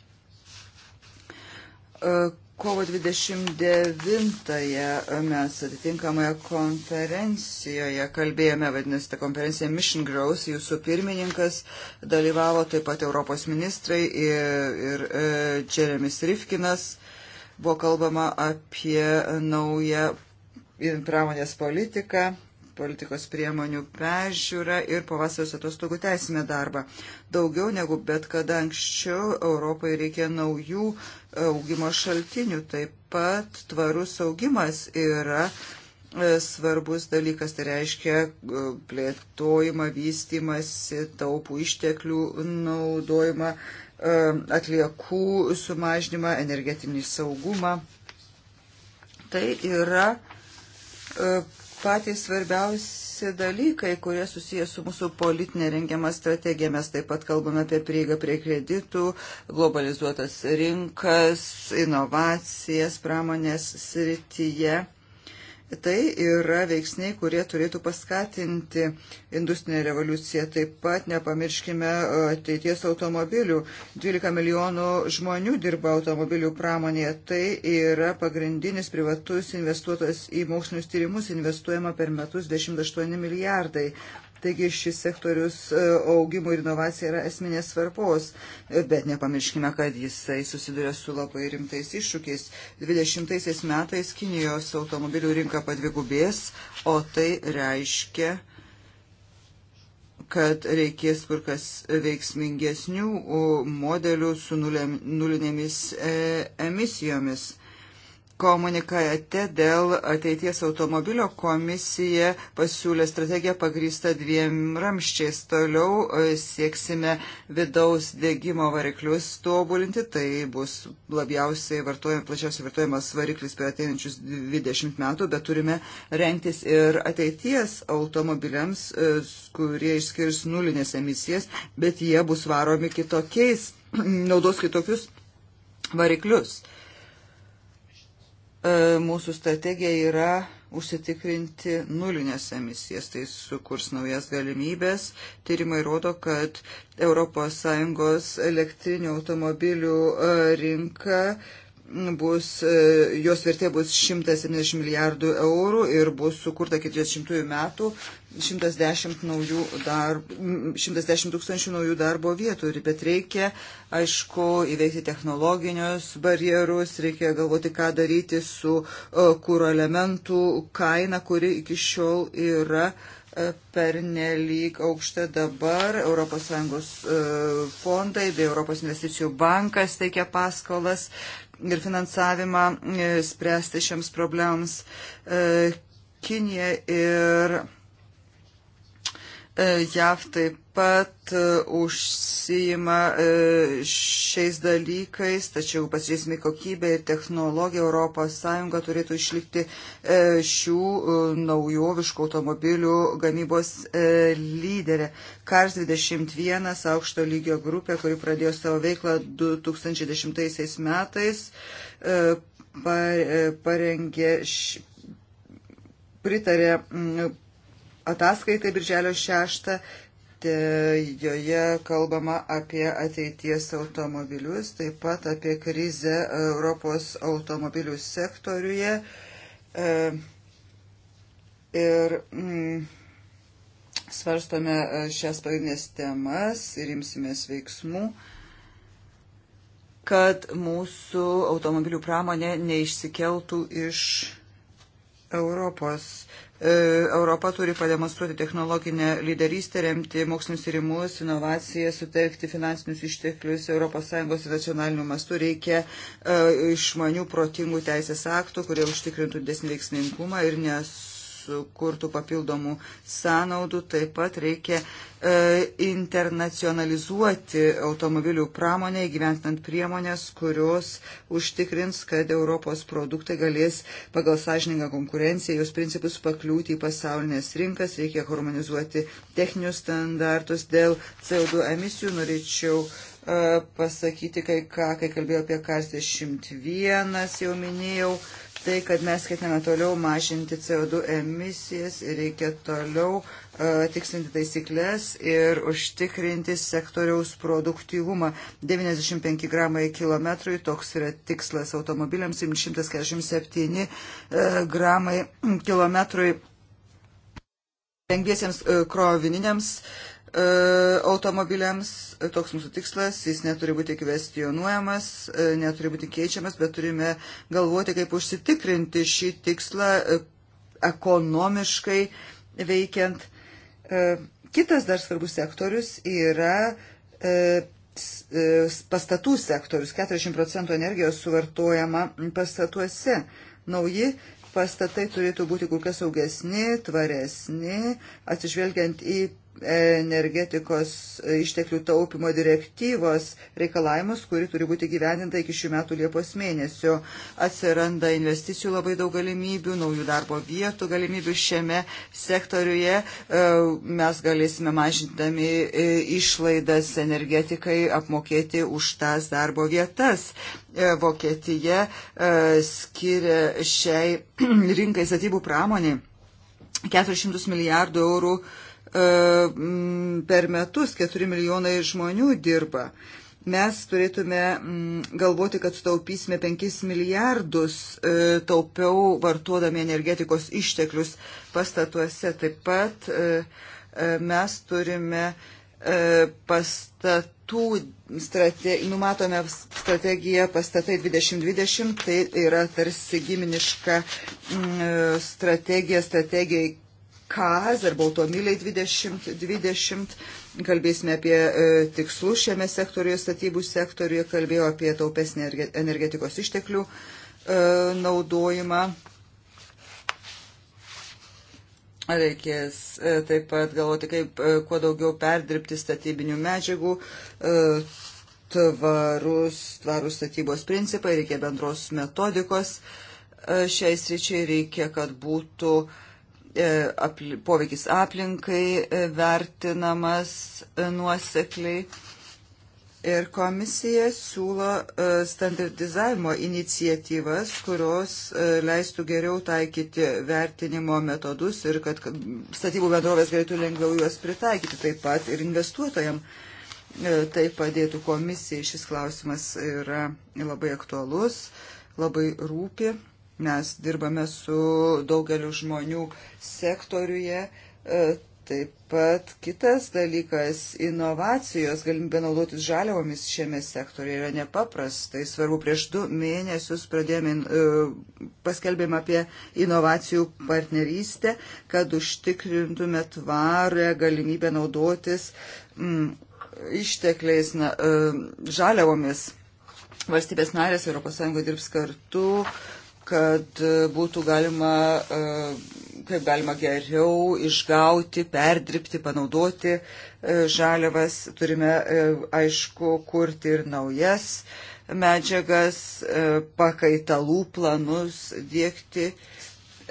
Speaker 4: Kovo 29-ąją mes atitinkamoje konferencijoje kalbėjome, vadinasi, ta konferencija Mission Growth, jūsų pirmininkas dalyvavo taip pat Europos ministrai ir, ir e, Jeremis Rifkinas. Buvo kalbama apie naują pramonės politiką, politikos priemonių peržiūrą ir po vasaros atostogų tęsime darbą. Daugiau negu bet kada anksčiau Europai reikia naujų e, augimo šaltinių. Taip pat tvarus augimas yra e, svarbus dalykas, tai reiškia e, plėtojimą, vystimąsi, taupų išteklių naudojimą, atliekų sumažinimą, energetinį saugumą. Tai yra patys svarbiausi dalykai, kurie susijęs su mūsų politinė rengiama strategija. Mes taip pat kalbame apie prieigą prie kreditų, globalizuotas rinkas, inovacijas pramonės srityje Tai yra veiksniai, kurie turėtų paskatinti industrinę revoliuciją. Taip pat nepamirškime e, ateities automobilių. 12 milijonų žmonių dirba automobilių pramonėje. Tai yra pagrindinis privatus investuotojas į mokslinius tyrimus, investuojama per metus 28 milijardai. Taigi šis sektorius e, augimų ir inovacija yra esminės svarbos, e, bet nepamirškime, kad jisai susiduria su labai rimtais iššūkiais. 20 metais Kinijos automobilių rinka padvigubės, o tai reiškia kad reikės kur kas veiksmingesnių modelių su nulinėmis e, emisijomis komunikate dėl ateities automobilio komisija pasiūlė strategiją pagrįstą dviem ramščiais. Toliau e, sieksime vidaus dėgymo variklius tobulinti. Tai bus labiausiai vartojam, plačiausiai vartojamas variklis per ateinančius 20 metų, bet turime renktis ir ateities automobiliams, e, kurie išskirs nulinės emisijas, bet jie bus varomi kitokiais, naudos kitokius variklius E, mūsų strategija yra užsitikrinti nulinės emisijas. Tai sukurs naujas galimybės. Tyrimai rodo, kad ES elektrinių automobilių e, rinka bus, e, jos vertė bus 170 milijardų eurų ir bus sukurta iki 30 metų 110, naujų darb, 110 tūkstančių naujų darbo vietų. Bet reikia, aišku, įveikti technologinius barjerus, reikia galvoti, ką daryti su e, kūro elementų kaina, kuri iki šiol yra e, pernelyg aukšta dabar. ES fondai bei ES investicijų bankas teikia paskolas. Uh, ir finansavimą e, spręsti šiams problemams. E, Kinija ir E, JAV taip pat e, užsijima e, šiais dalykais, tačiau pasižiūrėsime kokybę ir technologiją. Europos Sąjunga turėtų išlikti šių naujoviškų automobilių gamybos lyderė. Kars 21 aukšto lygio grupė, kuri pradėjo savo veiklą 2010 metais, parengė, pritarė ataskaitai birželio 6. Joje kalbama apie ateities automobilius, taip pat apie krizę Europos automobilių sektoriuje. E, ir mm, svarstome e, šias pagrindinės temas ir imsimės veiksmų kad mūsų automobilių pramonė neišsikeltų iš Europos. E, Europa turi pademonstruoti technologinę lyderystę, remti mokslinius tyrimus, inovacijas, sutelkti finansinius išteklius ES ir nacionaliniu mastu. Reikia e, išmanių, protingų teisės aktų, kurie užtikrintų desnį veiksmingumą ir nesu sukurtų papildomų sąnaudų. Taip pat reikia e, internacionalizuoti automobilių pramonę, įgyventinant priemonės, kurios užtikrins, kad Europos produktai galės pagal sąžininką konkurenciją, jos principus pakliūti į pasaulinės rinkas. Reikia harmonizuoti techninius standartus dėl CO2 emisijų. Norėčiau e, pasakyti kai ką, kai kalbėjau apie KAR 61, jau minėjau, tai, kad mes ketiname toliau mažinti CO2 emisijas ir reikia toliau uh, tikslinti taisyklės ir užtikrinti sektoriaus produktyvumą. 95 gramai kilometrui toks yra tikslas automobiliams, 147 e, gramai kilometrui lengviesiems e, krovininiams. Uh, E, automobiliams, e, toks mūsų tikslas, jis neturi būti kvestionuojamas, e, neturi būti keičiamas, bet turime galvoti, kaip užsitikrinti šį tikslą ekonomiškai veikiant. Kitas dar svarbus sektorius yra pastatų sektorius. 40 procentų energijos suvartojama pastatuose. Nauji pastatai turėtų būti kur kas saugesni, tvaresni, atsižvelgiant į energetikos e, išteklių taupimo direktyvos reikalavimus, kuri turi būti gyvendinta iki šių metų Liepos mėnesio. Atsiranda investicijų labai daug galimybių, naujų darbo vietų galimybių šiame sektoriuje. E, mes galėsime mažintami e, išlaidas energetikai apmokėti už tas darbo vietas. Vokietija skiria šiai rinkai statybų pramonį 400 milijardų eurų E, per metus 4 milijonai žmonių dirba. Mes turėtume galvoti, kad sutaupysime 5 milijardus e, taupiau vartuodami energetikos išteklius pastatuose. Taip pat e, mes turime pastatų strate, numatome strategiją pastatai 2020, tai yra tarsi giminiška strategija, strategija KAZ arba automiliai 2020. Kalbėsime apie e, tikslus šiame sektoriuje, statybų sektoriuje, kalbėjau apie taupesnį energetikos išteklių e, naudojimą. Reikės e, taip pat galvoti, kaip kuo daugiau perdirbti statybinių medžiagų, tvarus, tvarus statybos principai, reikia bendros metodikos. Šiais ryčiai reikia, kad būtų uh, E, poveikis aplinkai e, vertinamas e, nuosekliai. Ir komisija siūlo standartizavimo iniciatyvas, kurios leistų geriau taikyti vertinimo metodus ir kad statybų bendrovės galėtų lengviau juos pritaikyti taip pat ir investuotojams. Tai padėtų komisijai, šis klausimas yra labai aktualus, labai rūpi Mes dirbame su daugeliu žmonių sektoriuje. E, taip pat kitas dalykas - inovacijos, galimybė naudotis žaliavomis šiame sektorėje yra nepaprastai svarbu. Prieš du mėnesius pradėjome, e, paskelbėm apie inovacijų partnerystę, kad užtikrintume tvarę galimybę naudotis mm, ištekliais na, e, žaliavomis. Valstybės narės ES dirbs kartu, kad e, būtų galima, e, kaip galima geriau išgauti, perdirbti, panaudoti e, žaliavas. Turime, aišku, kurti ir naujas medžiagas, pakaitalų planus dėkti.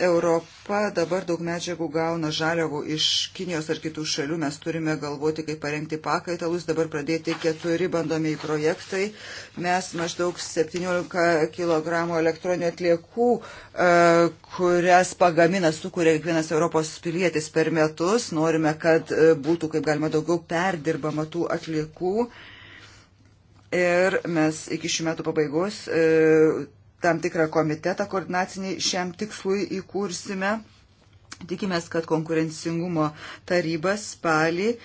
Speaker 4: Europa dabar daug medžiagų gauna žaliavų iš Kinijos ar kitų šalių. Mes turime galvoti, kaip parengti pakaitalus. Dabar pradėti keturi bandomieji projektai. Mes maždaug 17 kg elektroninių atliekų, e, kurias pagamina, sukuria kiekvienas Europos pilietis per metus. Norime, kad e, būtų kaip galima daugiau perdirbama tų atliekų. Ir mes iki šių metų pabaigos e, tam tikrą komitetą koordinacinį šiam tikslui įkursime. Tikimės, kad konkurencingumo taryba spalį e,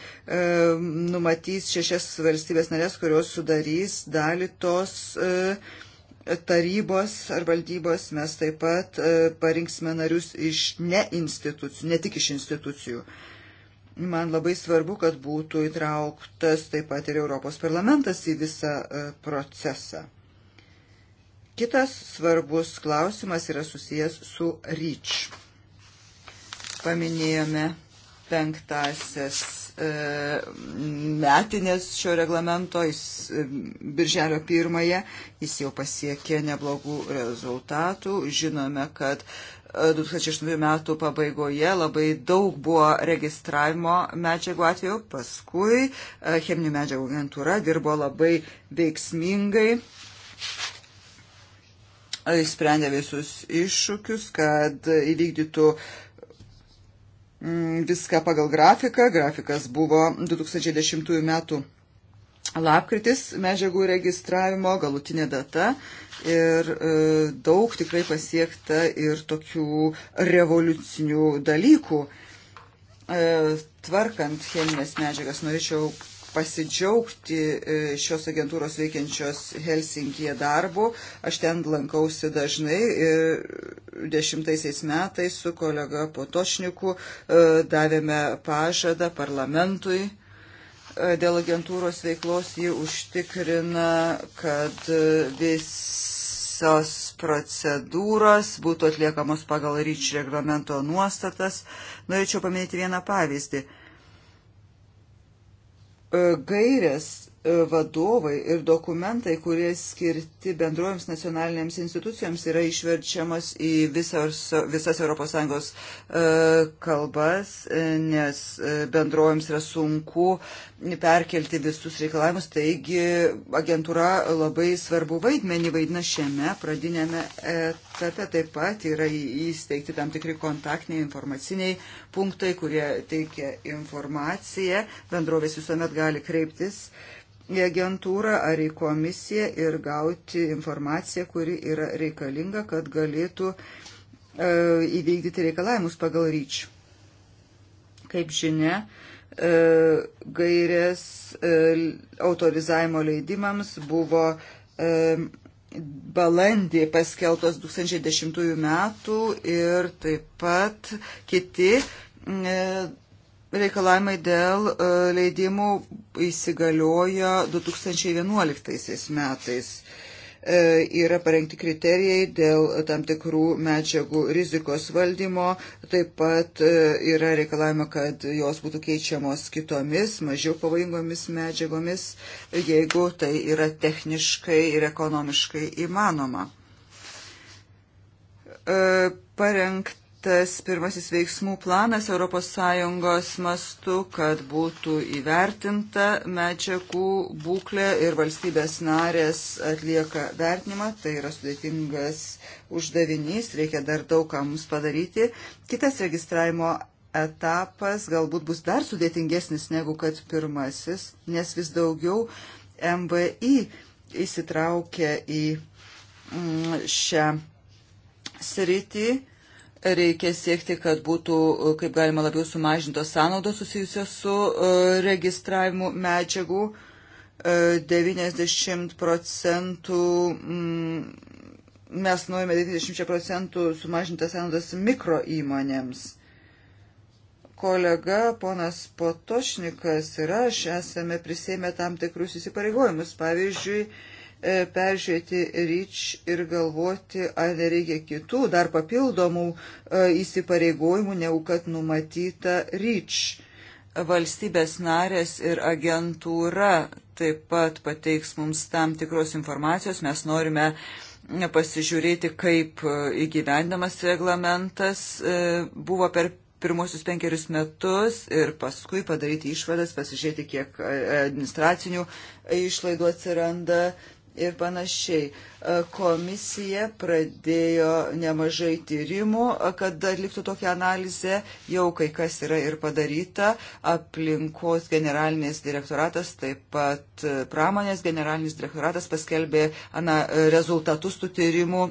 Speaker 4: numatys šešias valstybės narės, kurios sudarys dalį tos e, tarybos ar valdybos. Mes taip pat e, parinksime narius iš ne institucijų, ne tik iš institucijų. Man labai svarbu, kad būtų įtrauktas taip pat ir Europos parlamentas į visą e, procesą. Kitas svarbus klausimas yra susijęs su REACH. Paminėjome penktasias e, metinės šio reglamento, jis e, birželio pirmąją, jis jau pasiekė neblogų rezultatų. Žinome, kad 2008 e, metų pabaigoje labai daug buvo registravimo medžiagų atveju, paskui cheminių medžiagų agentūra dirbo labai veiksmingai sprendė visus iššūkius, kad įvykdytų mm, viską pagal grafiką. Grafikas buvo 2010 metų lapkritis medžiagų registravimo galutinė data ir e, daug tikrai pasiekta ir tokių revoliucinių dalykų. E, tvarkant cheminės medžiagas norėčiau pasidžiaugti e, šios agentūros veikiančios Helsinkije darbu. Aš ten lankausi dažnai ir dešimtaisiais metais su kolega Potočniku e, davėme pažadą parlamentui e, dėl agentūros veiklos. Ji užtikrina, kad visos procedūros būtų atliekamos pagal ryčių reglamento nuostatas. Norėčiau paminėti vieną pavyzdį gairės E, vadovai ir dokumentai, kurie skirti bendrojams nacionalinėms institucijoms, yra išverčiamas į visos, visas ES e, kalbas, e, nes bendrojams yra sunku perkelti visus reikalavimus. Taigi agentūra labai svarbu vaidmenį vaidina šiame pradinėme etape. Taip pat yra įsteigti tam tikri kontaktiniai informaciniai punktai, kurie teikia informaciją. Bendrovės visuomet gali kreiptis. Uh, į agentūrą ar į komisiją ir gauti informaciją, kuri yra reikalinga, kad galėtų e, įvykdyti reikalavimus pagal ryčių. Kaip žinia, e, gairės e, autorizavimo leidimams buvo e, balandį paskeltos 2010 metų ir taip pat kiti. E, reikalavimai dėl e, leidimų įsigaliojo 2011 metais. E, yra parengti kriterijai dėl tam tikrų medžiagų rizikos valdymo, taip pat e, yra reikalavimo, kad jos būtų keičiamos kitomis, mažiau pavojingomis medžiagomis, jeigu tai yra techniškai ir ekonomiškai įmanoma. Parengti tas pirmasis veiksmų planas ES mastu, kad būtų įvertinta medžiagų būklė ir valstybės narės atlieka vertinimą. Tai yra sudėtingas uždavinys, reikia dar daug ką mums padaryti. Kitas registravimo etapas galbūt bus dar sudėtingesnis negu kad pirmasis, nes vis daugiau MVI įsitraukia į mm, šią sritį Reikia siekti, kad būtų e, kaip galima labiau sumažintos sąnaudos susijusios su e, registravimu medžiagų. 90 e, procentų mm, mes norime 90 procentų sumažintas sąnaudas mikro įmonėms. Kolega ponas Potošnikas ir aš esame prisėmę tam tikrus įsipareigojimus. Pavyzdžiui, E, peržiūrėti ryč ir galvoti, ar nereikia kitų dar papildomų e, įsipareigojimų, negu kad numatyta ryč. Valstybės narės ir agentūra taip pat pateiks mums tam tikros informacijos. Mes norime pasižiūrėti, kaip e, įgyvendamas reglamentas buvo per pirmosius penkerius metus ir paskui padaryti išvadas, pasižiūrėti, kiek administracinių išlaidų atsiranda, ir panašiai. E, komisija pradėjo nemažai tyrimų, e, kad atliktų tokią analizę, jau kai kas yra ir padaryta. Aplinkos generalinis direktoratas, taip pat e, pramonės generalinis direktoratas paskelbė ana, rezultatus tų tyrimų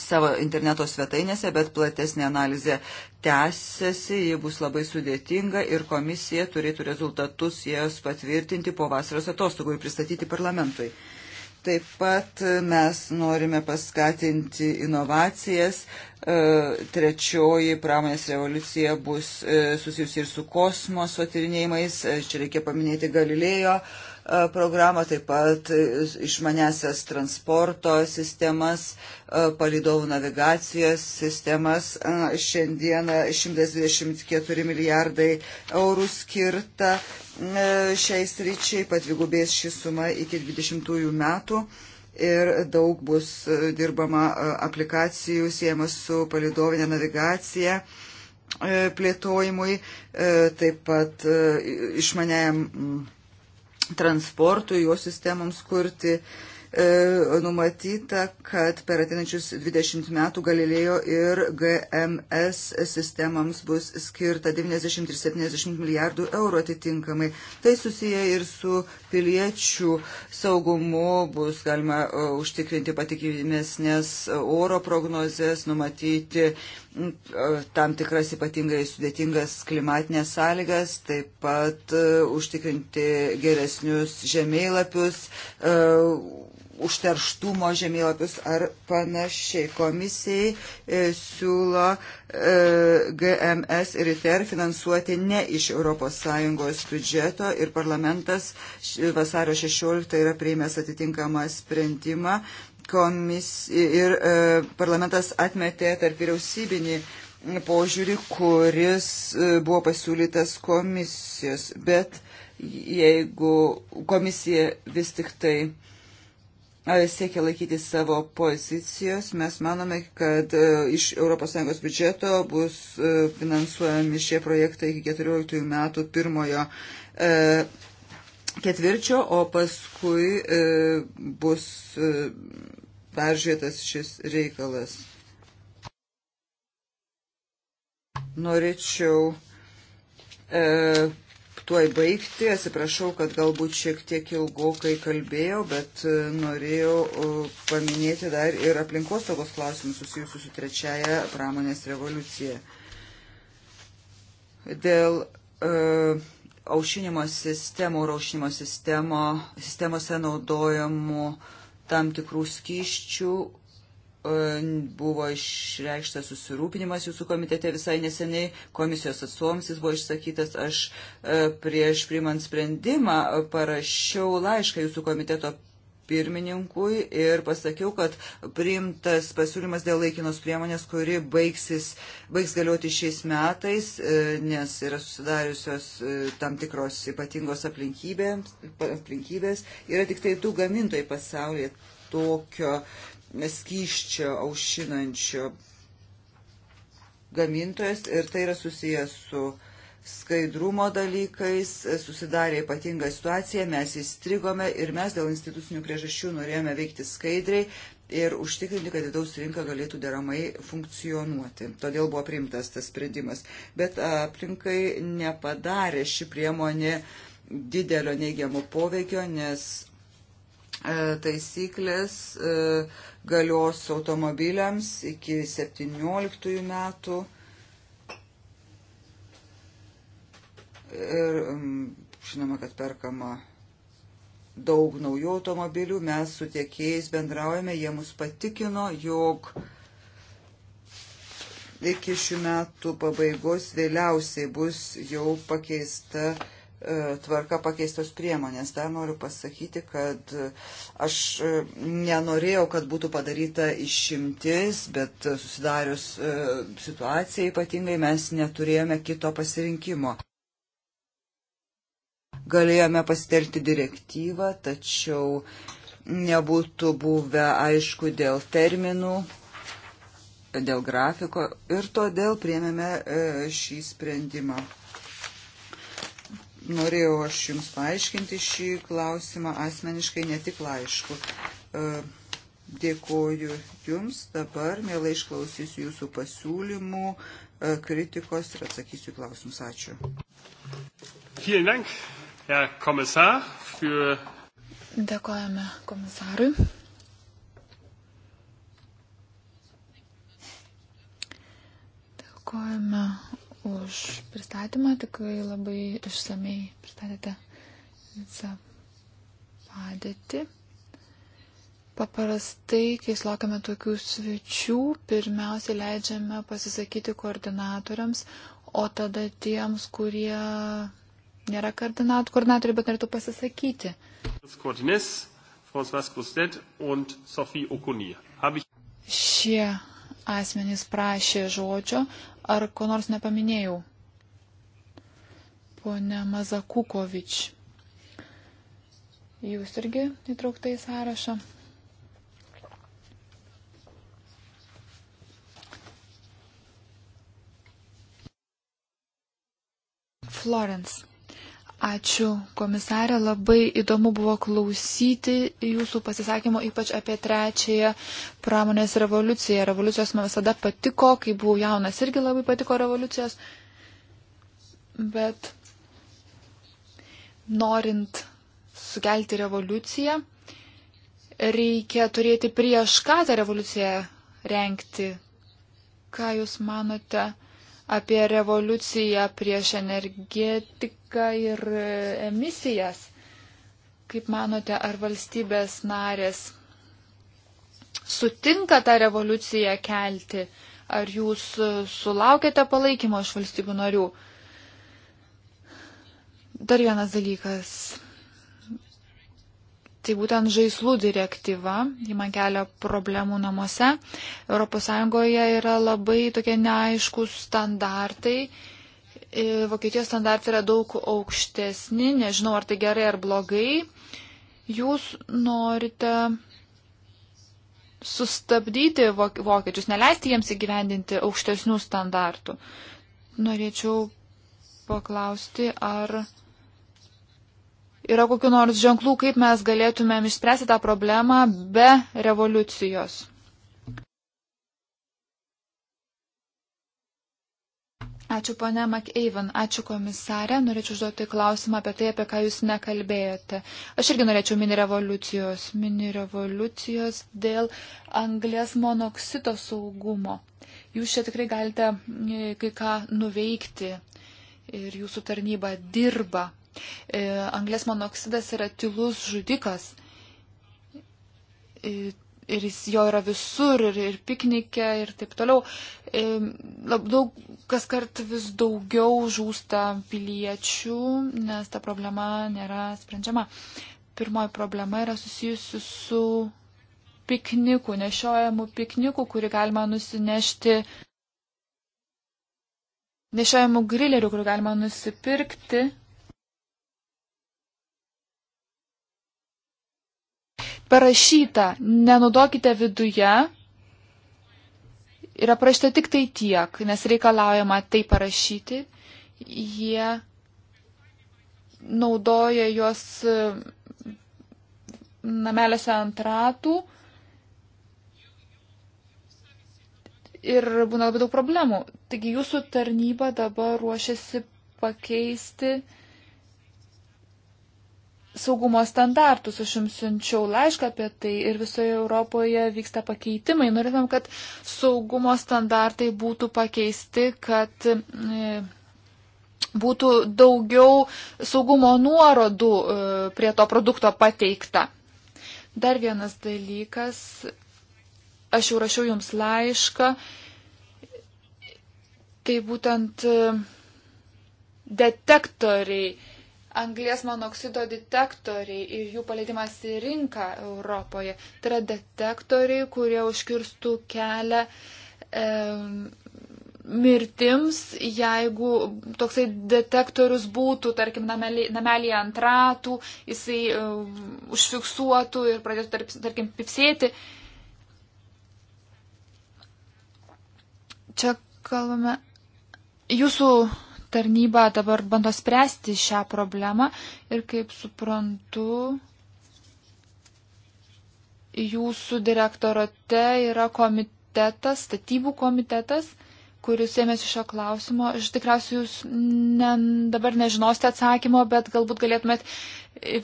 Speaker 4: savo interneto svetainėse, bet platesnė analizė tęsiasi, ji bus labai sudėtinga ir komisija turėtų rezultatus jas patvirtinti po vasaros atostogų ir pristatyti parlamentui. Taip pat mes norime paskatinti inovacijas. E, trečioji pramonės revoliucija bus e, susijusi ir su kosmoso tyrinėjimais. E, čia reikia paminėti Galilėjo programą, taip pat išmanesias transporto sistemas, palidovų navigacijos sistemas. Šiandieną 124 milijardai eurų skirta šiais ryčiai, patvigubės ši suma iki 20 metų. Ir daug bus dirbama aplikacijų siejama su palidovinė navigacija plėtojimui, taip pat išmanėjam transportui, jo sistemoms kurti. E, numatyta, kad per ateinančius 20 metų Galilėjo ir GMS sistemams bus skirta 90 ir 70 milijardų eurų atitinkamai. Tai susiję ir su piliečių saugumu, bus galima e, užtikrinti patikimesnės oro prognozes, numatyti tam tikras ypatingai sudėtingas klimatinės sąlygas, taip pat e, užtikrinti geresnius žemėlapius, e, užterštumo žemėlapius ar panašiai. Komisijai e, siūlo GMS ir ITER finansuoti ne iš ES biudžeto ir parlamentas vasario 16 yra prieimęs atitinkamą sprendimą komis, ir e, parlamentas atmetė tarp vyriausybinį požiūrį, kuris e, buvo pasiūlytas komisijos. Bet jeigu komisija vis tik tai e, siekia laikyti savo pozicijos, mes manome, kad e, iš ES biudžeto bus e, finansuojami šie projektai iki 14 metų pirmojo ketvirčio, o paskui bus peržiūrėtas šis reikalas. Norėčiau e, tuoj baigti. Atsiprašau, kad galbūt šiek tiek ilgokai kalbėjau, bet e, norėjau e, paminėti dar ir aplinkos saugos klausimus susijusius su trečiaja pramonės revoliucija. Dėl uh, aušinimo sistemų ir aušinimo sistemo, sistemose naudojamų uh, tam tikrų skyščių, e, buvo išreikštas susirūpinimas jūsų komitete visai neseniai, komisijos atstovams jis buvo išsakytas, aš e, prieš primant sprendimą parašiau laišką jūsų komiteto pirmininkui ir pasakiau, kad priimtas pasiūlymas dėl laikinos priemonės, kuri baigsis, baigs galioti šiais metais, e, nes yra susidariusios e, tam tikros ypatingos aplinkybės, yra tik tai du gamintojai pasaulyje tokio skyščio aušinančio gamintojas ir tai yra susijęs su uh, skaidrumo dalykais, susidarė ypatinga situacija, mes įstrigome ir mes dėl institucinių priežasčių norėjome veikti skaidriai ir užtikrinti, kad vidaus rinka galėtų deramai funkcionuoti. Todėl buvo priimtas tas sprendimas. Bet aplinkai nepadarė ši priemonė didelio neigiamo poveikio, nes e, taisyklės e, galios automobiliams iki 17 metų ir um, žinoma, kad perkama daug naujų automobilių, mes su tiekėjais bendraujame, jie mus patikino, jog iki šių metų pabaigos vėliausiai bus jau pakeista e, tvarka pakeistos priemonės. Dar noriu pasakyti, kad e, aš e, nenorėjau, kad būtų padaryta išimtis, bet susidarius situacijai ypatingai mes neturėjome kito pasirinkimo galėjome pasitelti direktyvą, tačiau nebūtų buvę aišku dėl terminų, dėl grafiko ir todėl priemėme e, šį sprendimą. Norėjau aš Jums paaiškinti šį klausimą asmeniškai, ne tik laišku. E, dėkoju Jums, dabar mielai išklausysiu Jūsų pasiūlymų, e, kritikos ir atsakysiu klausimus. Ačiū.
Speaker 1: Vielen Dank. Herr Kommissar, für.
Speaker 3: Dėkojame komisarui. Dėkojame už pristatymą, tikrai labai išsamei pristatėte visą padėtį. Paprastai, kai laukiame tokių svečių, pirmiausiai leidžiame pasisakyti koordinatoriams, o tada tiems, kurie nėra koordinatorių, bet norėtų pasisakyti.
Speaker 1: Kortines, und Sophie ich...
Speaker 3: Šie asmenys prašė žodžio, ar ko nors nepaminėjau? Pone Mazakukovič, jūs irgi įtraukta į sąrašą. Florence. Ačiū, komisarė. Labai įdomu buvo klausyti jūsų pasisakymo, ypač apie trečiąją pramonės revoliuciją. Revoliucijos man visada patiko, kai buvau jaunas irgi labai patiko revoliucijos. Bet norint sukelti revoliuciją, reikia turėti prieš ką tą revoliuciją renkti. Ką jūs manote? apie revoliuciją prieš energetiką ir emisijas. Kaip manote, ar valstybės narės sutinka tą revoliuciją kelti? Ar jūs sulaukėte palaikymo iš valstybių narių? Dar vienas dalykas tai būtent žaislų direktyva, ji man kelia problemų namuose. ES yra labai tokie neaiškus standartai. E, Vokietijos standartai yra daug aukštesni, nežinau ar tai gerai ar blogai. Jūs norite sustabdyti vokiečius, neleisti jiems įgyvendinti aukštesnių standartų. Norėčiau paklausti, ar yra kokiu nors ženklų, kaip mes galėtumėm išspręsti tą problemą be revoliucijos. Ačiū ponė McEivan, ačiū komisarė. Norėčiau užduoti klausimą apie tai, apie ką jūs nekalbėjote. Aš irgi norėčiau mini revoliucijos. Mini revoliucijos dėl anglės monoksito saugumo. Jūs čia tikrai galite e, kai ką nuveikti ir jūsų tarnyba dirba E, Anglės monoksidas yra tylus žudikas. E, ir jis jo yra visur, ir, ir piknike, ir taip toliau. E, daug, kas kart vis daugiau žūsta piliečių, nes ta problema nėra sprendžiama. Pirmoji problema yra susijusi su pikniku, nešiojamu pikniku, kurį galima nusinešti nešiojamų grillerių, kur galima nusipirkti. parašyta, nenaudokite viduje. Yra parašyta tik tai tiek, nes reikalaujama tai parašyti. Jie naudoja juos e, namelėse ant ratų ir būna labai daug problemų. Taigi jūsų tarnyba dabar ruošiasi pakeisti saugumo standartus. Aš jums siunčiau laišką apie tai ir visoje Europoje vyksta pakeitimai. Norėtum, kad saugumo standartai būtų pakeisti, kad e, būtų daugiau saugumo nuorodų e, prie to produkto pateikta. Dar vienas dalykas. Aš jau rašiau jums laišką. Tai būtent e, detektoriai anglės monoksido detektoriai ir jų paleidimas į rinką Europoje. Tai yra detektoriai, kurie užkirstų kelią e, mirtims, jeigu toksai detektorius būtų, tarkim, namelį ant ratų, jisai e, užfiksuotų ir pradėtų, tarp, tarkim, pipsėti. Čia kalbame. Jūsų tarnyba dabar bando spręsti šią problemą ir kaip suprantu, jūsų direktorate yra komitetas, statybų komitetas, kuris ėmėsi šio klausimo. Aš tikriausiai jūs ne, dabar nežinosite atsakymo, bet galbūt galėtumėt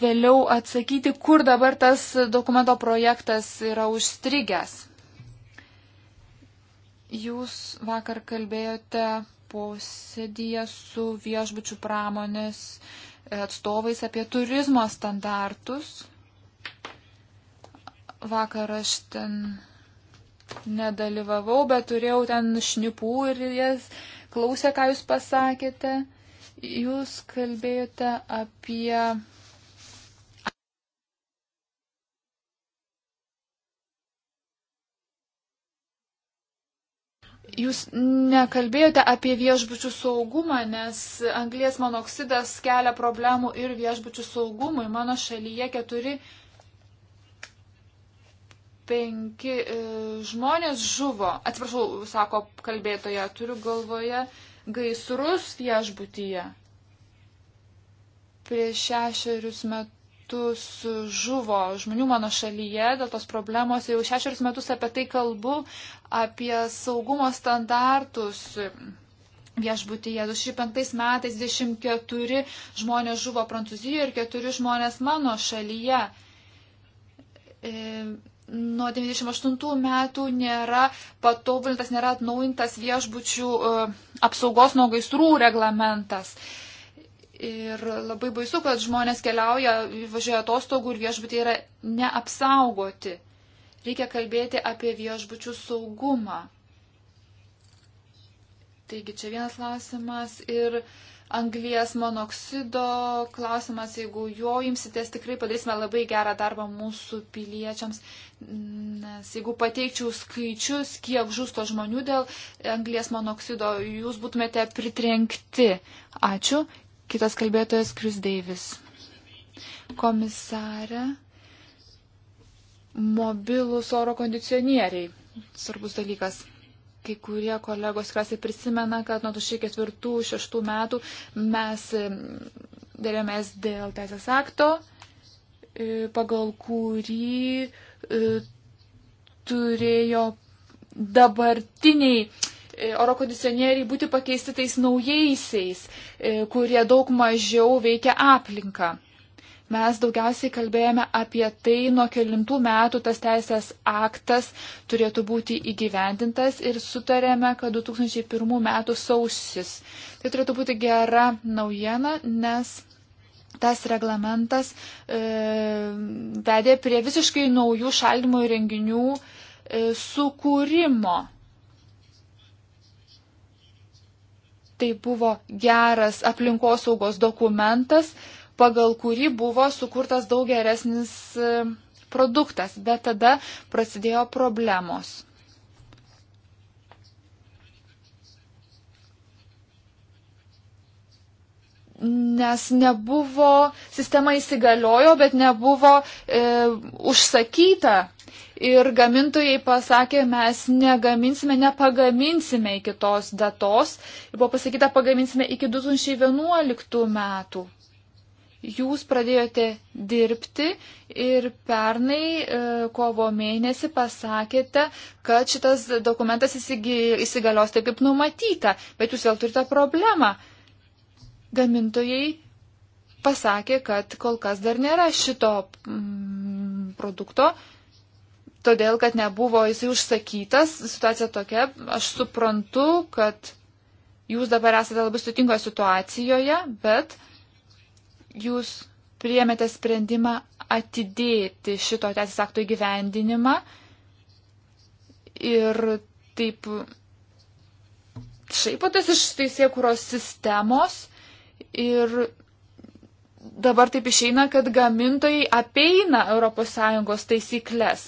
Speaker 3: vėliau atsakyti, kur dabar tas dokumento projektas yra užstrigęs. Jūs vakar kalbėjote posėdėje su viešbučių pramonės atstovais apie turizmo standartus. Vakar aš ten nedalyvavau, bet turėjau ten šnipų ir jas klausė, ką jūs pasakėte. Jūs kalbėjote apie Jūs nekalbėjote apie viešbučių saugumą, nes anglės monoksidas kelia problemų ir viešbučių saugumui. Mano šalyje keturi, penki e, žmonės žuvo. Atsiprašau, sako kalbėtoja, turiu galvoje gaisrus viešbutyje. Prieš šešerius metus metus žuvo žmonių mano šalyje dėl tos problemos. Jau šešerius metus apie tai kalbu, apie saugumo standartus viešbutyje. 2005 metais 24 žmonės žuvo Prancūzijoje ir 4 žmonės mano šalyje. E, nuo 98 metų nėra patobulintas, nėra atnaujintas viešbučių e, apsaugos nuo gaisrų reglamentas. E, Ir labai baisu, kad žmonės keliauja, važiuoja atostogų ir viešbutai yra neapsaugoti. Reikia kalbėti apie viešbučių saugumą. Taigi čia vienas klausimas ir anglijas monoksido klausimas, jeigu jo imsitės, tikrai padarysime labai gerą darbą mūsų piliečiams, nes jeigu pateikčiau skaičius, kiek žūsto žmonių dėl anglijas monoksido, jūs būtumėte pritrenkti. Ačiū. Kitas kalbėtojas Kris Deivis. Komisarė, mobilus oro kondicionieriai. Svarbus dalykas kai kurie kolegos tikriausiai prisimena, kad nuo 2004-2006 metų mes dėrėmės dėl teisės akto, e, pagal kurį e, turėjo dabartiniai E, oro kondicionieriai būti pakeisti tais naujaisiais, e, kurie daug mažiau veikia aplinką. Mes daugiausiai kalbėjome apie tai, nuo kelintų metų tas teisės aktas turėtų būti įgyvendintas ir sutarėme, kad 2001 metų sausis. Tai turėtų būti gera naujiena, nes tas reglamentas e, vedė prie visiškai naujų šaldymo įrenginių e, sukūrimo. tai buvo geras aplinkosaugos dokumentas, pagal kurį buvo sukurtas daug geresnis e, produktas, bet tada prasidėjo problemos. nes nebuvo, sistema įsigaliojo, bet nebuvo e, užsakyta. Ir gamintojai pasakė, mes negaminsime, nepagaminsime iki tos datos. Ir buvo pasakyta, pagaminsime iki 2011 metų. Jūs pradėjote dirbti ir pernai e, kovo mėnesį pasakėte, kad šitas dokumentas įsigalios taip kaip numatyta, bet jūs vėl turite problemą gamintojai pasakė, kad kol kas dar nėra šito mm, produkto, todėl kad nebuvo jisai užsakytas. Situacija tokia, aš suprantu, kad jūs dabar esate labai sutinkoje situacijoje, bet jūs priemėte sprendimą atidėti šito teisės akto įgyvendinimą ir taip šaipotės iš teisėkuros sistemos Ir dabar taip išeina, kad gamintojai apeina ES taisyklės.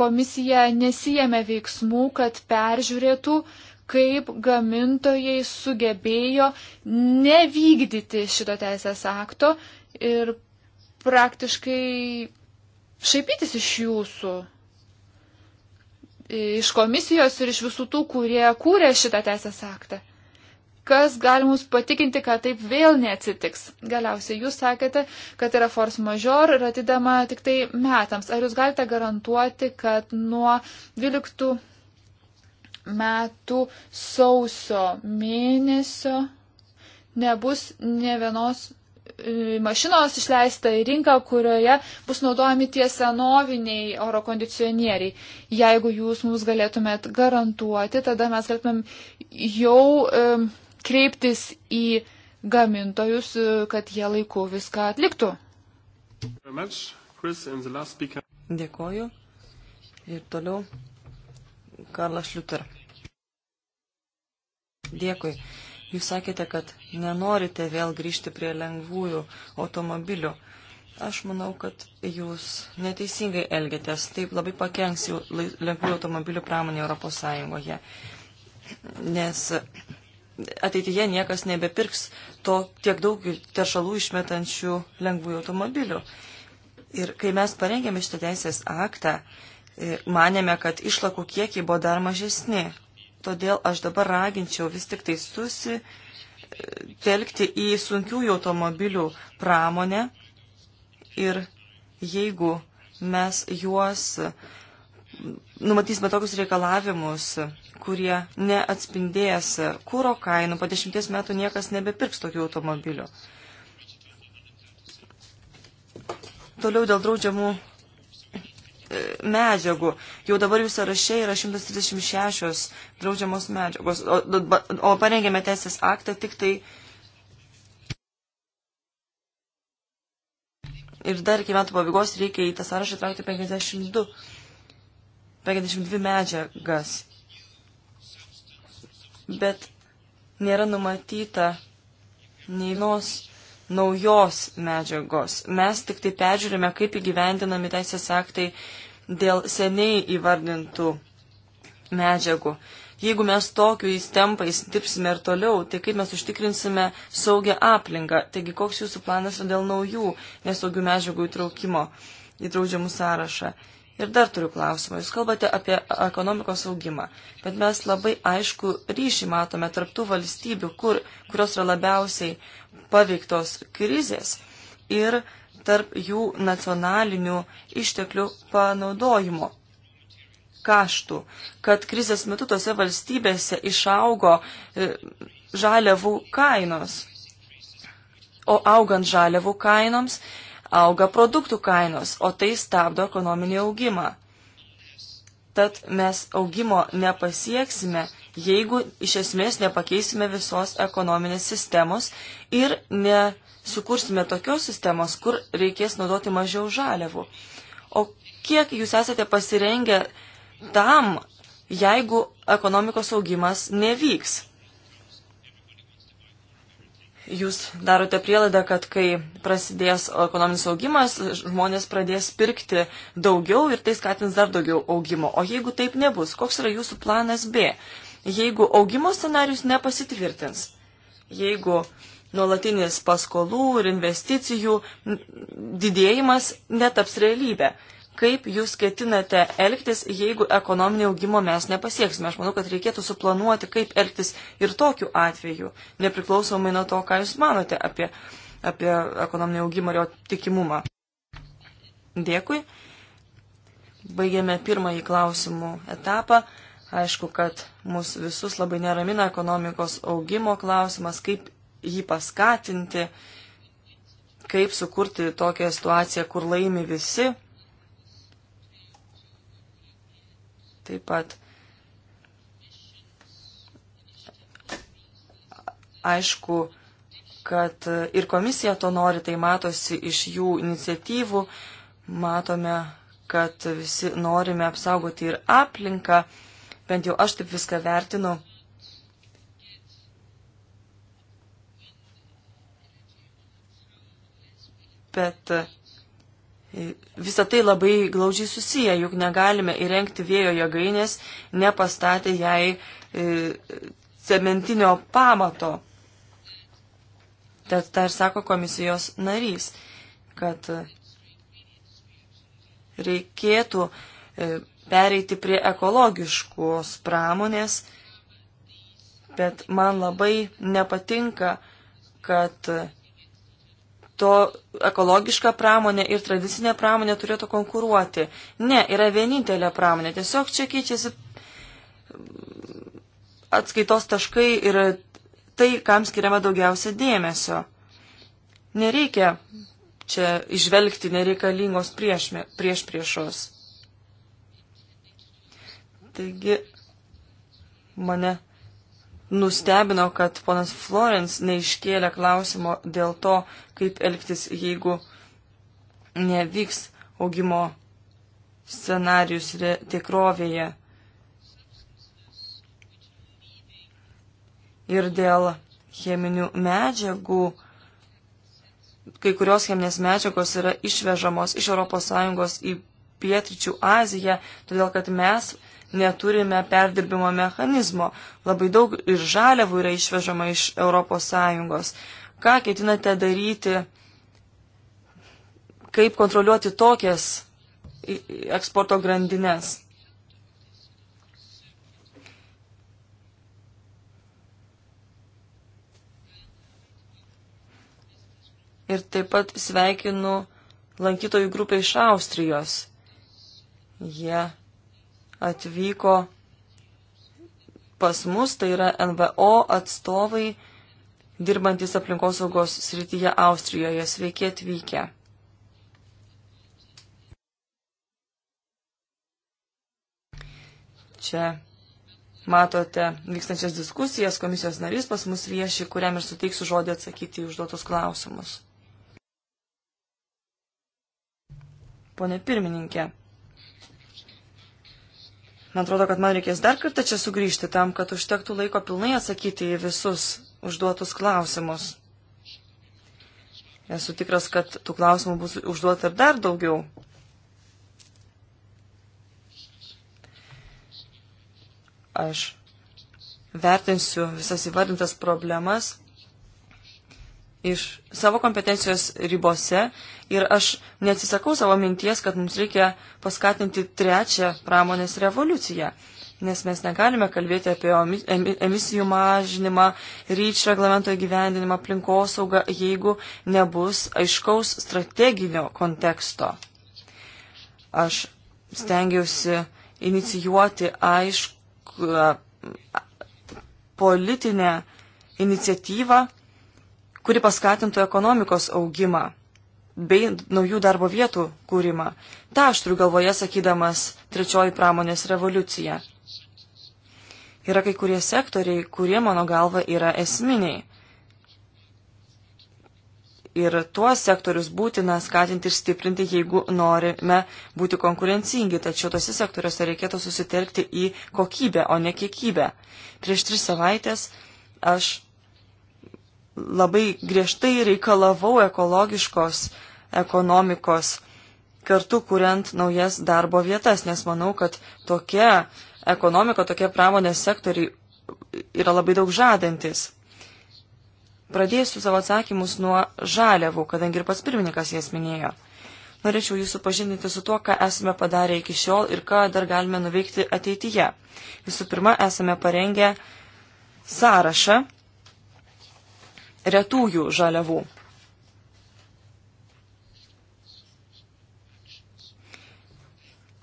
Speaker 3: Komisija nesijėmė veiksmų, kad peržiūrėtų, kaip gamintojai sugebėjo nevykdyti šito teisės akto ir praktiškai šaipytis iš jūsų, iš komisijos ir iš visų tų, kurie kūrė šitą teisės aktą kas gali mus patikinti, kad taip vėl neatsitiks. Galiausiai jūs sakėte, kad yra force major ir atidama tik tai metams. Ar jūs galite garantuoti, kad nuo 12 metų sausio mėnesio nebus ne vienos e, mašinos išleista į rinką, kurioje bus naudojami tie senoviniai oro kondicionieriai. Jeigu jūs mums galėtumėt garantuoti, tada mes galėtumėm jau um, e, kreiptis į gamintojus, kad jie laiku viską atliktų.
Speaker 1: Dėkoju.
Speaker 2: Ir toliau Karlas Liuter. Dėkui. Jūs sakėte, kad nenorite vėl grįžti prie lengvųjų automobilių. Aš manau, kad jūs neteisingai elgėtės. Taip labai pakenks jų lengvųjų automobilių pramonė Europos Sąjungoje. Nes ateityje niekas nebepirks to tiek daug teršalų išmetančių lengvųjų automobilių. Ir kai mes parengėme šitą teisės aktą, e, manėme, kad išlakų kiekiai buvo dar mažesni. Todėl aš dabar raginčiau vis tik tai susitelkti į sunkiųjų automobilių pramonę ir jeigu mes juos numatysime tokius reikalavimus kurie neatspindės kūro kainų. Po dešimties metų niekas nebepirks tokių automobilių. Toliau dėl draudžiamų e, medžiagų. Jau dabar jų sąraše yra 136 draudžiamos medžiagos, o, o parengėme teisės aktą tik tai. Ir dar iki metų pabaigos reikia į tą sąrašą traukti 52, 52 medžiagas bet nėra numatyta nei vienos naujos medžiagos. Mes tik tai peržiūrime, kaip įgyvendinami teisės aktai dėl seniai įvardintų medžiagų. Jeigu mes tokiais tempais dirbsime ir toliau, tai kaip mes užtikrinsime saugią aplinką? Taigi, koks jūsų planas dėl naujų nesaugių medžiagų įtraukimo į draudžiamų sąrašą? Ir dar turiu klausimą. Jūs kalbate apie ekonomikos augimą, bet mes labai aišku ryšį matome tarptų valstybių, kur, kurios yra labiausiai paveiktos krizės ir tarp jų nacionalinių išteklių panaudojimo kaštų, kad krizės metu tose valstybėse išaugo e, žaliavų kainos. O augant žaliavų kainoms auga produktų kainos, o tai stabdo ekonominį augimą. Tad mes augimo nepasieksime, jeigu iš esmės nepakeisime visos ekonominės sistemos ir nesukursime tokios sistemos, kur reikės naudoti mažiau žaliavų. O kiek jūs esate pasirengę tam, jeigu ekonomikos augimas nevyks? Jūs darote prielaidą, kad kai prasidės ekonominis augimas, žmonės pradės pirkti daugiau ir tai skatins dar daugiau augimo. O jeigu taip nebus, koks yra jūsų planas B? Jeigu augimo scenarius nepasitvirtins, jeigu nuolatinis paskolų ir investicijų didėjimas netaps realybė, kaip jūs ketinate elgtis, jeigu ekonominio augimo mes nepasieksime. Aš manau, kad reikėtų suplanuoti, kaip elgtis ir tokiu atveju, nepriklausomai nuo to, ką jūs manote apie, apie ekonominį augimą ir jo tikimumą. Dėkui. Baigėme pirmąjį klausimų etapą. Aišku, kad mus visus labai neramina ekonomikos augimo klausimas, kaip jį paskatinti, kaip sukurti tokią situaciją, kur laimi visi Taip pat aišku, kad ir komisija to nori, tai matosi iš jų iniciatyvų, matome, kad visi norime apsaugoti ir aplinką, bent jau aš taip viską vertinu. Bet Visą tai labai glaudžiai susiję, juk negalime įrengti vėjo jėgainės, nepastatę jai e, cementinio pamato. Tad tą ir sako komisijos narys, kad e, reikėtų e, pereiti prie ekologiškos pramonės, bet man labai nepatinka, kad to ekologiška pramonė ir tradicinė pramonė turėtų konkuruoti. Ne, yra vienintelė pramonė. Tiesiog čia keičiasi atskaitos taškai ir tai, kam skiriama daugiausia dėmesio. Nereikia čia išvelgti nereikalingos prieš, prieš priešos. Taigi mane nustebino, kad ponas Florence neiškėlė klausimo dėl to, kaip elgtis, jeigu nevyks augimo scenarius tikrovėje. Ir dėl cheminių medžiagų, kai kurios cheminės medžiagos yra išvežamos iš ES į Pietričių Aziją, todėl kad mes neturime perdirbimo mechanizmo. Labai daug ir žaliavų yra išvežama iš ES. Ką ketinate daryti, kaip kontroliuoti tokias eksporto grandinės? Ir taip pat sveikinu lankytojų grupę iš Austrijos. Jie atvyko pas mus, tai yra NVO atstovai dirbantis aplinkosaugos srityje Austrijoje. Sveiki atvykę. Čia matote vykstančias diskusijas, komisijos narys pas mus vieši, kuriam ir suteiksiu žodį atsakyti į užduotus klausimus. Pone pirmininkė, Man atrodo, kad man reikės dar kartą čia sugrįžti tam, kad užtektų laiko pilnai atsakyti į visus užduotus klausimus. Esu tikras, kad tų klausimų bus užduota ir dar daugiau. Aš vertinsiu visas įvardintas problemas iš savo kompetencijos ribose ir aš neatsisakau savo minties, kad mums reikia paskatinti trečią pramonės revoliuciją, nes mes negalime kalbėti apie emisijų mažinimą, ryč reglamento įgyvendinimą, aplinkosaugą, jeigu nebus aiškaus strateginio konteksto. Aš stengiausi inicijuoti aišku politinę iniciatyvą, kuri paskatintų ekonomikos augimą bei naujų darbo vietų kūrimą. Ta aš turiu galvoje sakydamas trečioji pramonės revoliucija. Yra kai kurie sektoriai, kurie mano galva yra esminiai. Ir tuos sektorius būtina skatinti ir stiprinti, jeigu norime būti konkurencingi, tačiau tose sektoriuose reikėtų susitelkti į kokybę, o ne kiekybę. Prieš tris savaitės aš labai griežtai reikalavau ekologiškos ekonomikos, kartu kuriant naujas darbo vietas, nes manau, kad tokia ekonomika, tokie pramonės sektoriai yra labai daug žadantis. Pradėsiu savo atsakymus nuo žaliavų, kadangi ir pats pirmininkas jas minėjo. Norėčiau jūsų pažindinti su tuo, ką esame padarę iki šiol ir ką dar galime nuveikti ateityje. Visų pirma, esame parengę sąrašą retųjų žaliavų.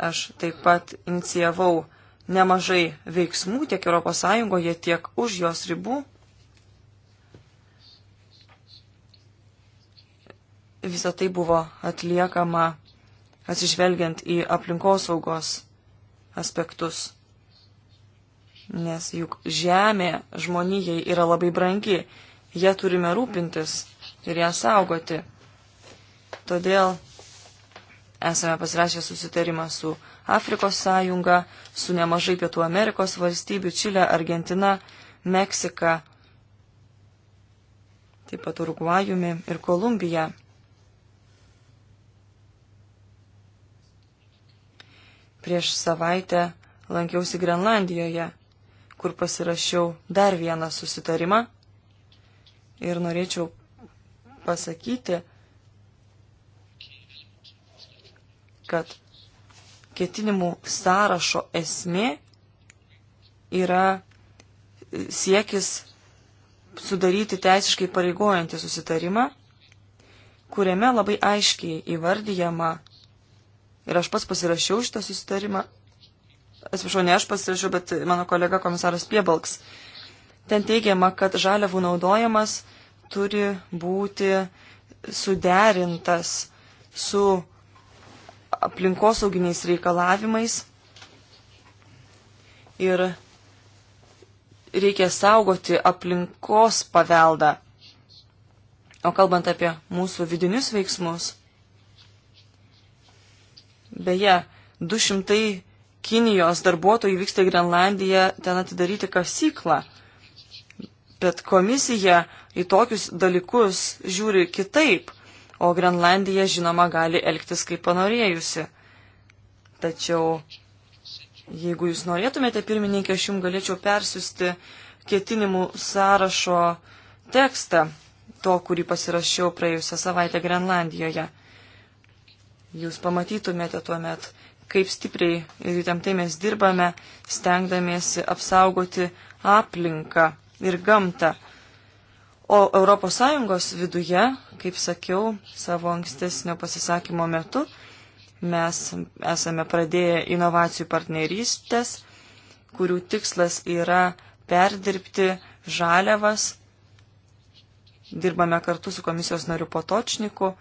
Speaker 2: Aš taip pat inicijavau nemažai veiksmų tiek ES, tiek už jos ribų. Visą tai buvo atliekama atsižvelgiant į aplinkosaugos aspektus. Nes juk žemė žmonijai yra labai brangi jie turime rūpintis ir ją saugoti. Todėl esame pasirašę susitarimą su Afrikos sąjunga, su nemažai Pietų Amerikos valstybių - Čilė, Argentina, Meksika, taip pat Urugvajumi ir Kolumbija. Prieš savaitę lankiausi Grenlandijoje, kur pasirašiau dar vieną susitarimą ir norėčiau pasakyti, kad ketinimų sąrašo esmė yra siekis sudaryti teisiškai pareigojantį susitarimą, kuriame labai aiškiai įvardyjama, ir aš pats pasirašiau šitą susitarimą, atsiprašau, ne aš pasirašiau, bet mano kolega komisaras Piebalks, Ten teigiama, kad žaliavų naudojimas turi būti suderintas su aplinkosauginiais reikalavimais ir reikia saugoti aplinkos paveldą. O kalbant apie mūsų vidinius veiksmus, beje, 200 Kinijos darbuotojų vyksta į Grenlandiją ten atidaryti kasyklą. Bet komisija į tokius dalykus žiūri kitaip, o Grenlandija žinoma gali elgtis kaip panorėjusi. Tačiau, jeigu jūs norėtumėte, pirmininkė, aš jums galėčiau persiųsti ketinimų sąrašo tekstą, to, kurį pasirašiau praėjusią savaitę Grenlandijoje. Jūs pamatytumėte tuo metu, kaip stipriai ir įtemptai mes dirbame, stengdamiesi apsaugoti aplinką ir gamtą. O ES viduje, kaip sakiau savo ankstesnio pasisakymo metu, mes esame pradėję inovacijų partnerystės, kurių tikslas yra perdirbti žaliavas. Dirbame kartu su komisijos nariu Potočniku.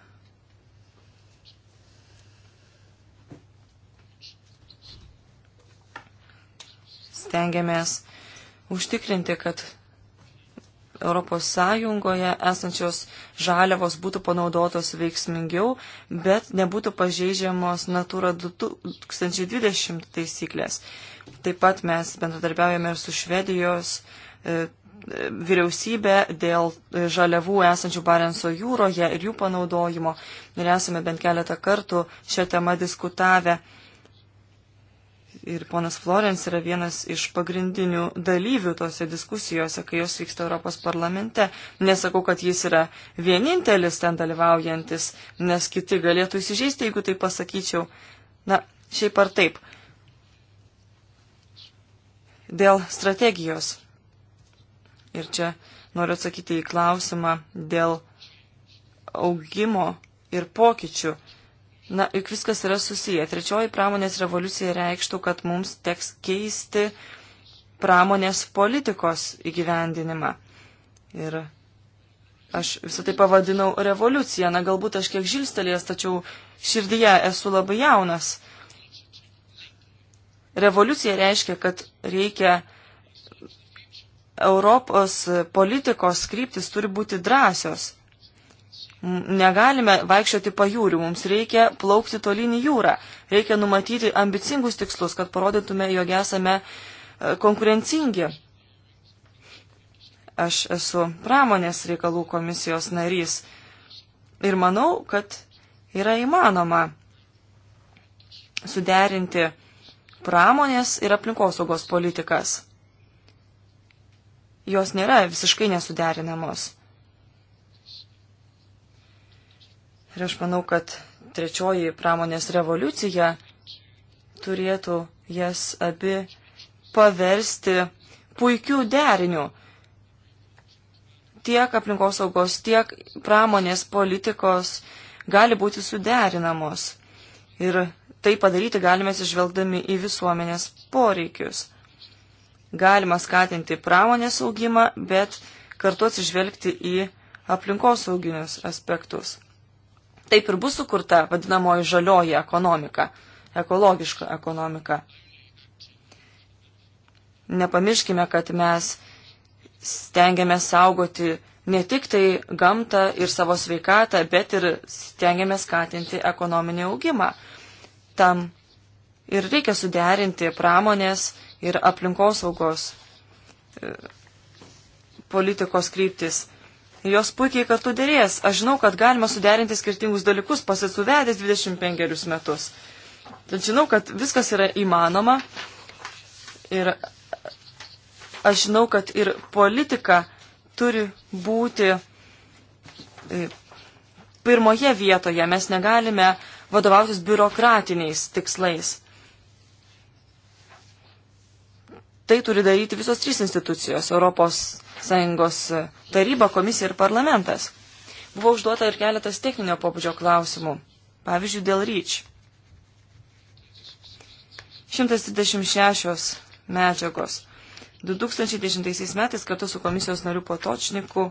Speaker 2: Stengiamės užtikrinti, kad ES esančios žaliavos būtų panaudotos veiksmingiau, bet nebūtų pažeidžiamos Natura 2020 taisyklės. Taip pat mes bendradarbiaujame ir su Švedijos e, e, vyriausybė dėl e, žaliavų esančių Barenso jūroje ir jų panaudojimo. Ir esame bent keletą kartų šią temą diskutavę Ir ponas Florence yra vienas iš pagrindinių dalyvių tose diskusijose, kai jos vyksta Europos parlamente. Nesakau, kad jis yra vienintelis ten dalyvaujantis, nes kiti galėtų įsižeisti, jeigu tai pasakyčiau. Na, šiaip ar taip. Dėl strategijos. Ir čia noriu atsakyti į klausimą dėl augimo ir pokyčių Na, juk viskas yra susiję. Trečioji pramonės revoliucija reikštų, kad mums teks keisti pramonės politikos įgyvendinimą. Ir aš visą tai pavadinau revoliucija. Na, galbūt aš kiek žilstelės, tačiau širdyje esu labai jaunas. Revoliucija reiškia, kad reikia Europos politikos kryptis turi būti drąsios. Negalime vaikščioti pajūrių, mums reikia plaukti tolyn į jūrą, reikia numatyti ambicingus tikslus, kad parodytume, jog esame e, konkurencingi. Aš esu pramonės reikalų komisijos narys ir manau, kad yra įmanoma suderinti pramonės ir aplinkosaugos politikas. Jos nėra visiškai nesuderinamos. Ir aš manau, kad trečioji pramonės revoliucija turėtų jas abi paversti puikių derinių tiek aplinkosaugos, tiek pramonės politikos gali būti suderinamos. Ir tai padaryti galime atsižvelgdami į visuomenės poreikius. Galima skatinti pramonės augimą, bet kartu atsižvelgti į aplinkosauginius aspektus taip ir bus sukurta vadinamoji žalioji ekonomika, ekologiška ekonomika. Nepamirškime, kad mes stengiame saugoti ne tik tai gamtą ir savo sveikatą, bet ir stengiame skatinti ekonominį augimą. Tam ir reikia suderinti pramonės ir aplinkosaugos e, politikos kryptis. Jos puikiai kartu dėrės. Aš žinau, kad galima suderinti skirtingus dalykus, pasisuvedęs 25 metus. Tad žinau, kad viskas yra įmanoma. Ir aš žinau, kad ir politika turi būti e, pirmoje vietoje. Mes negalime vadovautis biurokratiniais tikslais. Tai turi daryti visos trys institucijos - Europos Sąjungos taryba, komisija ir parlamentas. Buvo užduota ir keletas techninio pobūdžio klausimų, pavyzdžiui, dėl ryč. 126 medžiagos. 2010 metais kartu su komisijos nariu Potočniku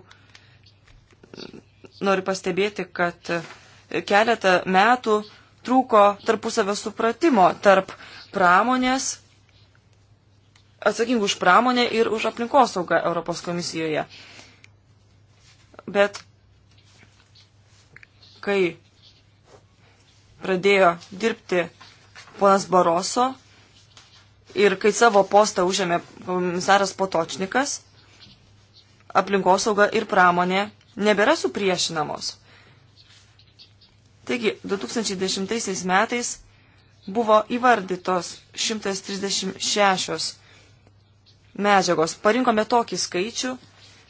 Speaker 2: noriu pastebėti, kad keletą metų trūko tarpusavio supratimo tarp pramonės atsakingų už pramonę ir už aplinkosaugą Europos komisijoje. Bet kai pradėjo dirbti ponas Baroso ir kai savo postą užėmė komisaras Potočnikas, aplinkosauga ir pramonė nebėra supriešinamos. Taigi, 2010 metais buvo įvardytos 136 medžiagos. Parinkome tokį skaičių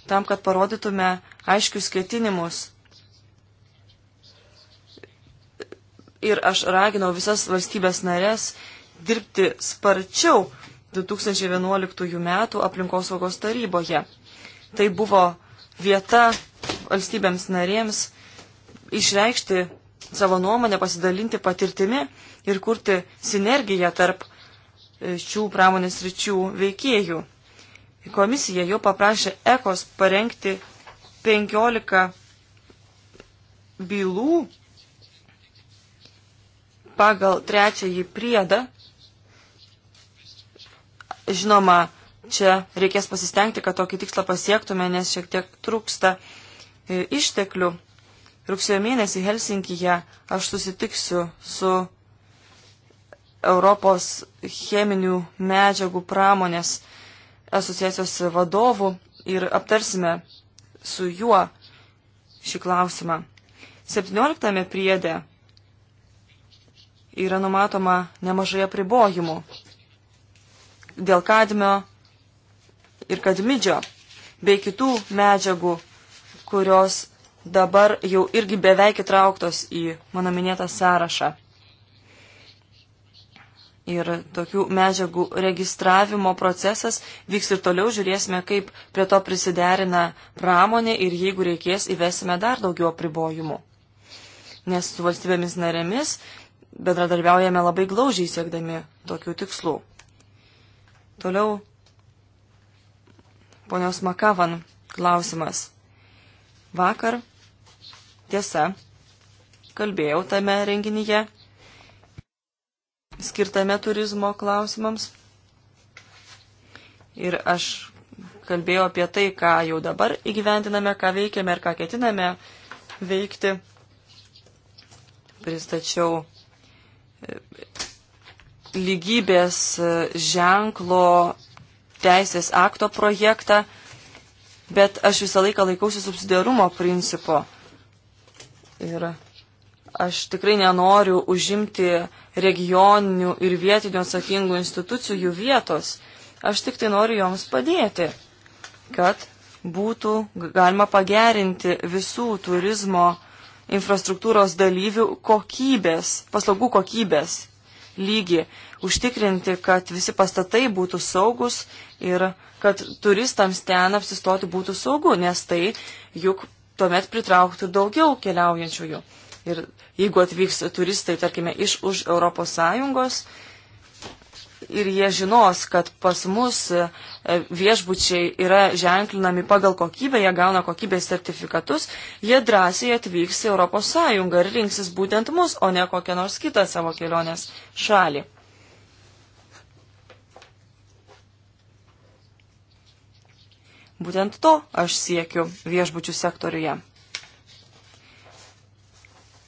Speaker 2: tam, kad parodytume aiškius ketinimus. Ir aš raginau visas valstybės narės dirbti sparčiau 2011 metų aplinkosaugos taryboje. Tai buvo vieta valstybėms narėms išreikšti savo nuomonę, pasidalinti patirtimi ir kurti sinergiją tarp šių pramonės ryčių veikėjų. Komisija jau paprašė ECOS parengti 15 bylų pagal trečiąjį priedą. Žinoma, čia reikės pasistengti, kad tokį tikslą pasiektume, nes šiek tiek trūksta e, išteklių. Rugsėjo mėnesį Helsinkyje aš susitiksiu su Europos cheminių medžiagų pramonės uh, asociacijos vadovu ir aptarsime su juo šį klausimą. 17 priedė yra numatoma nemažai apribojimų dėl kadmio ir kadmidžio bei kitų medžiagų, kurios dabar jau irgi beveik įtrauktos į mano minėtą sąrašą. Ir tokių medžiagų registravimo procesas vyks ir toliau, žiūrėsime, kaip prie to prisiderina pramonė ir jeigu reikės, įvesime dar daugiau apribojimų. Nes su valstybėmis narėmis bendradarbiaujame labai glaužiai siekdami tokių tikslų. Toliau ponios Makavan klausimas. Vakar, tiesa, kalbėjau tame renginyje skirtame turizmo klausimams. Ir aš kalbėjau apie tai, ką jau dabar įgyvendiname, ką veikiame ir ką ketiname veikti. Pristačiau e, lygybės e, ženklo teisės akto projektą, bet aš visą laiką laikausi subsidiarumo principo. Ir aš tikrai nenoriu užimti uh, regioninių ir vietinių atsakingų institucijų jų vietos. Aš tik tai noriu joms padėti, kad būtų galima pagerinti visų turizmo infrastruktūros dalyvių kokybės, paslaugų kokybės lygį, užtikrinti, kad visi pastatai būtų saugus ir kad turistams ten apsistoti būtų saugu, nes tai juk tuomet pritrauktų daugiau keliaujančiųjų. Ir jeigu atvyks turistai, tarkime, iš už ES ir jie žinos, kad pas mus e, viešbučiai yra ženklinami pagal kokybę, jie gauna kokybės sertifikatus, jie drąsiai atvyks į ES ir rinksis būtent mus, o ne kokią nors kitą savo kelionės šalį. Būtent to aš siekiu viešbučių sektoriuje.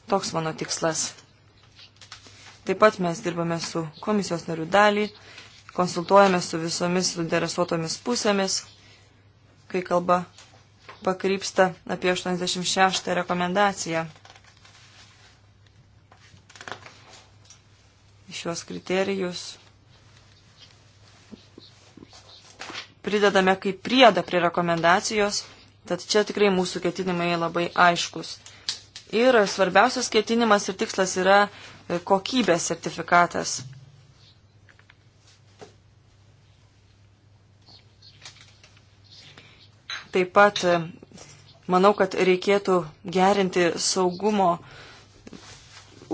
Speaker 2: Toks mano tikslas. Taip pat mes dirbame su komisijos narių dalį, konsultuojame su visomis suderesuotomis pusėmis, kai kalba pakrypsta apie 86 rekomendaciją. Šios kriterijus pridedame kaip priedą prie rekomendacijos, tad čia tikrai mūsų ketinimai labai aiškus. Ir svarbiausias ketinimas ir tikslas yra e, kokybės sertifikatas. Taip pat e, manau, kad reikėtų gerinti saugumo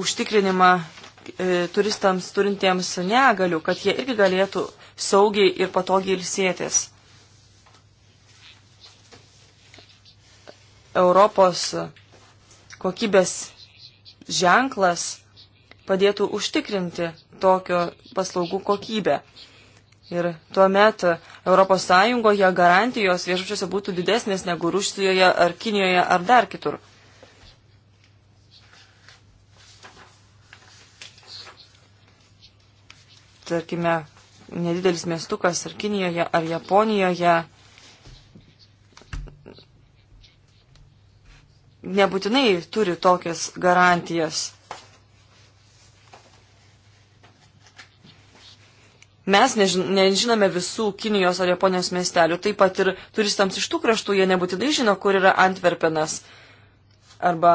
Speaker 2: užtikrinimą e, turistams turintiems negalių, kad jie irgi galėtų saugiai ir patogiai ilsėtis. Europos kokybės ženklas padėtų užtikrinti tokio paslaugų kokybę. Ir tuomet ES garantijos viešbučiuose būtų didesnės negu Rusijoje ar Kinijoje ar dar kitur. Tarkime, nedidelis miestukas ar Kinijoje ar Japonijoje nebūtinai turi tokias garantijas. Mes nežinome visų Kinijos ar Japonijos miestelių, taip pat ir turistams iš tų kraštų jie nebūtinai žino, kur yra Antverpenas arba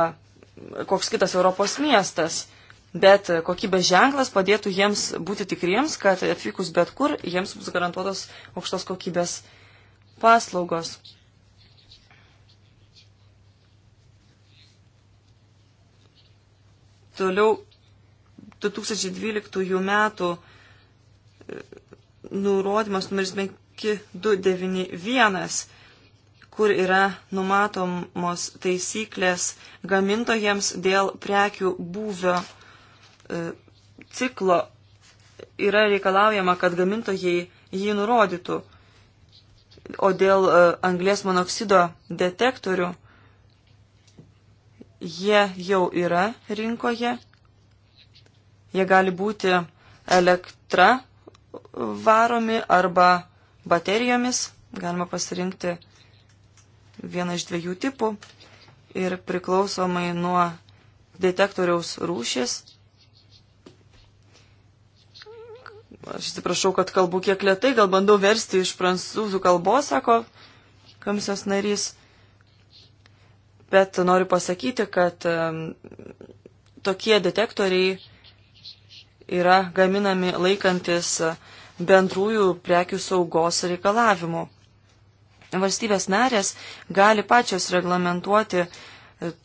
Speaker 2: koks kitas Europos miestas. Bet kokybės ženklas padėtų jiems būti tikriems, kad atvykus bet kur jiems bus garantuotos aukštos kokybės paslaugos. Toliau 2012 metų e, nurodymas numeris 5291, kur yra numatomos taisyklės gamintojams dėl prekių būvio e, ciklo, yra reikalaujama, kad gamintojai jį nurodytų. O dėl e, anglės monoksido detektorių jie jau yra rinkoje, jie gali būti elektra varomi arba baterijomis, galima pasirinkti vieną iš dviejų tipų ir priklausomai nuo detektoriaus rūšis. Aš atsiprašau, kad kalbu kiek lietai, gal bandau versti iš prancūzų kalbos, sako komisijos narys. Bet noriu pasakyti, kad tokie detektoriai yra gaminami laikantis bendrųjų prekių saugos reikalavimų. Valstybės narės gali pačios reglamentuoti e,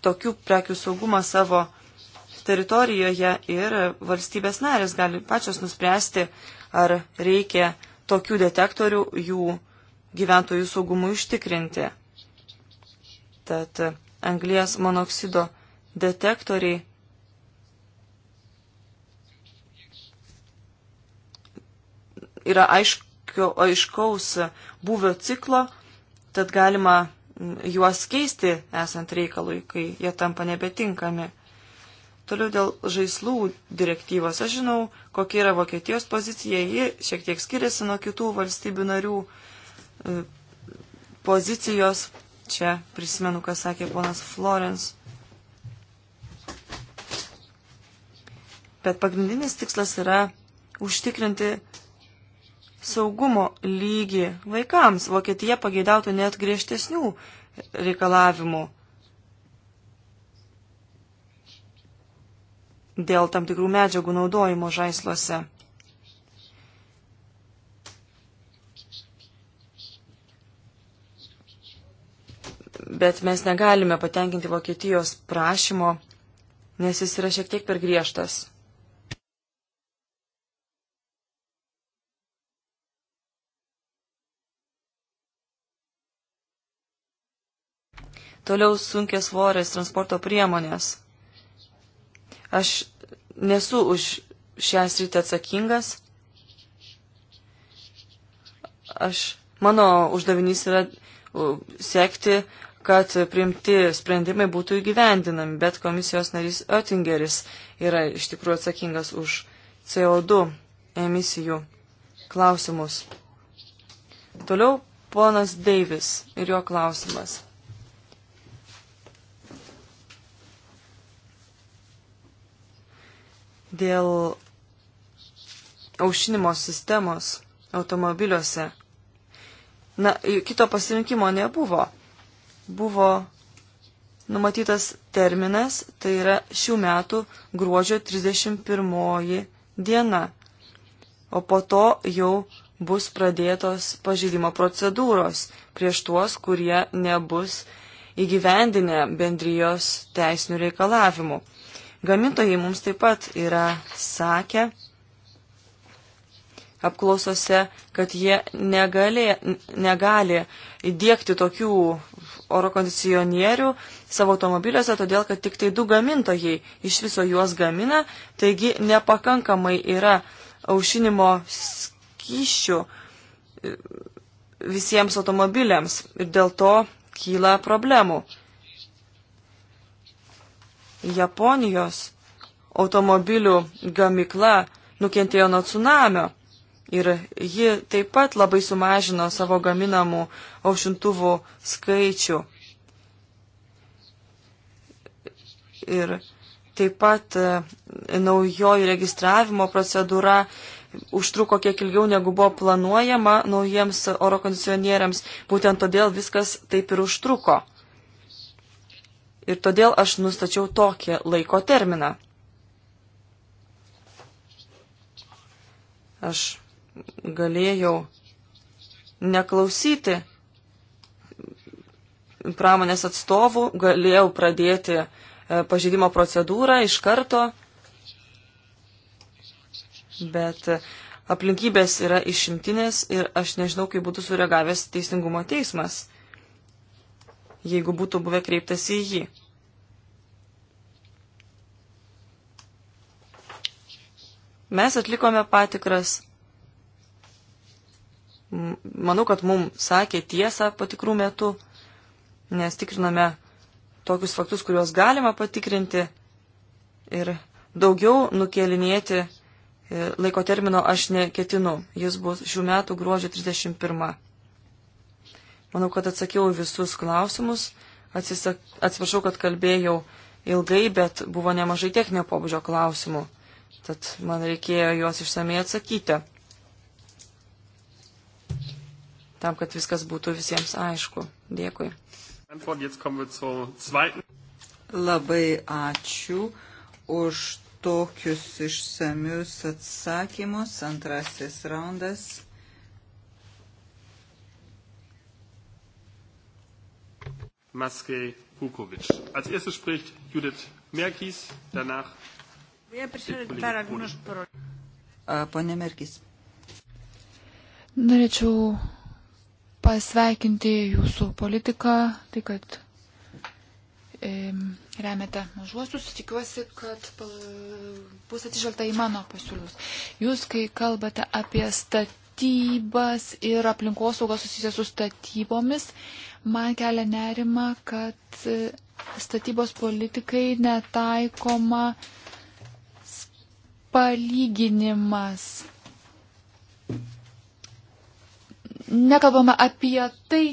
Speaker 2: tokių prekių saugumą savo teritorijoje ir valstybės narės gali pačios nuspręsti, ar reikia tokių detektorių jų gyventojų saugumui užtikrinti. Tad anglijas monoksido detektoriai yra aiškio, aiškaus buvio ciklo, tad galima juos keisti esant reikalui, kai jie tampa nebetinkami. Toliau dėl žaislų direktyvos. Aš žinau, kokia yra Vokietijos pozicija, ji šiek tiek skiriasi nuo kitų valstybių narių pozicijos. Čia prisimenu, ką sakė ponas Florence. Bet pagrindinis tikslas yra užtikrinti saugumo lygį vaikams. Vokietija pageidautų net griežtesnių reikalavimų dėl tam tikrų medžiagų naudojimo žaisluose. bet mes negalime patenkinti Vokietijos prašymo, nes jis yra šiek tiek per griežtas. Toliau sunkia svorės transporto priemonės. Aš nesu už šią sritį atsakingas. Aš, mano uždavinys yra sekti kad priimti sprendimai būtų įgyvendinami, bet komisijos narys Oettingeris yra iš tikrųjų atsakingas už CO2 emisijų klausimus. Toliau ponas Deivis ir jo klausimas. Dėl aušinimo sistemos automobiliuose. Na, kito pasirinkimo nebuvo buvo numatytas terminas, tai yra šių metų gruodžio 31 diena, o po to jau bus pradėtos pažydimo procedūros prieš tuos, kurie nebus įgyvendinę bendrijos teisinių reikalavimų. Gamintojai mums taip pat yra sakę apklausose, kad jie negalė, negali įdėkti tokių oro kondicionierių savo automobiliuose, todėl kad tik tai du gamintojai iš viso juos gamina, taigi nepakankamai yra aušinimo skyšių e, visiems automobiliams ir dėl to kyla problemų. Japonijos automobilių gamikla nukentėjo nuo tsunamio Ir ji taip pat labai sumažino savo gaminamų aušintuvų skaičių. Ir taip pat e, naujoji registravimo procedūra užtruko kiek ilgiau negu buvo planuojama naujiems oro kondicionieriams. Būtent todėl viskas taip ir užtruko. Ir todėl aš nustačiau tokį laiko terminą. Aš galėjau neklausyti pramonės atstovų, galėjau pradėti e, pažeidimo procedūrą iš karto, bet e, aplinkybės yra išimtinės ir aš nežinau, kaip būtų sureagavęs teisingumo teismas, jeigu būtų buvę kreiptas į jį. Mes atlikome patikras manau, kad mums sakė tiesą patikrų metu, nes tikriname tokius faktus, kuriuos galima patikrinti ir daugiau nukėlinėti e, laiko termino aš neketinu. Jis bus šių metų gruodžio 31. Manau, kad atsakiau visus klausimus. Atsisak... Atsiprašau, kad kalbėjau ilgai, bet buvo nemažai techninio pobūdžio klausimų. Tad man reikėjo juos išsamei atsakyti. tam, kad viskas būtų visiems aišku. Dėkui. Labai ačiū už
Speaker 4: tokius išsamius atsakymus. Antrasis raundas.
Speaker 1: Maske Vukovic. Als erstes spricht Judith Merkis, danach.
Speaker 4: Pone Merkis.
Speaker 3: Norėčiau pasveikinti jūsų politiką, tai kad remiate mažuosius, tikiuosi, kad bus atsižvelgta į mano pasiūlymus. Jūs, kai kalbate apie statybas ir aplinkosaugos susijusias su statybomis, man kelia nerima, kad e, statybos politikai netaikoma palyginimas nekalbame apie tai,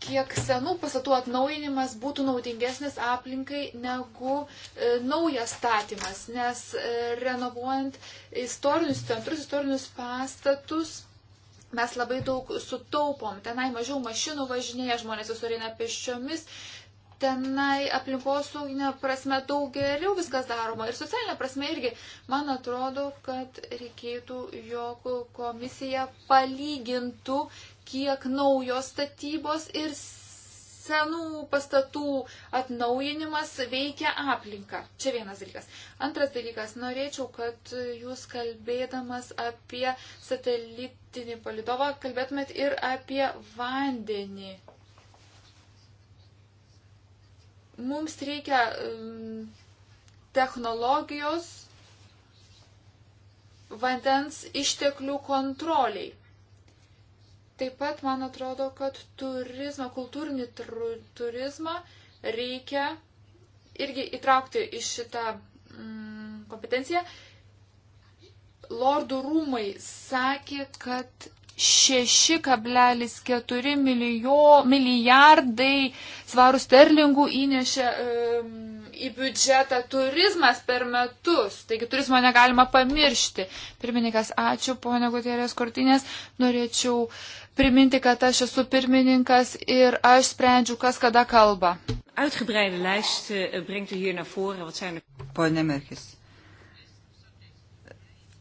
Speaker 3: kiek senų pastatų atnaujinimas būtų naudingesnis aplinkai negu e, naujas statymas, nes e, renovuojant istorinius centrus, istorinius pastatus, mes labai daug sutaupom. Tenai mažiau mašinų važinėja, žmonės visur eina pėsčiomis. Tenai aplinkosauginė prasme daug geriau viskas daroma ir socialinė prasme irgi. Man atrodo, kad reikėtų, jog komisija palygintų kiek naujos statybos ir senų pastatų atnaujinimas veikia aplinką. Čia vienas dalykas. Antras dalykas, norėčiau, kad jūs kalbėdamas apie satelitinį palidovą kalbėtumėt ir apie vandenį. Mums reikia um, technologijos vandens išteklių kontroliai. Taip pat man atrodo, kad turizmą, kultūrinį turizmą reikia irgi įtraukti į šitą mm, kompetenciją. Lordų rūmai sakė, kad 6,4 milijo, milijardai svarų sterlingų įnešė. Mm, į biudžetą turizmas per metus. Taigi turizmo negalima pamiršti. Pirmininkas, ačiū, ponia Gutierės Kortinės. Norėčiau priminti, kad aš esu pirmininkas ir aš sprendžiu, kas kada kalba.
Speaker 2: Eh,
Speaker 4: Pone Merkis,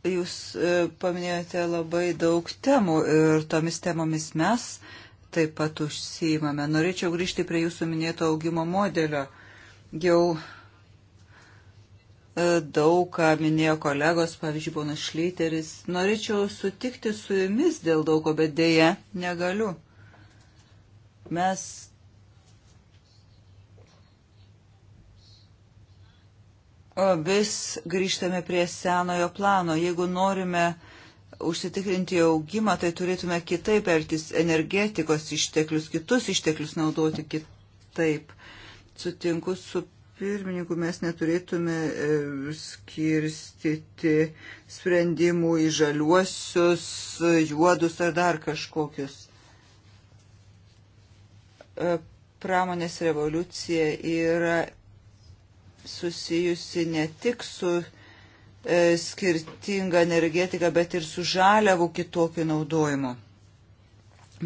Speaker 4: jūs eh, paminėjote labai daug temų ir tomis temomis mes taip pat užsiimame. Norėčiau grįžti prie jūsų minėto augimo modelio Jau e, daug ką minėjo kolegos, pavyzdžiui, ponas Šleiteris. Norėčiau sutikti su jumis dėl daug ko, bet dėje negaliu. Mes vis grįžtame prie senojo plano. Jeigu norime užsitikrinti augimą, tai turėtume kitaip elgtis energetikos išteklius, kitus išteklius naudoti kitaip sutinku su pirmininku, mes neturėtume e, skirstyti sprendimų į žaliuosius, juodus ar dar kažkokius. E, pramonės revoliucija yra susijusi ne tik su e, skirtinga energetika, bet ir su žaliavų kitokiu naudojimu.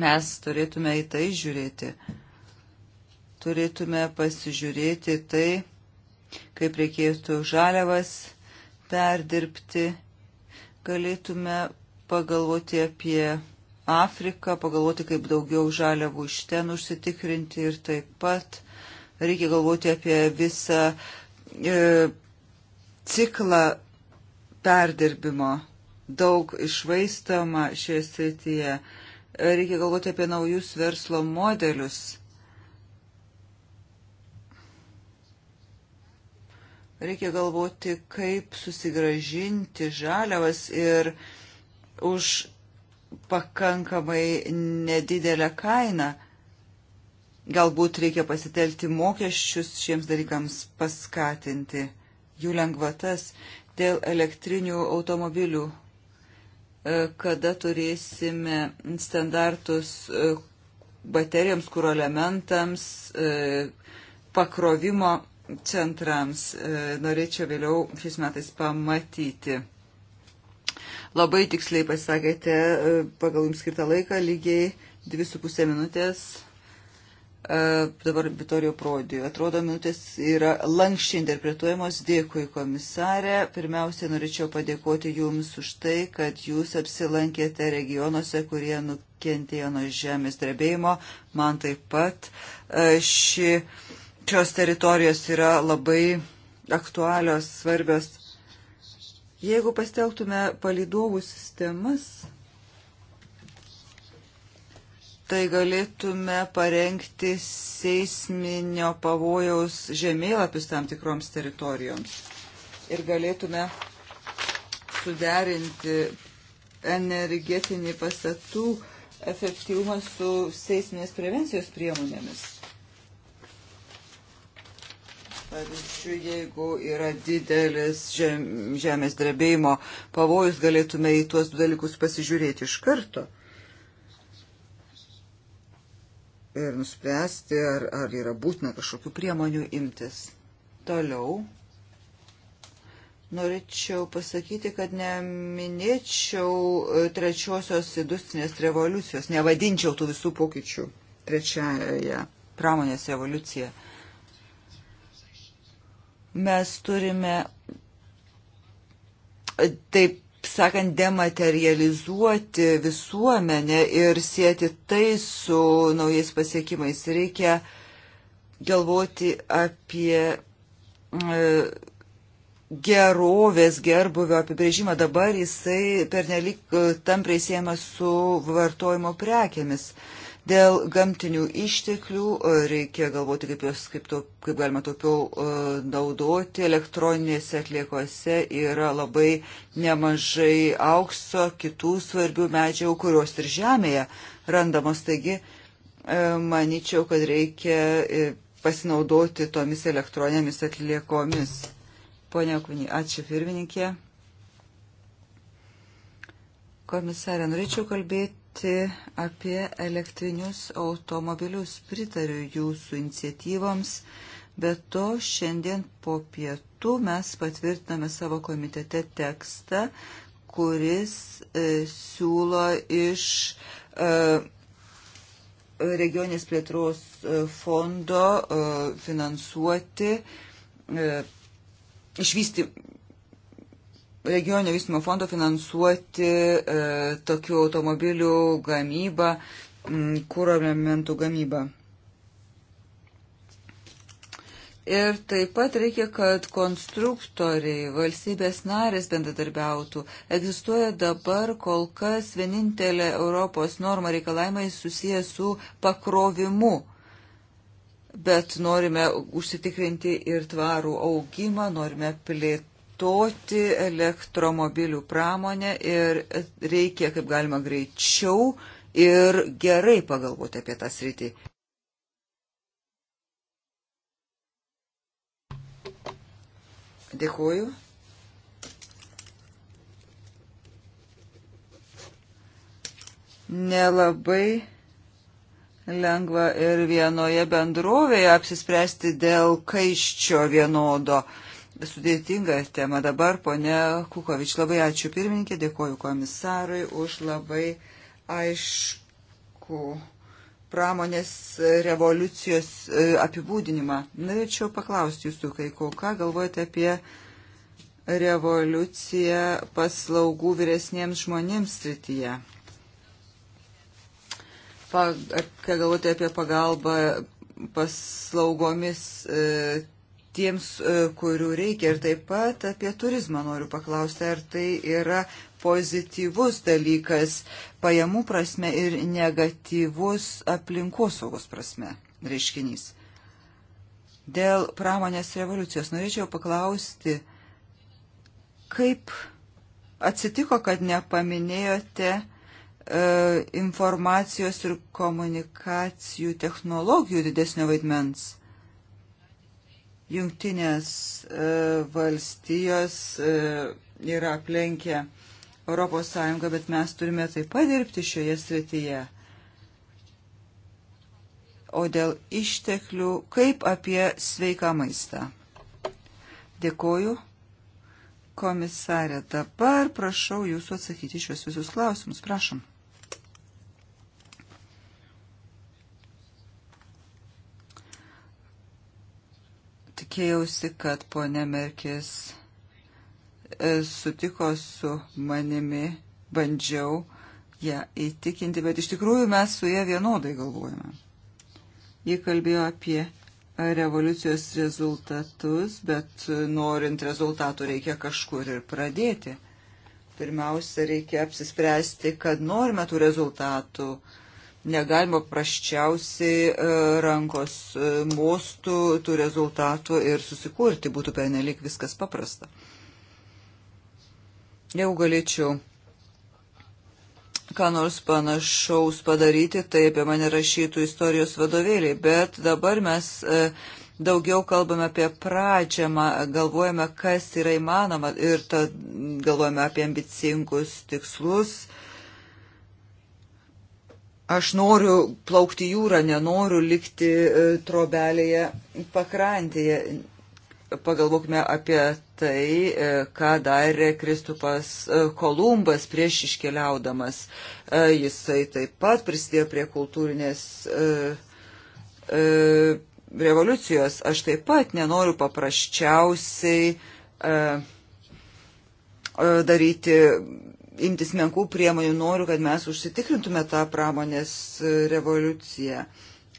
Speaker 4: Mes turėtume į tai žiūrėti turėtume pasižiūrėti tai, kaip reikėtų žaliavas perdirbti, galėtume pagalvoti apie Afriką, pagalvoti, kaip daugiau žaliavų iš ten užsitikrinti ir taip pat reikia galvoti apie visą e, ciklą perdirbimo. Daug išvaistama šioje srityje. Reikia galvoti apie naujus verslo modelius Reikia galvoti, kaip susigražinti žaliavas ir už pakankamai nedidelę kainą. Galbūt reikia pasitelti mokesčius šiems dalykams paskatinti, jų lengvatas dėl elektrinių automobilių, e, kada turėsime standartus e, baterijoms, kūro elementams, e, pakrovimo centrams e, norėčiau vėliau šiais metais pamatyti. Labai tiksliai pasakėte e, pagal jums skirtą laiką, lygiai 2,5 minutės. E, dabar Vitorijų prodijų. Atrodo, minutės yra lankščiai interpretuojamos. Dėkui, komisarė. Pirmiausiai norėčiau padėkoti Jums už tai, kad Jūs apsilankėte regionuose, kurie nukentėjo nuo žemės drebėjimo. Man taip pat ši. Uh, šios teritorijos yra labai aktualios, svarbios. Jeigu pasteltume palidovų sistemas, tai galėtume parengti seisminio pavojaus žemėlapius tam tikroms teritorijoms. Ir galėtume suderinti energetinį pastatų efektyvumą su seisminės prevencijos priemonėmis. Pavyzdžiui, jeigu yra didelis žemės drebėjimo pavojus, galėtume į tuos dalykus pasižiūrėti iš karto ir nuspręsti, ar, ar yra būtina kažkokių priemonių imtis. Toliau norėčiau pasakyti, kad neminėčiau e, trečiosios industrinės revoliucijos, nevadinčiau tų visų pokyčių trečiaja pramonės revoliucija. Ja Mes turime, taip sakant, dematerializuoti visuomenę ir sėti tai su naujais pasiekimais. Reikia galvoti apie e, gerovės gerbuvio apibrėžimą. Dabar jisai pernelik tampriai siejamas su vartojimo prekiamis. Uh, Dėl gamtinių išteklių e, reikia galvoti, kaip jos kaip, to, kaip galima taupiau e, naudoti. Elektroninėse atliekose yra labai nemažai aukso, kitų svarbių medžiagų, kurios ir žemėje randamos. Taigi, e, manyčiau, kad reikia pasinaudoti tomis elektroninėmis atliekomis. Pone Kūny, ačiū pirmininkė. Komisarė, norėčiau kalbėti kalbėti apie elektrinius automobilius. Pritariu jūsų iniciatyvoms, bet to šiandien po pietų mes patvirtiname savo komitete tekstą, kuris e, siūlo iš e, regionės plėtros e, fondo e, finansuoti e, išvysti, regioninio vystimo fondo finansuoti e, tokių automobilių gamybą, kūro elementų gamybą. Ir taip pat reikia, kad konstruktoriai, valstybės narės bendradarbiautų. Egzistuoja dabar kol kas vienintelė Europos norma reikalavimai susijęs su pakrovimu bet norime užsitikrinti ir tvarų augimą, norime plėtoti plėtoti elektromobilių pramonę ir reikia kaip galima greičiau ir gerai pagalvoti apie tą sritį. Dėkuoju. Nelabai lengva ir vienoje bendrovėje apsispręsti dėl kaiščio vienodo. Uh, sudėtinga tema dabar, ponia Kukovič. Labai ačiū pirmininkė, dėkoju komisarui už labai aišku pramonės revoliucijos e, apibūdinimą. Norėčiau paklausti jūsų kai ko, ką galvojate apie revoliuciją paslaugų vyresniems žmonėms srityje. Pa, ką galvojate apie pagalbą paslaugomis e, tiems, e, kurių reikia. Ir taip pat apie turizmą noriu paklausti, ar tai yra pozityvus dalykas pajamų prasme ir negatyvus aplinkosaugos prasme reiškinys. Dėl pramonės revoliucijos norėčiau paklausti, kaip atsitiko, kad nepaminėjote e, informacijos ir komunikacijų technologijų didesnio vaidmens. Jungtinės e, valstijos e, yra aplenkę Europos Sąjungą, bet mes turime taip pat dirbti šioje srityje. O dėl išteklių, kaip apie sveiką maistą. Dėkoju. Komisarė, dabar prašau jūsų atsakyti šios visus klausimus. Prašom. tikėjausi, kad ponė Merkis e, sutiko su manimi, bandžiau ją įtikinti, bet iš tikrųjų mes su ją vienodai galvojame. Ji kalbėjo apie revoliucijos rezultatus, bet norint rezultatų reikia kažkur ir pradėti. Pirmiausia, reikia apsispręsti, kad norime tų rezultatų Negalima praščiausiai e, rankos e, mostų tų rezultatų ir susikurti, būtų pernelik viskas paprasta. Jeigu galėčiau ką nors panašaus padaryti, tai apie mane rašytų istorijos vadovėliai, bet dabar mes e, daugiau kalbame apie pradžią, galvojame, kas yra įmanoma ir galvojame apie ambicingus tikslus, uh, Aš noriu plaukti jūrą, nenoriu likti e, trobelėje pakrantėje. Pagalvokime apie tai, e, ką darė Kristupas e, Kolumbas prieš iškeliaudamas. Jisai taip pat prisidėjo prie kultūrinės revoliucijos. Aš taip pat nenoriu paprasčiausiai daryti imtis menkų priemonių, noriu, kad mes užsitikrintume tą pramonės revoliuciją.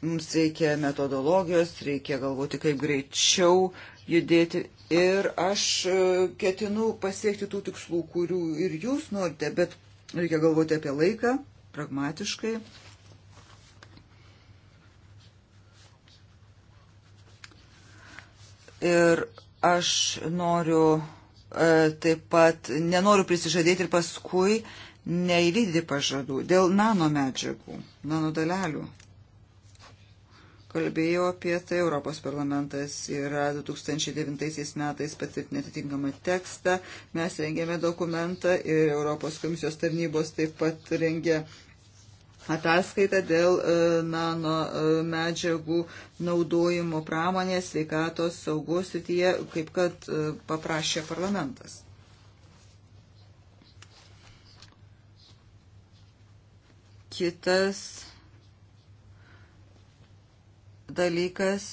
Speaker 4: Mums reikia metodologijos, reikia galvoti, kaip greičiau judėti. Ir aš e, ketinu pasiekti tų tikslų, kurių ir jūs norite, bet reikia galvoti apie laiką, pragmatiškai. Ir aš noriu E, taip pat nenoriu prisižadėti ir paskui neįvykdyti pažadų dėl nanomedžiagų, nanodalelių. Kalbėjau apie tai, Europos parlamentas yra 2009 metais patvirtinę atitinkamą tekstą, mes rengėme dokumentą ir Europos komisijos tarnybos taip pat rengė ataskaitą dėl e, nano e, medžiagų naudojimo pramonės sveikatos saugos srityje, kaip kad e, paprašė parlamentas. Kitas dalykas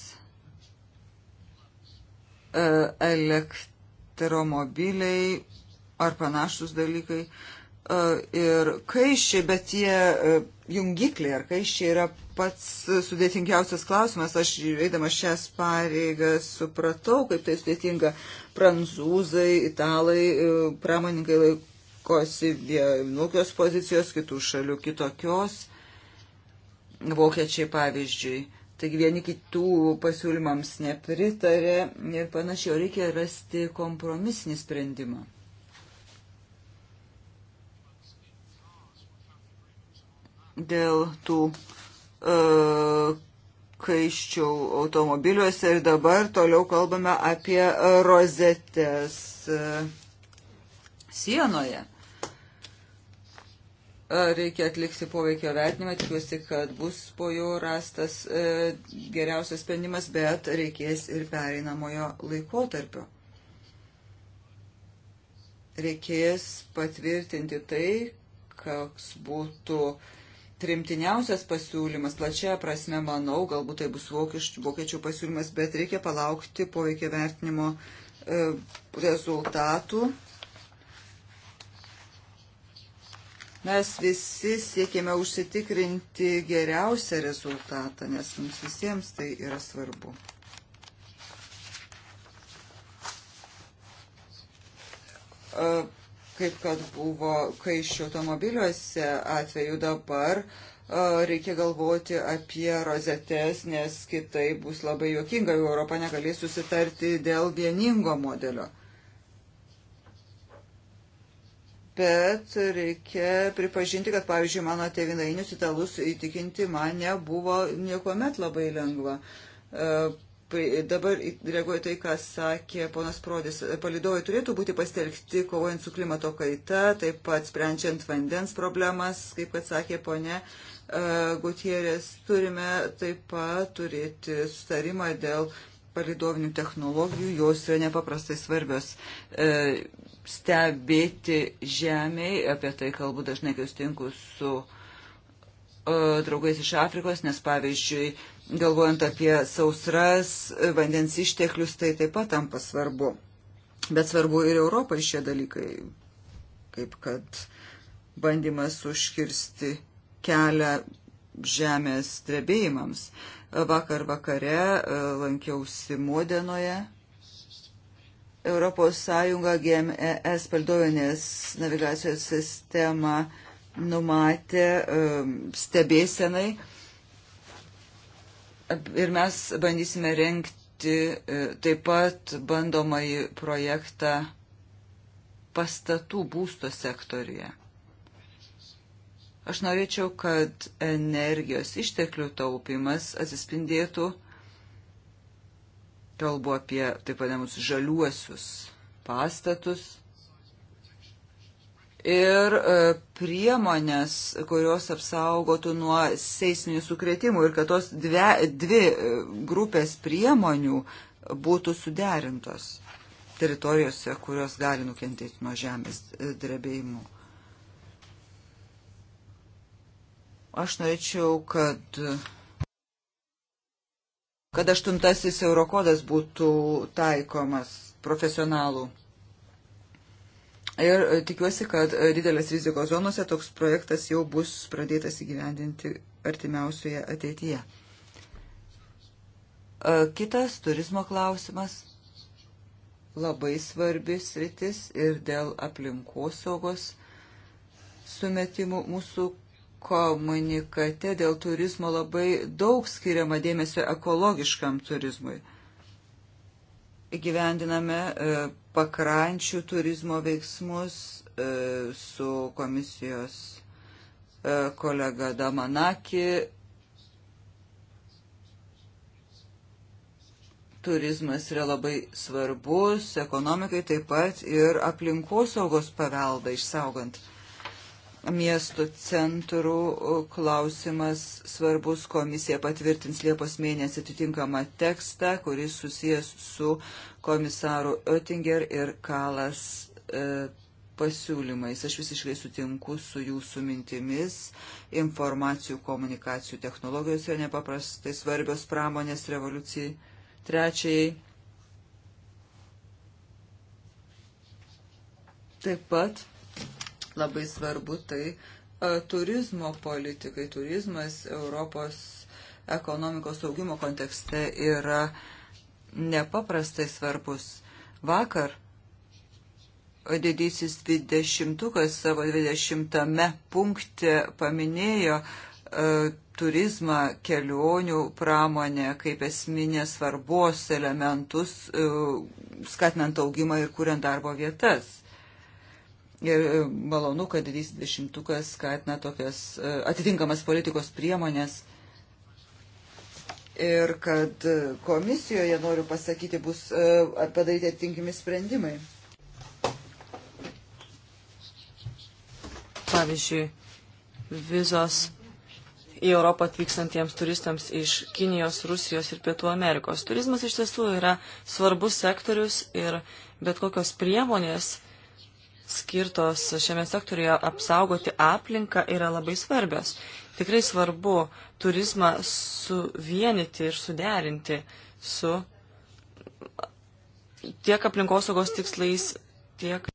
Speaker 4: elektromobiliai ar panašus dalykai. Ir kai ši, bet jie jungikliai ar kai čia yra pats sudėtingiausias klausimas. Aš, eidamas šias pareigas, supratau, kaip tai sudėtinga. Prancūzai, italai, e, pramoninkai laikosi vienokios pozicijos, kitų šalių kitokios. Vokiečiai, pavyzdžiui. Taigi vieni kitų pasiūlymams nepritarė ir panašiai, reikia rasti kompromisinį sprendimą. dėl tų uh, kaiščių automobiliuose ir dabar toliau kalbame apie rozetės e, sienoje. Reikia atlikti poveikio vertinimą, tikiuosi, kad bus po jo rastas e, geriausias sprendimas, bet reikės ir pereinamojo laikotarpio. Reikės patvirtinti tai, koks būtų uh, primtiniausias pasiūlymas, plačia prasme, manau, galbūt tai bus vokiečių, vokiečių pasiūlymas, bet reikia palaukti poveikio vertinimo e, rezultatų. Mes visi siekėme užsitikrinti geriausią rezultatą, nes mums visiems tai yra svarbu. Uh, e, kaip kad buvo kaiščių automobiliuose atveju dabar. Reikia galvoti apie rozetes, nes kitai bus labai juokinga, jeigu Europa negalės susitarti dėl vieningo modelio. bet reikia pripažinti, kad, pavyzdžiui, mano tėvinainius italus įtikinti man nebuvo niekuomet labai lengva. Dabar reaguoju tai, ką sakė ponas Prodis. Palidovai turėtų būti pastelgti kovojant su klimato kaita, taip pat sprendžiant vandens problemas, kaip kad sakė ponė e, Gutierės. Turime taip pat turėti sustarimą dėl palidovinių technologijų, jos yra nepaprastai svarbios. E, stebėti žemiai, apie tai kalbu dažnai, kai sutinku su e, draugais iš Afrikos, nes pavyzdžiui, galvojant apie sausras, vandens išteklius, tai taip pat tampa svarbu. Bet svarbu ir Europai šie dalykai, kaip kad bandymas užkirsti kelią žemės drebėjimams. Vakar vakare e, lankiausi Modenoje, ES GMES paldovinės navigacijos sistema numatė e, stebėsenai Ir mes bandysime renkti e, taip pat bandomąjį projektą pastatų būsto sektoriuje. Aš norėčiau, kad energijos išteklių taupimas atsispindėtų, kalbu apie taip vadinamus žaliuosius pastatus, ir e, priemonės, kurios apsaugotų nuo seisminių sukretimų ir kad tos dve, dvi e, grupės priemonių būtų suderintos teritorijose, kurios gali nukentėti nuo žemės e, drebėjimų. Aš norėčiau, kad, kad aštuntasis eurokodas būtų taikomas profesionalų Ir e, tikiuosi, kad e, didelės rizikos zonose toks projektas jau bus pradėtas įgyvendinti artimiausioje ateityje. E, kitas turizmo klausimas labai svarbis rytis ir dėl aplinkosaugos sumetimų mūsų komunikate dėl turizmo labai daug skiriama dėmesio ekologiškam turizmui. Įgyvendiname pakrančių turizmo veiksmus e, su komisijos e, kolega Damanaki. Turizmas yra labai svarbus ekonomikai taip pat ir aplinkosaugos paveldą išsaugant miestų centrų klausimas svarbus. Komisija patvirtins Liepos mėnesį atitinkamą tekstą, kuris susijęs su komisaru Oettinger ir Kalas e, pasiūlymais. Aš visiškai sutinku su jūsų mintimis. Informacijų komunikacijų technologijos yra nepaprastai svarbios pramonės revoliucijai. Trečiai. Taip pat labai svarbu tai e, turizmo politikai. Turizmas Europos ekonomikos augimo kontekste yra nepaprastai svarbus. Vakar didysis dvidešimtukas savo dvidešimtame punkte paminėjo e, turizmą, kelionių pramonę kaip esminės svarbos elementus, e, skatinant augimą ir kuriant darbo vietas. Ir e, malonu, kad didysis dešimtukas skatina tokias e, atitinkamas politikos priemonės. Ir kad e, komisijoje, noriu pasakyti, bus padaryti atitinkimi sprendimai.
Speaker 2: Pavyzdžiui, vizos į Europą atvykstantiems turistams iš Kinijos, Rusijos ir Pietų Amerikos. Turizmas iš tiesų yra svarbus sektorius ir bet kokios priemonės, uh, skirtos šiame sektoriuje apsaugoti aplinką yra labai svarbios. Tikrai svarbu turizmą suvienyti ir suderinti su tiek aplinkosaugos tikslais, tiek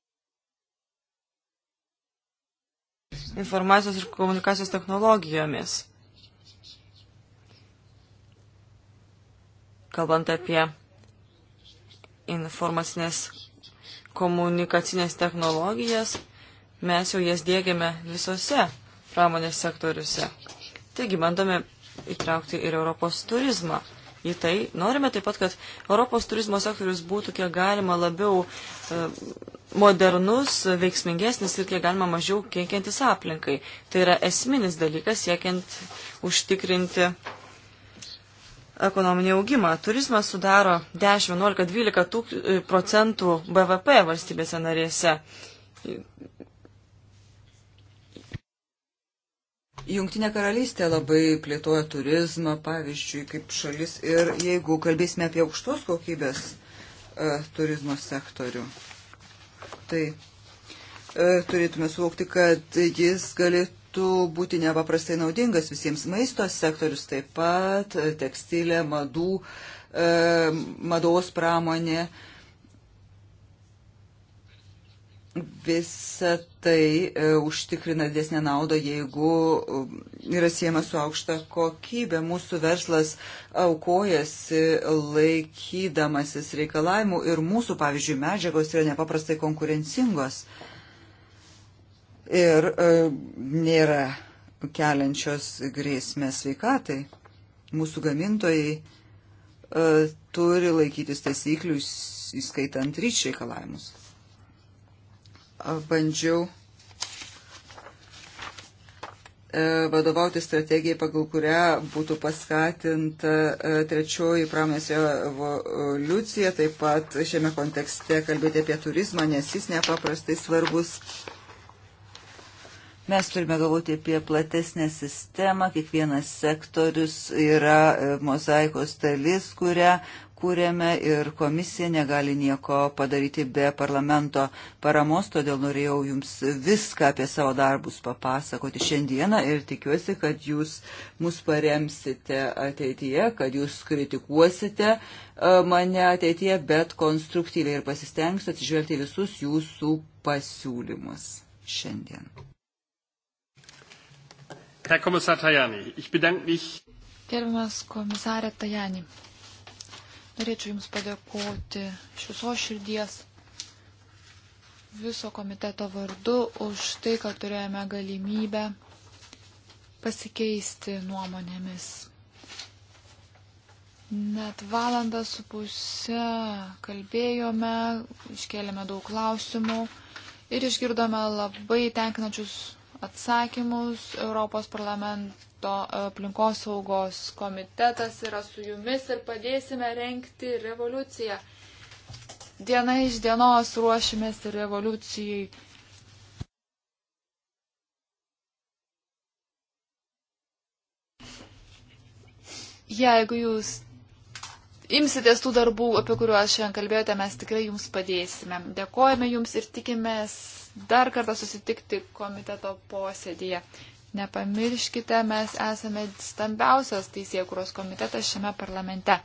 Speaker 2: informacijos ir komunikacijos technologijomis. Kalbant apie informacinės komunikacinės technologijas, mes jau jas dėgiame visose pramonės sektoriuose. Taigi bandome įtraukti ir Europos turizmą. Į tai norime taip pat, kad Europos turizmo sektorius būtų kiek galima labiau e, modernus, veiksmingesnis ir kiek galima mažiau kenkiantis aplinkai. Tai yra esminis dalykas siekiant užtikrinti ekonominį augimą. Turizmas sudaro 10, 11, 12 procentų BVP valstybėse narėse. Jungtinė karalystė
Speaker 4: labai plėtoja turizmą, pavyzdžiui, kaip šalis. Ir jeigu kalbėsime apie aukštos kokybės e, turizmo sektorių, tai e, turėtume suvokti, kad jis galėtų galėtų būti nepaprastai naudingas visiems maisto sektorius, taip pat e, tekstilė, madų, e, mados pramonė. Visa tai e, užtikrina didesnę naudą, jeigu yra siejama su aukšta kokybė. Mūsų verslas aukojasi laikydamasis reikalavimų ir mūsų, pavyzdžiui, medžiagos yra nepaprastai konkurencingos. Uh, ir e, nėra keliančios grėsmės sveikatai. Mūsų gamintojai e, turi laikytis taisyklių, įskaitant ryčių reikalavimus. Bandžiau e, vadovauti strategijai, pagal kurią būtų paskatinta e, trečioji pramonės revoliucija, taip pat šiame kontekste kalbėti apie turizmą, nes jis nepaprastai svarbus Mes turime galvoti apie platesnę sistemą, kiekvienas sektorius yra e, mozaikos dalis, kurią kūrėme ir komisija negali nieko padaryti be parlamento paramos, todėl norėjau jums viską apie savo darbus papasakoti šiandieną ir tikiuosi, kad jūs mus paremsite ateityje, kad jūs kritikuosite e, mane ateityje, bet konstruktyviai ir pasistengsiu atsižvelgti visus jūsų
Speaker 1: pasiūlymus šiandien. Herr Kommissar Tajani, ich bedanke mich.
Speaker 3: Gerbiamas komisarė Tajani, norėčiau Jums padėkoti iš visos širdies viso komiteto vardu už tai, kad turėjome galimybę pasikeisti nuomonėmis. Net valandą su pusę kalbėjome, iškėlėme daug klausimų ir išgirdome labai tenkinančius atsakymus. Europos parlamento e, aplinkosaugos komitetas yra su jumis ir padėsime renkti revoliuciją. Diena iš dienos ruošimės revoliucijai. Jeigu jūs imsitės tų darbų, apie kuriuos šiandien kalbėjote, mes tikrai jums padėsime. Dėkojame jums ir tikimės dar kartą susitikti komiteto posėdėje. Nepamirškite, mes esame stambiausias teisėkuros komitetas šiame parlamente.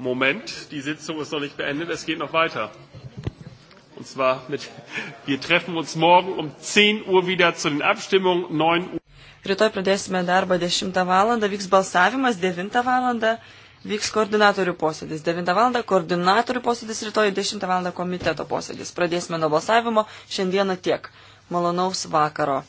Speaker 1: Moment, die Sitzung ist noch nicht beendet, es geht noch weiter. Und zwar mit, wir treffen uns morgen um 10 Uhr wieder zu den Abstimmungen, 9 Uhr.
Speaker 2: Rytoj pradėsime darbą 10 val. vyks balsavimas, 9 val. vyks koordinatorių posėdis. 9 val. koordinatorių posėdis, rytoj 10 val. komiteto posėdis. Pradėsime nuo balsavimo, šiandieną tiek. Malonaus vakaro.